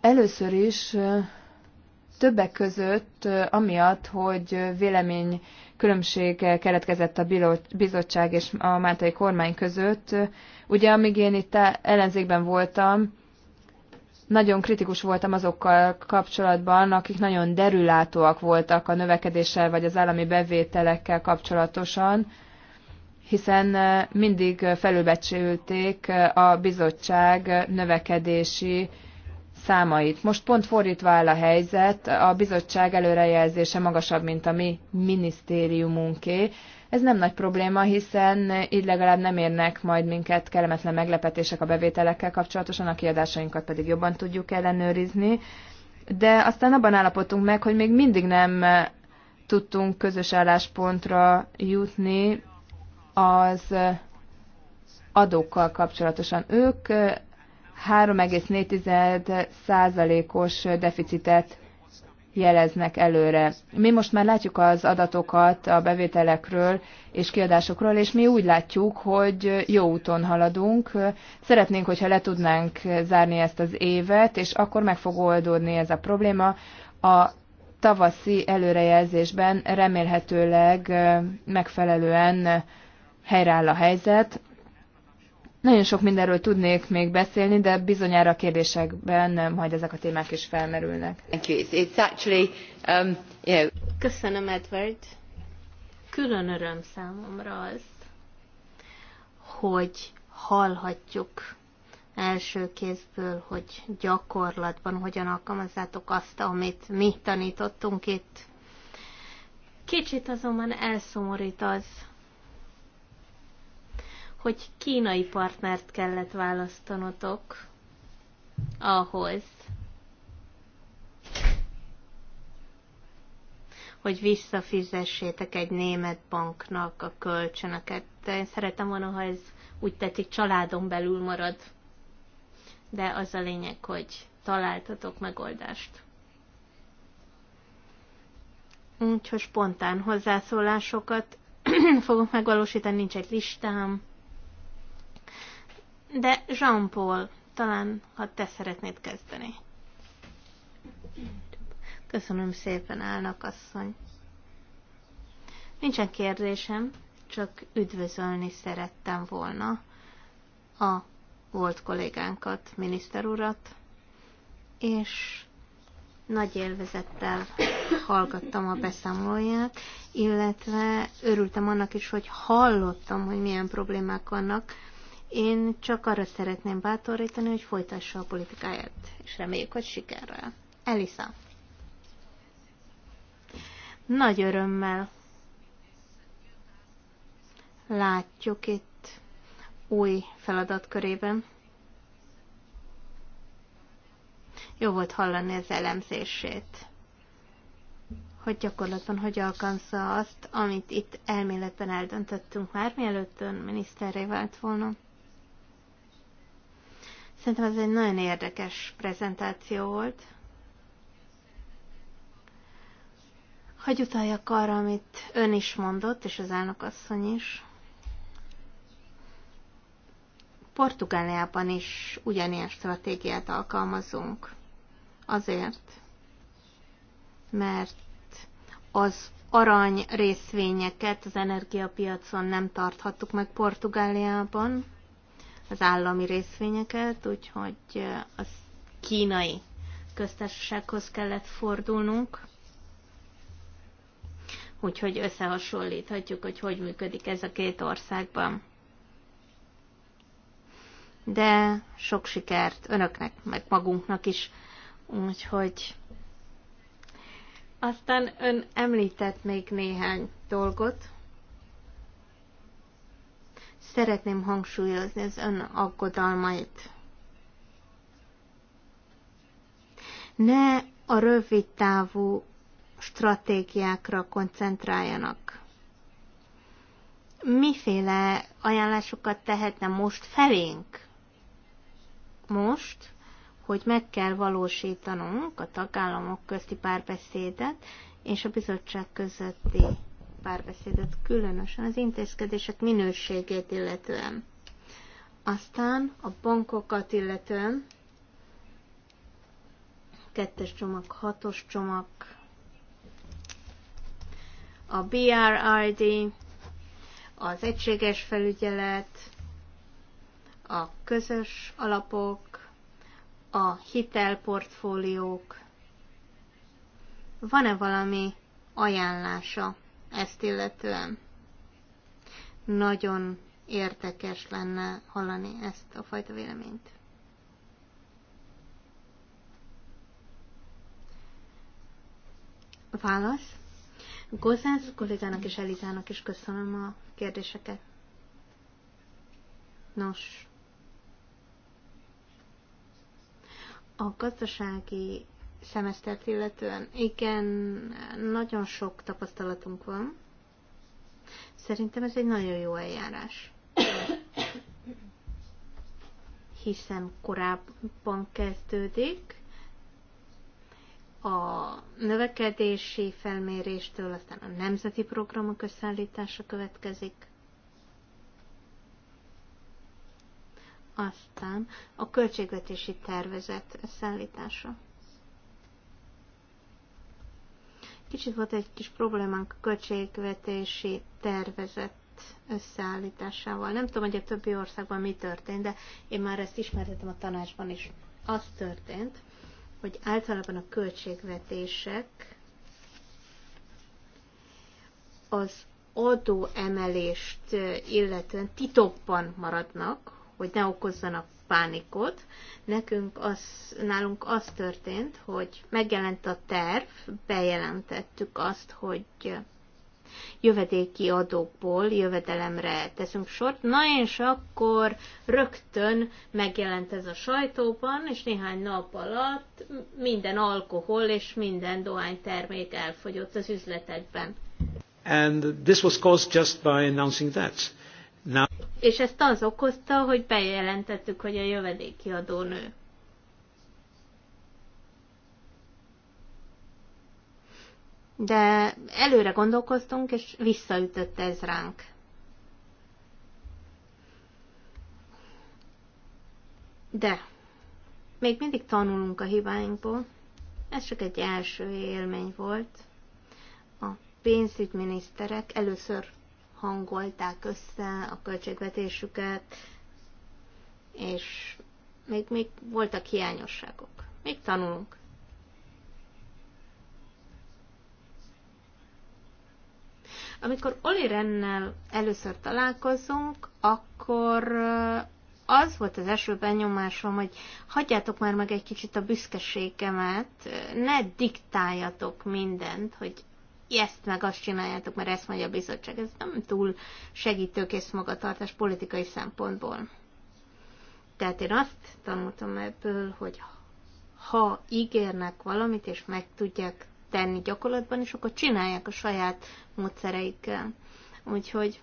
Először is többek között amiatt, hogy vélemény különbség keletkezett a bizottság és a máltai kormány között. Ugye, amíg én itt ellenzékben voltam, nagyon kritikus voltam azokkal kapcsolatban, akik nagyon derülátóak voltak a növekedéssel vagy az állami bevételekkel kapcsolatosan, hiszen eh, mindig felülbecsülték eh, a bizottság növekedési számait. Most pont fordítva áll a helyzet, a bizottság előrejelzése magasabb, mint a mi minisztériumunké. Ez nem nagy probléma, hiszen így legalább nem érnek majd minket kellemetlen meglepetések a bevételekkel kapcsolatosan, a kiadásainkat pedig jobban tudjuk ellenőrizni. De aztán abban állapodtunk meg, hogy még mindig nem tudtunk közös álláspontra jutni az adókkal kapcsolatosan. Ők 3,4%-os deficitet jeleznek előre. Mi most már látjuk az adatokat a bevételekről és kiadásokról, és mi úgy látjuk, hogy jó úton haladunk. Szeretnénk, hogyha le tudnánk zárni ezt az évet, és akkor meg fog oldódni ez a probléma. A tavaszi előrejelzésben remélhetőleg megfelelően helyreáll a helyzet. Nagyon sok mindenről tudnék még beszélni, de bizonyára a kérdésekben majd ezek a témák is felmerülnek. Um, Köszönöm, Edward. Külön öröm számomra az, hogy hallhatjuk első kézből, hogy gyakorlatban hogyan alkalmazzátok azt, amit mi tanítottunk itt. Kicsit azonban elszomorít az, hogy kínai partnert kellett választanotok ahhoz, hogy visszafizessétek egy német banknak a kölcsönöket. Én szeretem volna, ha ez úgy tetszik, családon belül marad. De az a lényeg, hogy találtatok megoldást. Úgyhogy spontán hozzászólásokat fogok megvalósítani, nincs egy listám. De Jean-Paul, talán ha te szeretnéd kezdeni. Köszönöm szépen, állnak asszony. Nincsen kérdésem, csak üdvözölni szerettem volna a volt kollégánkat, miniszter urat, és nagy élvezettel hallgattam a beszámolóját, illetve örültem annak is, hogy hallottam, hogy milyen problémák vannak, én csak arra szeretném bátorítani, hogy folytassa a politikáját, és reméljük, hogy sikerrel. Elisa. Nagy örömmel látjuk itt új feladatkörében. Jó volt hallani az elemzését, hogy gyakorlatban hogy alkalmazza azt, amit itt elméletben eldöntöttünk már, mielőtt ön miniszterré vált volna. Szerintem ez egy nagyon érdekes prezentáció volt. Hogy utaljak arra, amit ön is mondott, és az elnökasszony is. Portugáliában is ugyanilyen stratégiát alkalmazunk. Azért, mert az arany részvényeket az energiapiacon nem tarthattuk meg Portugáliában, az állami részvényeket, úgyhogy az kínai köztársasághoz kellett fordulnunk. Úgyhogy összehasonlíthatjuk, hogy hogy működik ez a két országban. De sok sikert önöknek, meg magunknak is. Úgyhogy aztán ön említett még néhány dolgot. Szeretném hangsúlyozni az ön aggodalmait. Ne a rövid távú stratégiákra koncentráljanak. Miféle ajánlásokat tehetne most felénk? Most, hogy meg kell valósítanunk a tagállamok közti párbeszédet és a bizottság közötti párbeszédet, különösen az intézkedések minőségét illetően. Aztán a bankokat illetően, kettes csomag, hatos csomag, a BRID, az egységes felügyelet, a közös alapok, a hitelportfóliók. Van-e valami ajánlása ezt illetően. Nagyon érdekes lenne hallani ezt a fajta véleményt. Válasz? Gozász kollégának és Elizának is köszönöm a kérdéseket. Nos, a gazdasági szemesztert illetően. Igen, nagyon sok tapasztalatunk van. Szerintem ez egy nagyon jó eljárás. Hiszen korábban kezdődik, a növekedési felméréstől, aztán a nemzeti programok összeállítása következik, aztán a költségvetési tervezet összeállítása. Kicsit volt egy kis problémánk a költségvetési tervezet összeállításával. Nem tudom, hogy a többi országban mi történt, de én már ezt ismertetem a tanácsban is. Az történt, hogy általában a költségvetések az adóemelést illetően titokban maradnak, hogy ne okozzanak pánikot. Nekünk az, nálunk az történt, hogy megjelent a terv, bejelentettük azt, hogy jövedéki adókból jövedelemre teszünk sort. Na és akkor rögtön megjelent ez a sajtóban, és néhány nap alatt minden alkohol és minden dohánytermék elfogyott az üzletekben. And this was caused just by announcing that és ezt az okozta, hogy bejelentettük, hogy a jövedéki adó nő. De előre gondolkoztunk, és visszaütött ez ránk. De még mindig tanulunk a hibáinkból. Ez csak egy első élmény volt. A pénzügyminiszterek először hangolták össze a költségvetésüket, és még, még voltak hiányosságok. Még tanulunk. Amikor Oli Rennel először találkozunk, akkor az volt az első benyomásom, hogy hagyjátok már meg egy kicsit a büszkeségemet, ne diktáljatok mindent, hogy ezt meg azt csináljátok, mert ezt mondja a bizottság. Ez nem túl segítőkész magatartás politikai szempontból. Tehát én azt tanultam ebből, hogy ha ígérnek valamit, és meg tudják tenni gyakorlatban, és akkor csinálják a saját módszereikkel. Úgyhogy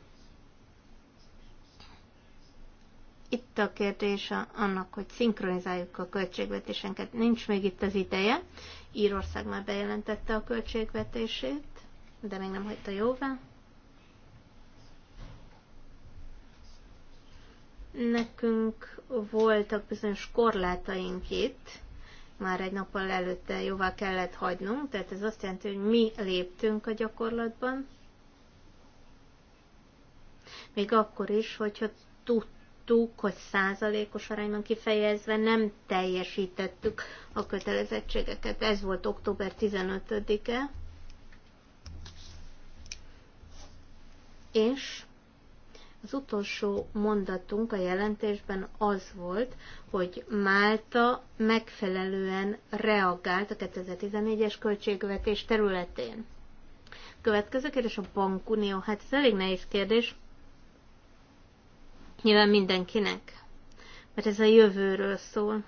itt a kérdés annak, hogy szinkronizáljuk a költségvetésenket. Nincs még itt az ideje. Írország már bejelentette a költségvetését, de még nem hagyta jóvá. Nekünk voltak bizonyos korlátaink itt, már egy nappal előtte jóvá kellett hagynunk, tehát ez azt jelenti, hogy mi léptünk a gyakorlatban, még akkor is, hogyha tudtuk, hogy százalékos arányban kifejezve nem teljesítettük a kötelezettségeket. Ez volt október 15-e, És az utolsó mondatunk a jelentésben az volt, hogy Málta megfelelően reagált a 2014-es költségvetés területén. Következő kérdés a bankunió. Hát ez elég nehéz kérdés. Nyilván mindenkinek, mert ez a jövőről szól.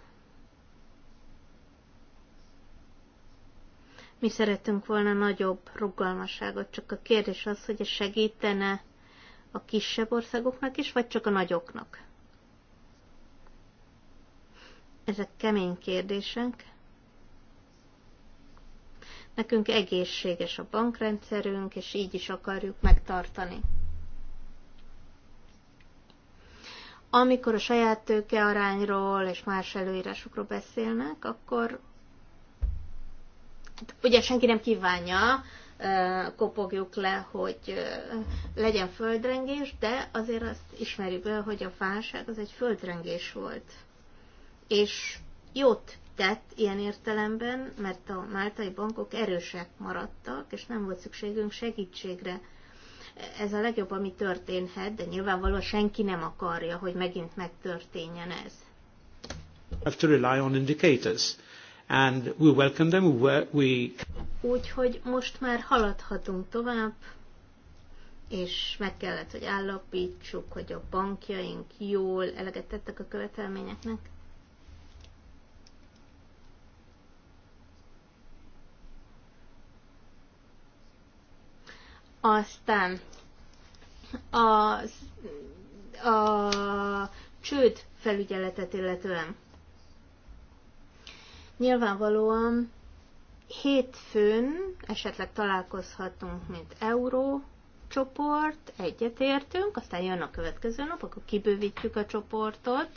Mi szeretünk volna nagyobb rugalmasságot, csak a kérdés az, hogy ez segítene a kisebb országoknak is, vagy csak a nagyoknak. Ezek kemény kérdések. Nekünk egészséges a bankrendszerünk, és így is akarjuk megtartani. Amikor a saját tőke arányról és más előírásokról beszélnek, akkor ugye senki nem kívánja, kopogjuk le, hogy legyen földrengés, de azért azt ismerjük el, hogy a válság az egy földrengés volt. És jót tett ilyen értelemben, mert a máltai bankok erősek maradtak, és nem volt szükségünk segítségre. Ez a legjobb, ami történhet, de nyilvánvalóan senki nem akarja, hogy megint megtörténjen ez. Have to rely on indicators and we welcome them. We... Úgyhogy most már haladhatunk tovább, és meg kellett, hogy állapítsuk, hogy a bankjaink jól eleget tettek a követelményeknek. Aztán a, a csőd felügyeletet illetően Nyilvánvalóan hétfőn esetleg találkozhatunk, mint euró csoport, egyetértünk, aztán jön a következő nap, akkor kibővítjük a csoportot,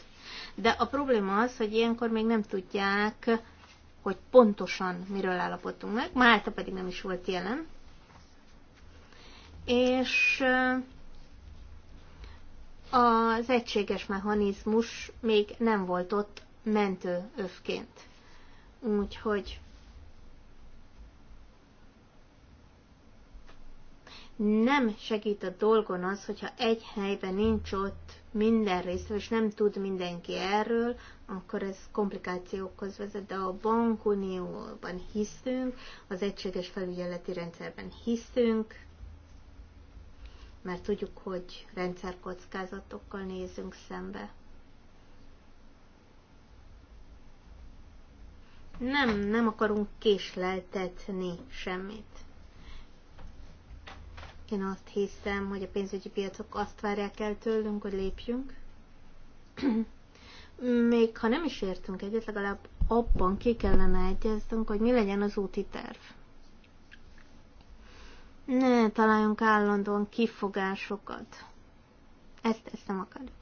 de a probléma az, hogy ilyenkor még nem tudják, hogy pontosan miről állapodtunk meg, Málta pedig nem is volt jelen. És az egységes mechanizmus még nem volt ott mentő övként. Úgyhogy nem segít a dolgon az, hogyha egy helyben nincs ott minden részről, és nem tud mindenki erről, akkor ez komplikációkhoz vezet, de a bankunióban hiszünk, az egységes felügyeleti rendszerben hiszünk, mert tudjuk, hogy rendszerkockázatokkal nézünk szembe. Nem, nem akarunk késleltetni semmit. Én azt hiszem, hogy a pénzügyi piacok azt várják el tőlünk, hogy lépjünk. Még ha nem is értünk egyet, legalább abban ki kellene egyeznünk, hogy mi legyen az úti terv. Ne találjunk állandóan kifogásokat. Ezt, ezt nem akarjuk.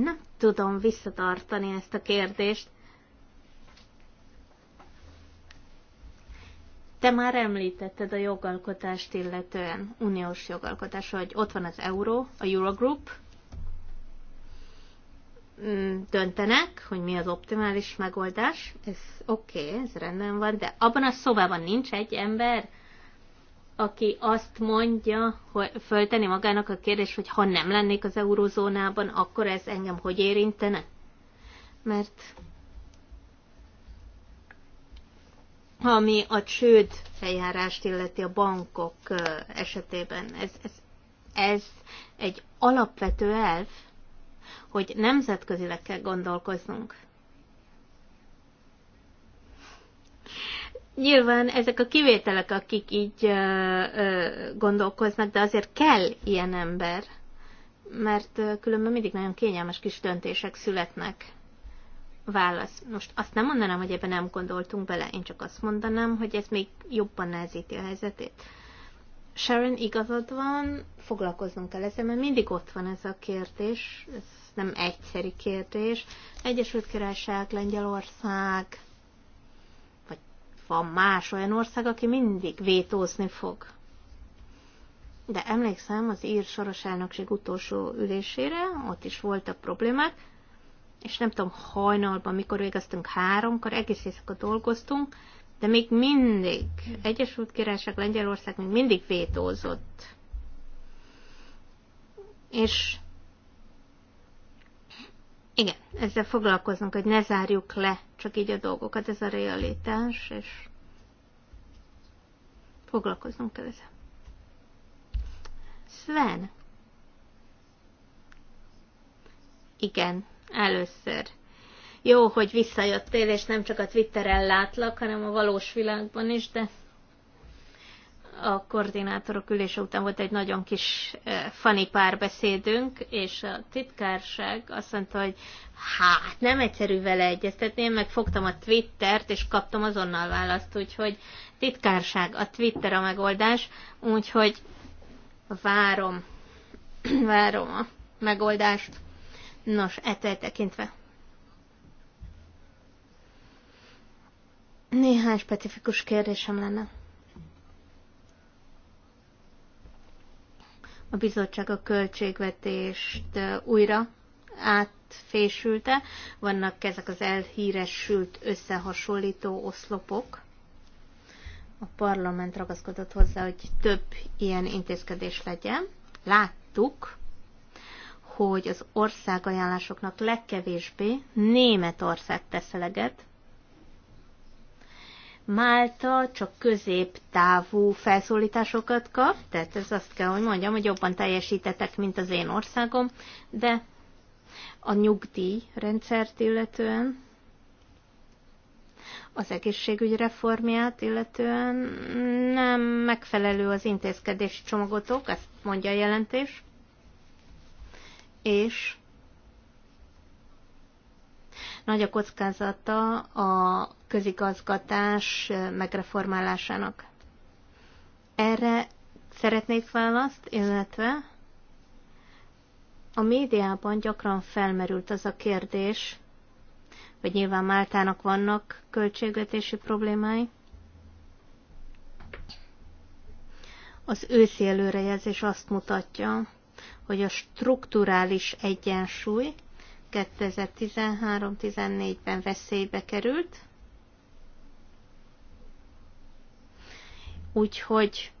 Nem tudom visszatartani ezt a kérdést. Te már említetted a jogalkotást illetően, uniós jogalkotás, hogy ott van az euró, a Eurogroup, mm, döntenek, hogy mi az optimális megoldás, ez oké, okay, ez rendben van, de abban a szobában nincs egy ember, aki azt mondja, hogy fölteni magának a kérdés, hogy ha nem lennék az eurozónában, akkor ez engem hogy érintene? Mert ami a csőd feljárást illeti a bankok esetében, ez, ez, ez egy alapvető elv, hogy nemzetközileg kell gondolkoznunk. Nyilván ezek a kivételek, akik így ö, ö, gondolkoznak, de azért kell ilyen ember, mert különben mindig nagyon kényelmes kis döntések születnek. Válasz. Most azt nem mondanám, hogy ebben nem gondoltunk bele, én csak azt mondanám, hogy ez még jobban nehezíti a helyzetét. Sharon, igazad van, foglalkoznunk kell ezzel, mert mindig ott van ez a kérdés, ez nem egyszeri kérdés. Egyesült Királyság, Lengyelország, van más olyan ország, aki mindig vétózni fog. De emlékszem az ír soros elnökség utolsó ülésére, ott is voltak problémák, és nem tudom, hajnalban, mikor végeztünk háromkor, egész éjszaka dolgoztunk, de még mindig Egyesült Királyság, Lengyelország még mindig vétózott. És igen, ezzel foglalkozunk, hogy ne zárjuk le csak így a dolgokat, ez a realitás, és foglalkozunk ezzel. Sven. Igen, először. Jó, hogy visszajöttél, és nem csak a Twitteren látlak, hanem a valós világban is, de a koordinátorok ülése után volt egy nagyon kis eh, fani párbeszédünk, és a titkárság azt mondta, hogy hát nem egyszerű vele egyeztetni, én megfogtam a Twittert, és kaptam azonnal választ, úgyhogy titkárság, a Twitter a megoldás, úgyhogy várom, várom a megoldást. Nos, ettől tekintve. Néhány specifikus kérdésem lenne. a bizottság a költségvetést újra átfésülte. Vannak ezek az elhíresült összehasonlító oszlopok. A parlament ragaszkodott hozzá, hogy több ilyen intézkedés legyen. Láttuk, hogy az országajánlásoknak legkevésbé Németország teszeleget, Málta csak középtávú felszólításokat kap, tehát ez azt kell, hogy mondjam, hogy jobban teljesítetek, mint az én országom, de a nyugdíjrendszert illetően, az egészségügy reformját illetően nem megfelelő az intézkedési csomagotok, ezt mondja a jelentés, és nagy a kockázata a közigazgatás megreformálásának. Erre szeretnék választ, illetve a médiában gyakran felmerült az a kérdés, hogy nyilván Máltának vannak költségvetési problémái. Az őszi előrejelzés azt mutatja, hogy a strukturális egyensúly 2013-14-ben veszélybe került. Úgyhogy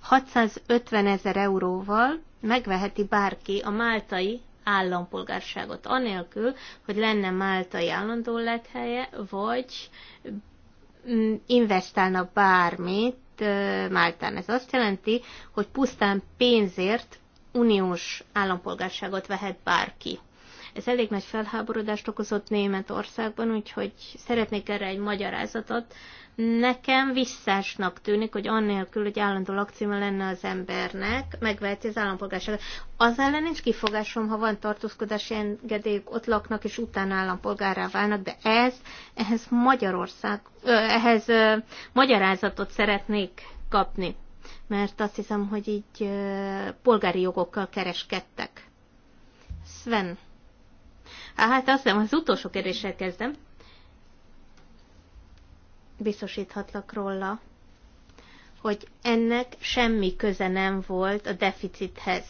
650 ezer euróval megveheti bárki a máltai állampolgárságot, anélkül, hogy lenne máltai állandó lethelye, vagy mm, investálna bármit Máltán. Ez azt jelenti, hogy pusztán pénzért uniós állampolgárságot vehet bárki. Ez elég nagy felháborodást okozott Németországban, úgyhogy szeretnék erre egy magyarázatot. Nekem visszásnak tűnik, hogy annélkül, hogy állandó lakcíme lenne az embernek, megveheti az állampolgárságot. Az ellen nincs kifogásom, ha van tartózkodási engedélyük, ott laknak, és utána állampolgárra válnak, de ez, ehhez Magyarország, ehhez magyarázatot szeretnék kapni mert azt hiszem, hogy így polgári jogokkal kereskedtek. Sven. Hát azt hiszem, az utolsó kérdéssel kezdem. Biztosíthatlak róla, hogy ennek semmi köze nem volt a deficithez.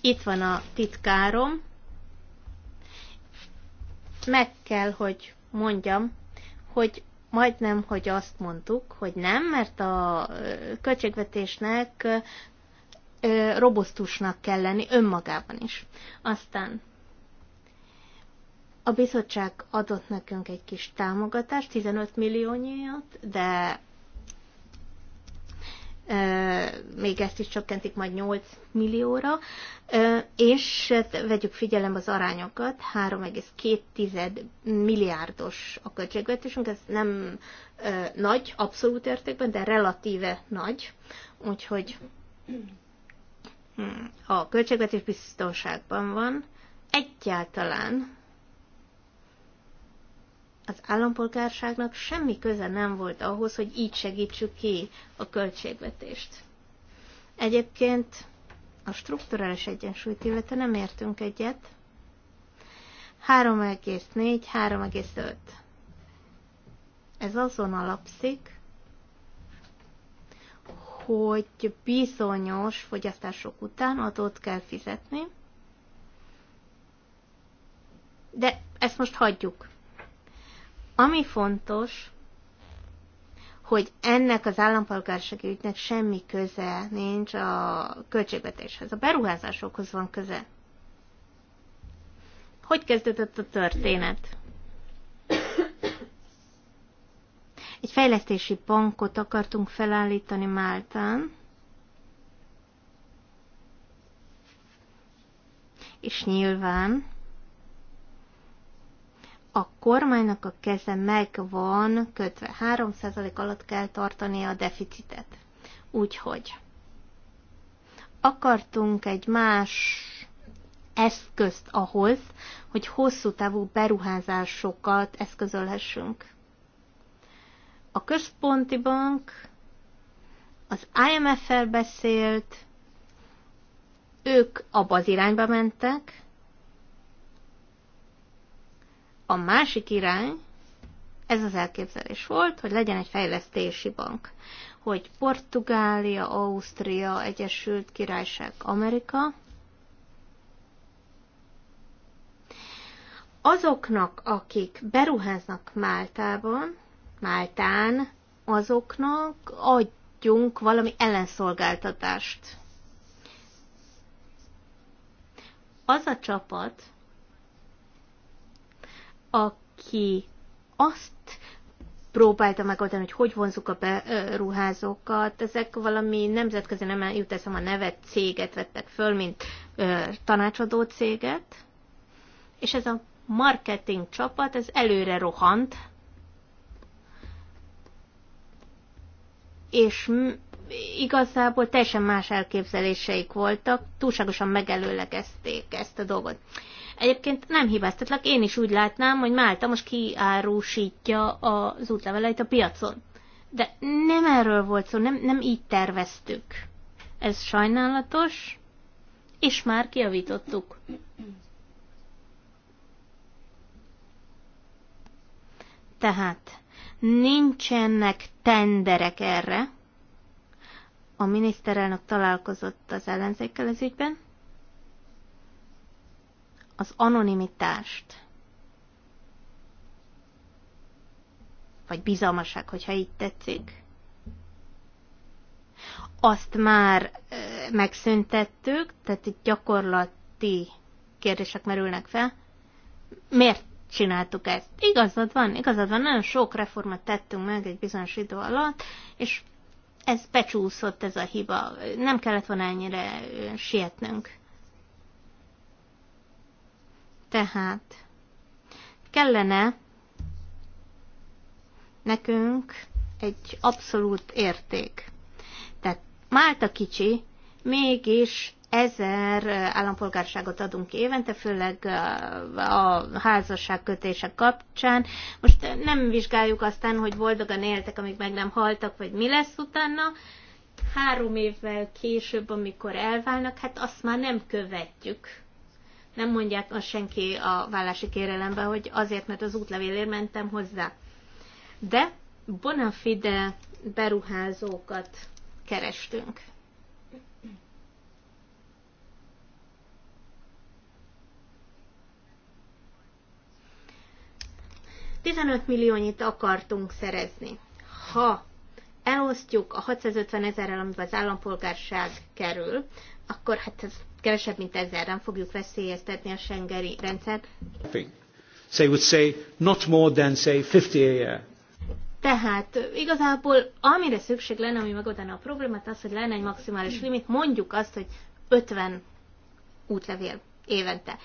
Itt van a titkárom. Meg kell, hogy mondjam, hogy majdnem, hogy azt mondtuk, hogy nem, mert a költségvetésnek robusztusnak kell lenni önmagában is. Aztán a bizottság adott nekünk egy kis támogatást, 15 milliónyiat, de még ezt is csökkentik majd 8 millióra, és hát vegyük figyelem az arányokat, 3,2 milliárdos a költségvetésünk, ez nem nagy abszolút értékben, de relatíve nagy, úgyhogy hm, a költségvetés biztonságban van, egyáltalán az állampolgárságnak semmi köze nem volt ahhoz, hogy így segítsük ki a költségvetést. Egyébként a strukturális egyensúlyt illetve nem értünk egyet. 3,4, 3,5. Ez azon alapszik, hogy bizonyos fogyasztások után adót kell fizetni, de ezt most hagyjuk. Ami fontos, hogy ennek az állampolgársági ügynek semmi köze nincs a költségvetéshez. A beruházásokhoz van köze. Hogy kezdődött a történet? Egy fejlesztési bankot akartunk felállítani Máltán, és nyilván a kormánynak a keze megvan kötve. 3% alatt kell tartani a deficitet. Úgyhogy akartunk egy más eszközt ahhoz, hogy hosszú távú beruházásokat eszközölhessünk. A központi bank az IMF-el beszélt, ők abba az irányba mentek, a másik irány, ez az elképzelés volt, hogy legyen egy fejlesztési bank, hogy Portugália, Ausztria, Egyesült Királyság, Amerika, azoknak, akik beruháznak Máltában, Máltán, azoknak adjunk valami ellenszolgáltatást. Az a csapat, aki azt próbálta megoldani, hogy hogy vonzuk a beruházókat. Ezek valami nemzetközi, nem jut eszem a nevet, céget vettek föl, mint ö, tanácsadó céget, és ez a marketing csapat, ez előre rohant, és igazából teljesen más elképzeléseik voltak, túlságosan megelőlegezték ezt a dolgot. Egyébként nem hibáztatlak, én is úgy látnám, hogy Málta most kiárusítja az útleveleit a piacon. De nem erről volt szó, nem, nem így terveztük. Ez sajnálatos, és már kiavítottuk. Tehát nincsenek tenderek erre. A miniszterelnök találkozott az ellenzékkel ez ügyben az anonimitást, vagy bizalmaság, hogyha így tetszik, azt már megszüntettük, tehát itt gyakorlati kérdések merülnek fel. Miért csináltuk ezt? Igazad van, igazad van, nagyon sok reformat tettünk meg egy bizonyos idő alatt, és ez becsúszott ez a hiba. Nem kellett volna ennyire sietnünk. Tehát kellene nekünk egy abszolút érték. Tehát Málta kicsi, mégis ezer állampolgárságot adunk évente, főleg a házasságkötések kapcsán. Most nem vizsgáljuk aztán, hogy boldogan éltek, amíg meg nem haltak, vagy mi lesz utána. Három évvel később, amikor elválnak, hát azt már nem követjük nem mondják azt senki a vállási kérelembe, hogy azért, mert az útlevélért mentem hozzá. De bonafide beruházókat kerestünk. Tizenöt milliónyit akartunk szerezni. Ha elosztjuk a 650 ezerrel, amiben az állampolgárság kerül, akkor hát ez kevesebb mint ezerren fogjuk veszélyeztetni a Schengeni rendszert. So would say not more than say 50 a year. Tehát igazából amire szükség lenne, ami megoldaná a problémát, az, hogy lenne egy maximális limit, mondjuk azt, hogy 50 útlevél évente.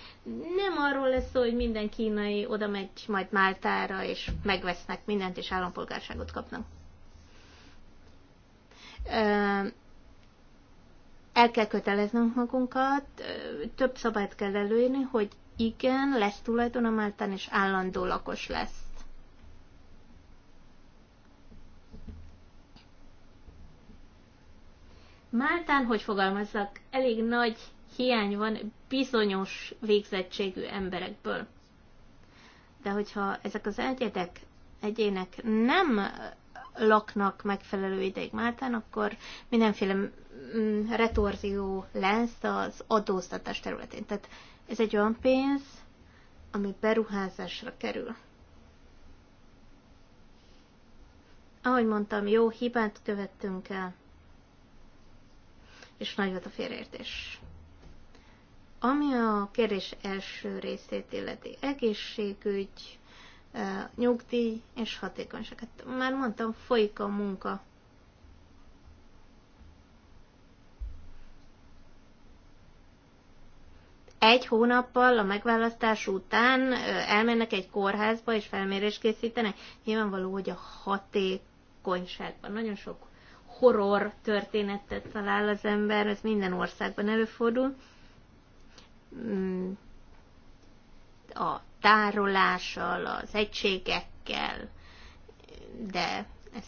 Nem arról lesz szó, hogy minden kínai oda megy majd Máltára, és megvesznek mindent, és állampolgárságot kapnak el kell köteleznünk magunkat, több szabályt kell előírni, hogy igen, lesz tulajdon a máltán és állandó lakos lesz. Máltán, hogy fogalmazzak, elég nagy hiány van bizonyos végzettségű emberekből. De hogyha ezek az egyedek, egyének nem laknak megfelelő ideig Máltán, akkor mindenféle Mm, retorzió lesz az adóztatás területén. Tehát ez egy olyan pénz, ami beruházásra kerül. Ahogy mondtam, jó hibát követtünk el, és nagy volt a félreértés. Ami a kérdés első részét illeti, egészségügy, eh, nyugdíj és hatékonyság. Hát már mondtam, folyik a munka egy hónappal a megválasztás után elmennek egy kórházba és felmérést készítenek. Nyilvánvaló, hogy a hatékonyságban nagyon sok horror történetet talál az ember, ez minden országban előfordul. Mm, a tárolással, az egységekkel, de ez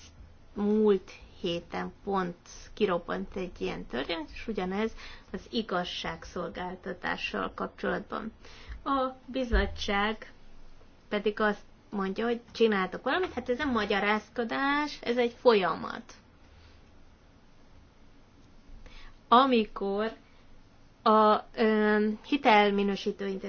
múlt héten pont kiropant egy ilyen törvényt, és ugyanez az igazságszolgáltatással kapcsolatban. A bizottság pedig azt mondja, hogy csináltak valamit, hát ez nem magyarázkodás, ez egy folyamat. Amikor a ö, hitelminősítő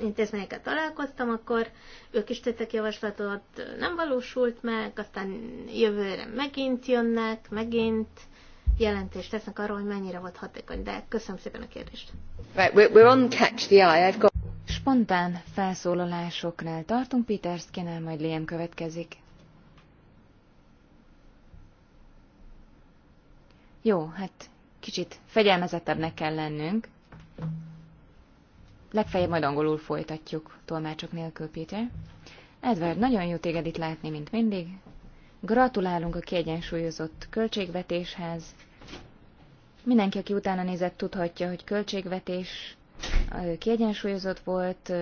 intézményeket találkoztam, akkor ők is tettek javaslatot, nem valósult meg, aztán jövőre megint jönnek, megint jelentést tesznek arról, hogy mennyire volt hatékony, de köszönöm szépen a kérdést. Right, we're on catch the eye. I've got... Spontán felszólalásoknál tartunk, Peter Skinner, majd Liam következik. Jó, hát kicsit fegyelmezettebbnek kell lennünk. Legfeljebb majd angolul folytatjuk, tolmácsok nélkül, Péter. Edward, nagyon jó téged itt látni, mint mindig. Gratulálunk a kiegyensúlyozott költségvetéshez. Mindenki, aki utána nézett, tudhatja, hogy költségvetés kiegyensúlyozott volt,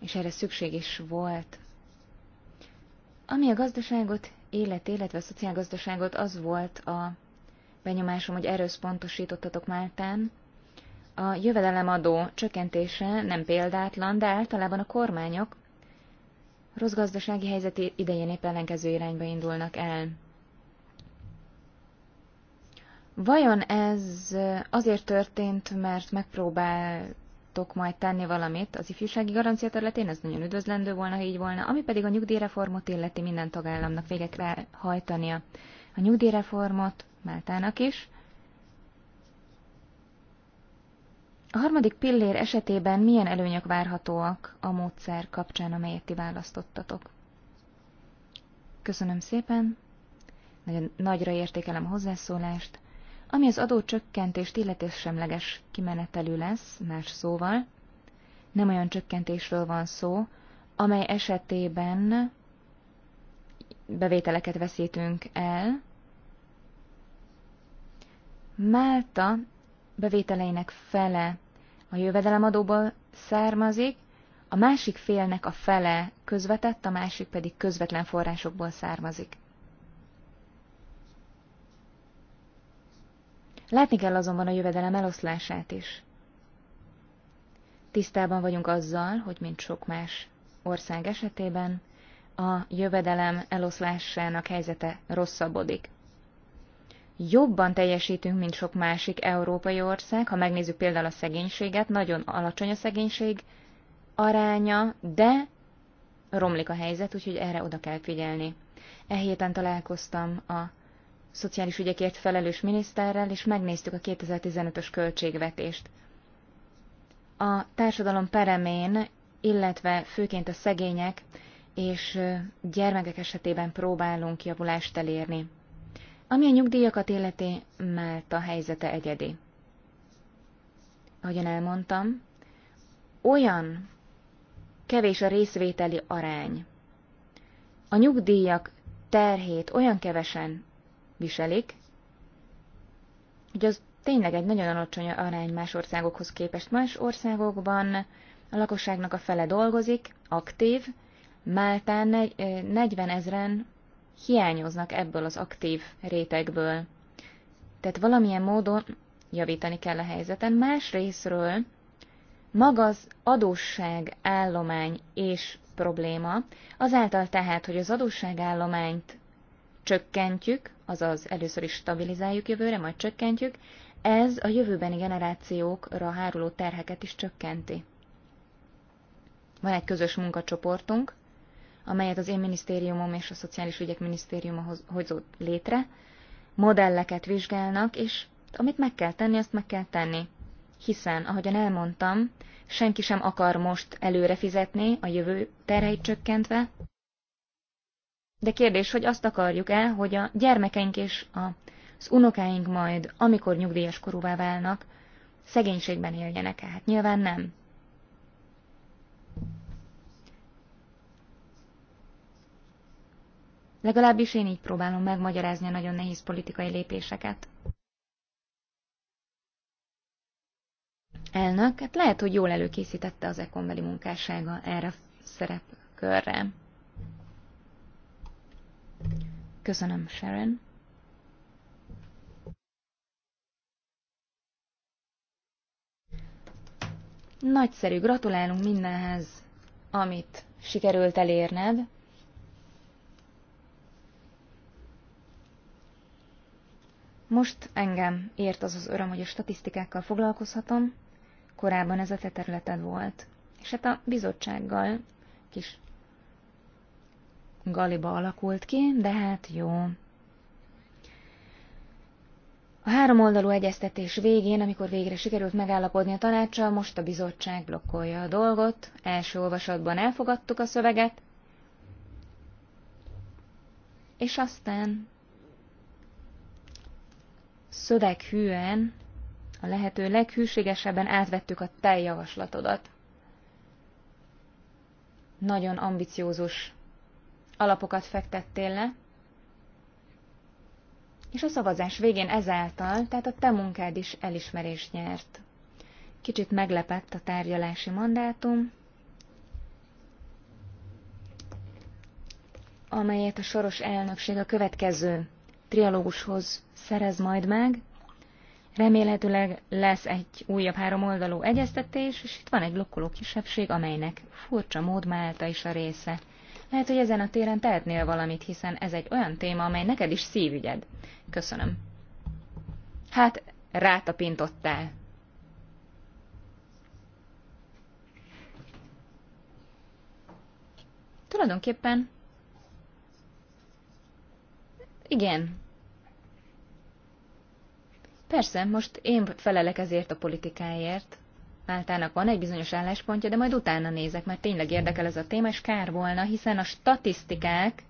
és erre szükség is volt. Ami a gazdaságot, élet, illetve a szociálgazdaságot, az volt a benyomásom, hogy erről pontosítottatok Máltán. A jövedelemadó csökkentése nem példátlan, de általában a kormányok rossz gazdasági helyzet idején épp ellenkező irányba indulnak el. Vajon ez azért történt, mert megpróbáltok majd tenni valamit az ifjúsági garancia területén, ez nagyon üdvözlendő volna, ha így volna, ami pedig a nyugdíjreformot illeti minden tagállamnak végekre hajtania. A nyugdíjreformot Máltának is. A harmadik pillér esetében milyen előnyök várhatóak a módszer kapcsán, amelyet ti választottatok? Köszönöm szépen, nagyon nagyra értékelem a hozzászólást, ami az adócsökkentést semleges kimenetelű lesz, más szóval. Nem olyan csökkentésről van szó, amely esetében bevételeket veszítünk el, Málta bevételeinek fele a jövedelemadóból származik, a másik félnek a fele közvetett, a másik pedig közvetlen forrásokból származik. Látni kell azonban a jövedelem eloszlását is. Tisztában vagyunk azzal, hogy mint sok más ország esetében, a jövedelem eloszlásának helyzete rosszabbodik jobban teljesítünk, mint sok másik európai ország. Ha megnézzük például a szegénységet, nagyon alacsony a szegénység aránya, de romlik a helyzet, úgyhogy erre oda kell figyelni. E héten találkoztam a szociális ügyekért felelős miniszterrel, és megnéztük a 2015-ös költségvetést. A társadalom peremén, illetve főként a szegények és gyermekek esetében próbálunk javulást elérni. Ami a nyugdíjakat illeti, a helyzete egyedi. Ahogyan elmondtam, olyan kevés a részvételi arány. A nyugdíjak terhét olyan kevesen viselik, hogy az tényleg egy nagyon alacsony arány más országokhoz képest. Más országokban a lakosságnak a fele dolgozik, aktív, Máltán 40 eh, ezren hiányoznak ebből az aktív rétegből. Tehát valamilyen módon javítani kell a helyzeten. Más részről maga az adósság állomány és probléma, azáltal tehát, hogy az adósságállományt csökkentjük, azaz először is stabilizáljuk jövőre, majd csökkentjük, ez a jövőbeni generációkra háruló terheket is csökkenti. Van egy közös munkacsoportunk, amelyet az én minisztériumom és a Szociális Ügyek Minisztériuma hozott létre, modelleket vizsgálnak, és amit meg kell tenni, azt meg kell tenni. Hiszen, ahogyan elmondtam, senki sem akar most előre fizetni, a jövő terheit csökkentve, de kérdés, hogy azt akarjuk el, hogy a gyermekeink és az unokáink majd, amikor nyugdíjas korúvá válnak, szegénységben éljenek -e? Hát nyilván nem. Legalábbis én így próbálom megmagyarázni a nagyon nehéz politikai lépéseket. Elnök, hát lehet, hogy jól előkészítette az ekonbeli munkássága erre a szerepkörre. Köszönöm, Sharon. Nagyszerű, gratulálunk mindenhez, amit sikerült elérned. Most engem ért az az öröm, hogy a statisztikákkal foglalkozhatom, korábban ez a te területed volt. És hát a bizottsággal kis galiba alakult ki, de hát jó. A három oldalú egyeztetés végén, amikor végre sikerült megállapodni a tanácssal, most a bizottság blokkolja a dolgot. Első olvasatban elfogadtuk a szöveget, és aztán szöveghűen, a lehető leghűségesebben átvettük a te javaslatodat. Nagyon ambiciózus alapokat fektettél le, és a szavazás végén ezáltal, tehát a te munkád is elismerést nyert. Kicsit meglepett a tárgyalási mandátum, amelyet a soros elnökség a következő trialógushoz szerez majd meg. Remélhetőleg lesz egy újabb három oldalú egyeztetés, és itt van egy blokkoló kisebbség, amelynek furcsa mód Málta is a része. Lehet, hogy ezen a téren tehetnél valamit, hiszen ez egy olyan téma, amely neked is szívügyed. Köszönöm. Hát, rátapintottál. Tulajdonképpen igen. Persze, most én felelek ezért a politikáért. Máltának van egy bizonyos álláspontja, de majd utána nézek, mert tényleg érdekel ez a téma, és kár volna, hiszen a statisztikák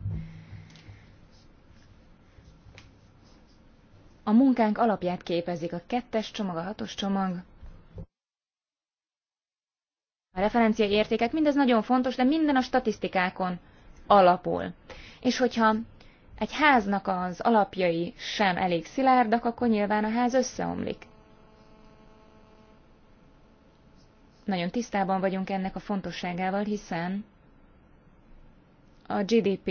a munkánk alapját képezik, a kettes csomag, a hatos csomag, a referencia értékek, mindez nagyon fontos, de minden a statisztikákon alapul. És hogyha egy háznak az alapjai sem elég szilárdak, akkor nyilván a ház összeomlik. Nagyon tisztában vagyunk ennek a fontosságával, hiszen a GDP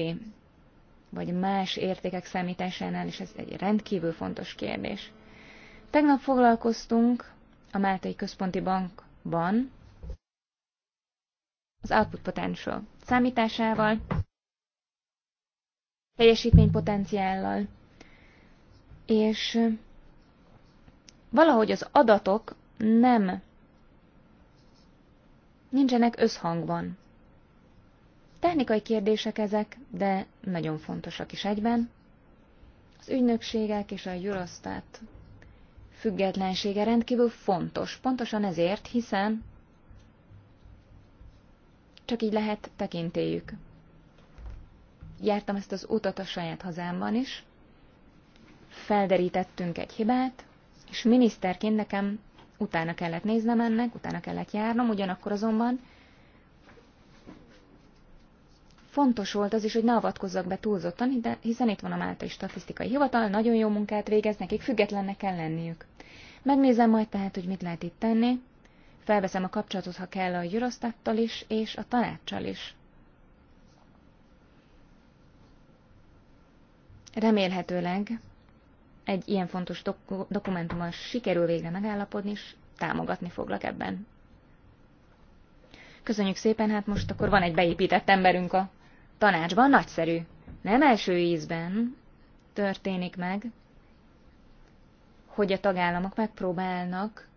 vagy más értékek számításánál is ez egy rendkívül fontos kérdés. Tegnap foglalkoztunk a Máltai Központi Bankban az output potential számításával, teljesítménypotenciállal. És valahogy az adatok nem nincsenek összhangban. Technikai kérdések ezek, de nagyon fontosak is egyben. Az ügynökségek és a Eurostat függetlensége rendkívül fontos. Pontosan ezért, hiszen csak így lehet tekintélyük jártam ezt az utat a saját hazámban is, felderítettünk egy hibát, és miniszterként nekem utána kellett néznem ennek, utána kellett járnom, ugyanakkor azonban fontos volt az is, hogy ne avatkozzak be túlzottan, hiszen itt van a Máltai Statisztikai Hivatal, nagyon jó munkát végez, nekik függetlennek kell lenniük. Megnézem majd tehát, hogy mit lehet itt tenni, felveszem a kapcsolatot, ha kell a Eurostattal is, és a tanáccsal is. Remélhetőleg egy ilyen fontos dok- dokumentummal sikerül végre megállapodni, és támogatni foglak ebben. Köszönjük szépen, hát most akkor van egy beépített emberünk a tanácsban, nagyszerű. Nem első ízben történik meg, hogy a tagállamok megpróbálnak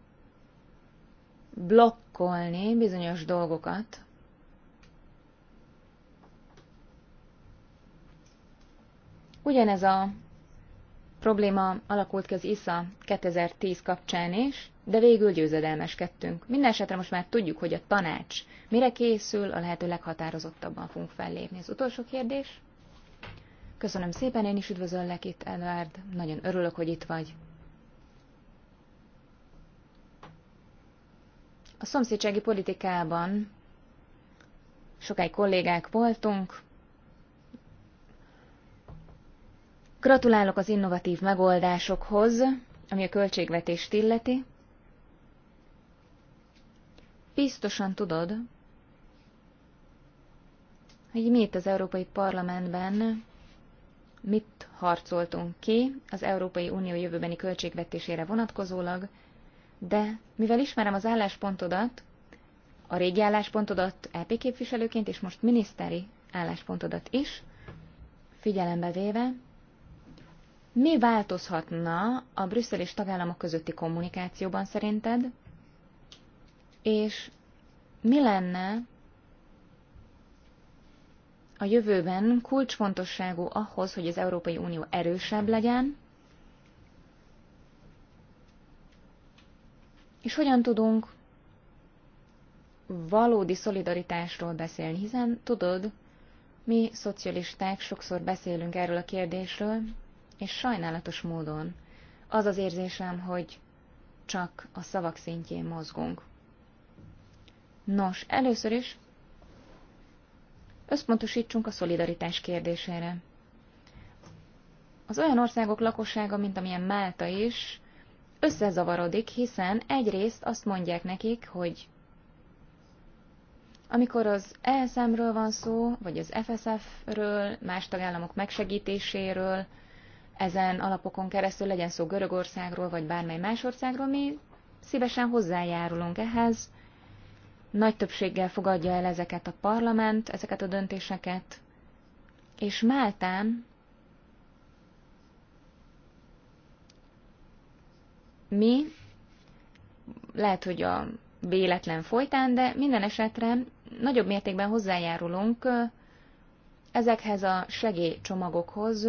blokkolni bizonyos dolgokat, Ugyanez a probléma alakult ki az ISA 2010 kapcsán is, de végül győzedelmeskedtünk. Mindenesetre most már tudjuk, hogy a tanács mire készül, a lehető leghatározottabban fogunk fellépni. Az utolsó kérdés. Köszönöm szépen, én is üdvözöllek itt, Edward. Nagyon örülök, hogy itt vagy. A szomszédsági politikában sokáig kollégák voltunk, Gratulálok az innovatív megoldásokhoz, ami a költségvetést illeti. Biztosan tudod, hogy mi itt az Európai Parlamentben mit harcoltunk ki az Európai Unió jövőbeni költségvetésére vonatkozólag, de mivel ismerem az álláspontodat, a régi álláspontodat EP képviselőként és most miniszteri álláspontodat is, figyelembe véve, mi változhatna a Brüsszel és tagállamok közötti kommunikációban szerinted? És mi lenne a jövőben kulcsfontosságú ahhoz, hogy az Európai Unió erősebb legyen, és hogyan tudunk valódi szolidaritásról beszélni, hiszen tudod, mi szocialisták sokszor beszélünk erről a kérdésről, és sajnálatos módon az az érzésem, hogy csak a szavak szintjén mozgunk. Nos, először is összpontosítsunk a szolidaritás kérdésére. Az olyan országok lakossága, mint amilyen Málta is, összezavarodik, hiszen egyrészt azt mondják nekik, hogy amikor az ESM-ről van szó, vagy az FSF-ről, más tagállamok megsegítéséről, ezen alapokon keresztül, legyen szó Görögországról vagy bármely más országról, mi szívesen hozzájárulunk ehhez. Nagy többséggel fogadja el ezeket a parlament, ezeket a döntéseket, és Máltán mi, lehet, hogy a véletlen folytán, de minden esetre nagyobb mértékben hozzájárulunk ezekhez a segélycsomagokhoz,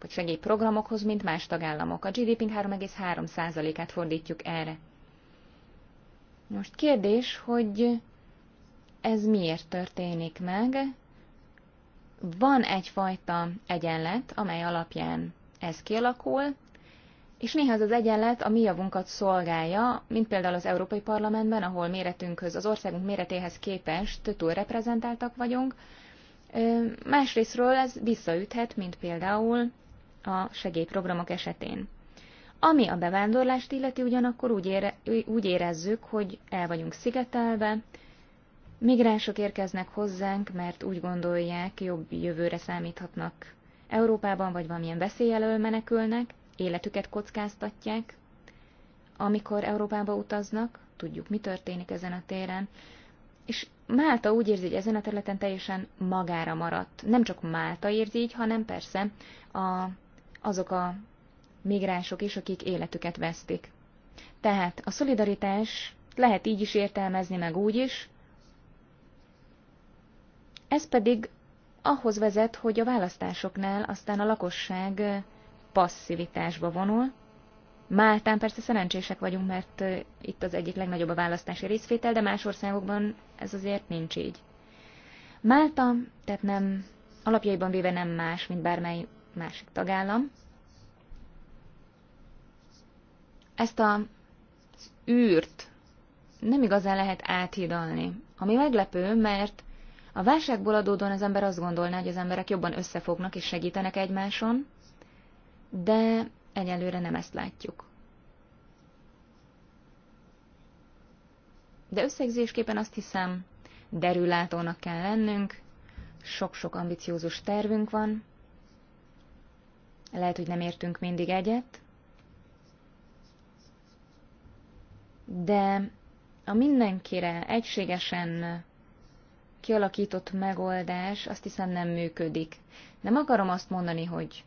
vagy segélyprogramokhoz, mint más tagállamok. A gdp 3,3%-át fordítjuk erre. Most kérdés, hogy ez miért történik meg? Van egyfajta egyenlet, amely alapján ez kialakul, és néha ez az egyenlet a mi javunkat szolgálja, mint például az Európai Parlamentben, ahol méretünkhöz, az országunk méretéhez képest túl reprezentáltak vagyunk. Másrésztről ez visszaüthet, mint például a segélyprogramok esetén. Ami a bevándorlást illeti, ugyanakkor úgy, ére, úgy érezzük, hogy el vagyunk szigetelve, migránsok érkeznek hozzánk, mert úgy gondolják, jobb jövőre számíthatnak Európában, vagy valamilyen veszély elől menekülnek, életüket kockáztatják. Amikor Európába utaznak, tudjuk, mi történik ezen a téren, és Málta úgy érzi, hogy ezen a területen teljesen magára maradt. Nem csak Málta érzi így, hanem persze a azok a migránsok is, akik életüket vesztik. Tehát a szolidaritás lehet így is értelmezni, meg úgy is. Ez pedig ahhoz vezet, hogy a választásoknál aztán a lakosság passzivitásba vonul. Máltán persze szerencsések vagyunk, mert itt az egyik legnagyobb a választási részvétel, de más országokban ez azért nincs így. Málta, tehát nem, alapjaiban véve nem más, mint bármely másik tagállam. Ezt a űrt nem igazán lehet áthidalni. Ami meglepő, mert a válságból adódóan az ember azt gondolná, hogy az emberek jobban összefognak és segítenek egymáson, de egyelőre nem ezt látjuk. De összegzésképpen azt hiszem, derülátónak kell lennünk, sok-sok ambiciózus tervünk van, lehet, hogy nem értünk mindig egyet, de a mindenkire egységesen kialakított megoldás azt hiszem nem működik. Nem akarom azt mondani, hogy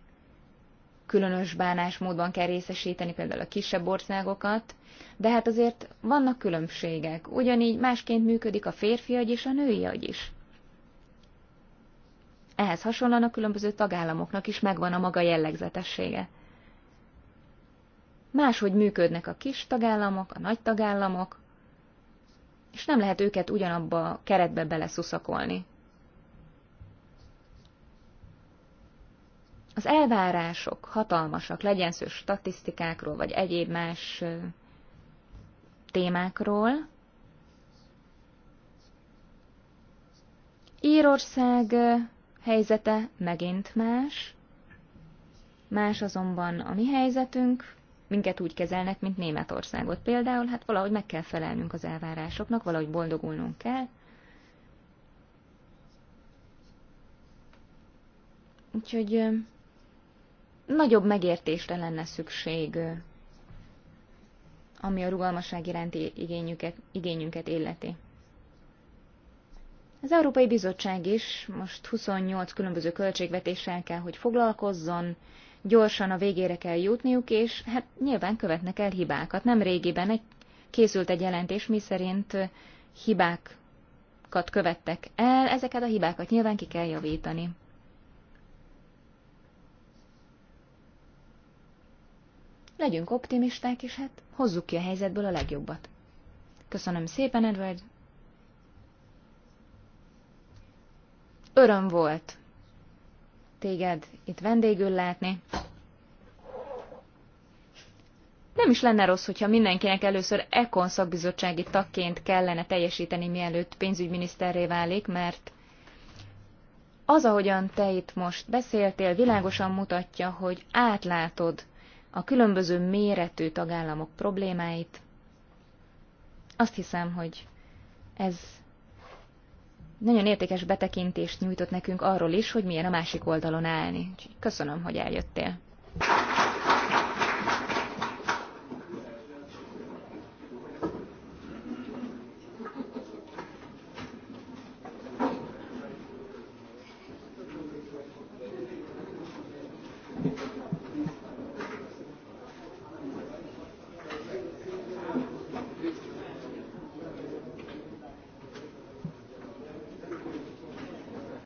különös bánásmódban kell részesíteni például a kisebb országokat, de hát azért vannak különbségek. Ugyanígy másként működik a férfi agy és a női agy is. Ehhez hasonlóan a különböző tagállamoknak is megvan a maga jellegzetessége. Máshogy működnek a kis tagállamok, a nagy tagállamok, és nem lehet őket ugyanabba a keretbe beleszuszakolni. Az elvárások hatalmasak, legyen szó statisztikákról, vagy egyéb más témákról. Írország helyzete megint más, más azonban a mi helyzetünk, minket úgy kezelnek, mint Németországot például, hát valahogy meg kell felelnünk az elvárásoknak, valahogy boldogulnunk kell. Úgyhogy nagyobb megértésre lenne szükség, ami a rugalmasság iránti igényüket, igényünket illeti. Az Európai Bizottság is most 28 különböző költségvetéssel kell, hogy foglalkozzon, gyorsan a végére kell jutniuk, és hát nyilván követnek el hibákat. Nem régiben egy, készült egy jelentés, mi szerint hibákat követtek el, ezeket a hibákat nyilván ki kell javítani. Legyünk optimisták, és hát hozzuk ki a helyzetből a legjobbat. Köszönöm szépen, Edward! Öröm volt téged itt vendégül látni. Nem is lenne rossz, hogyha mindenkinek először Ekon szakbizottsági tagként kellene teljesíteni, mielőtt pénzügyminiszterré válik, mert az, ahogyan te itt most beszéltél, világosan mutatja, hogy átlátod a különböző méretű tagállamok problémáit. Azt hiszem, hogy ez nagyon értékes betekintést nyújtott nekünk arról is, hogy milyen a másik oldalon állni. köszönöm, hogy eljöttél.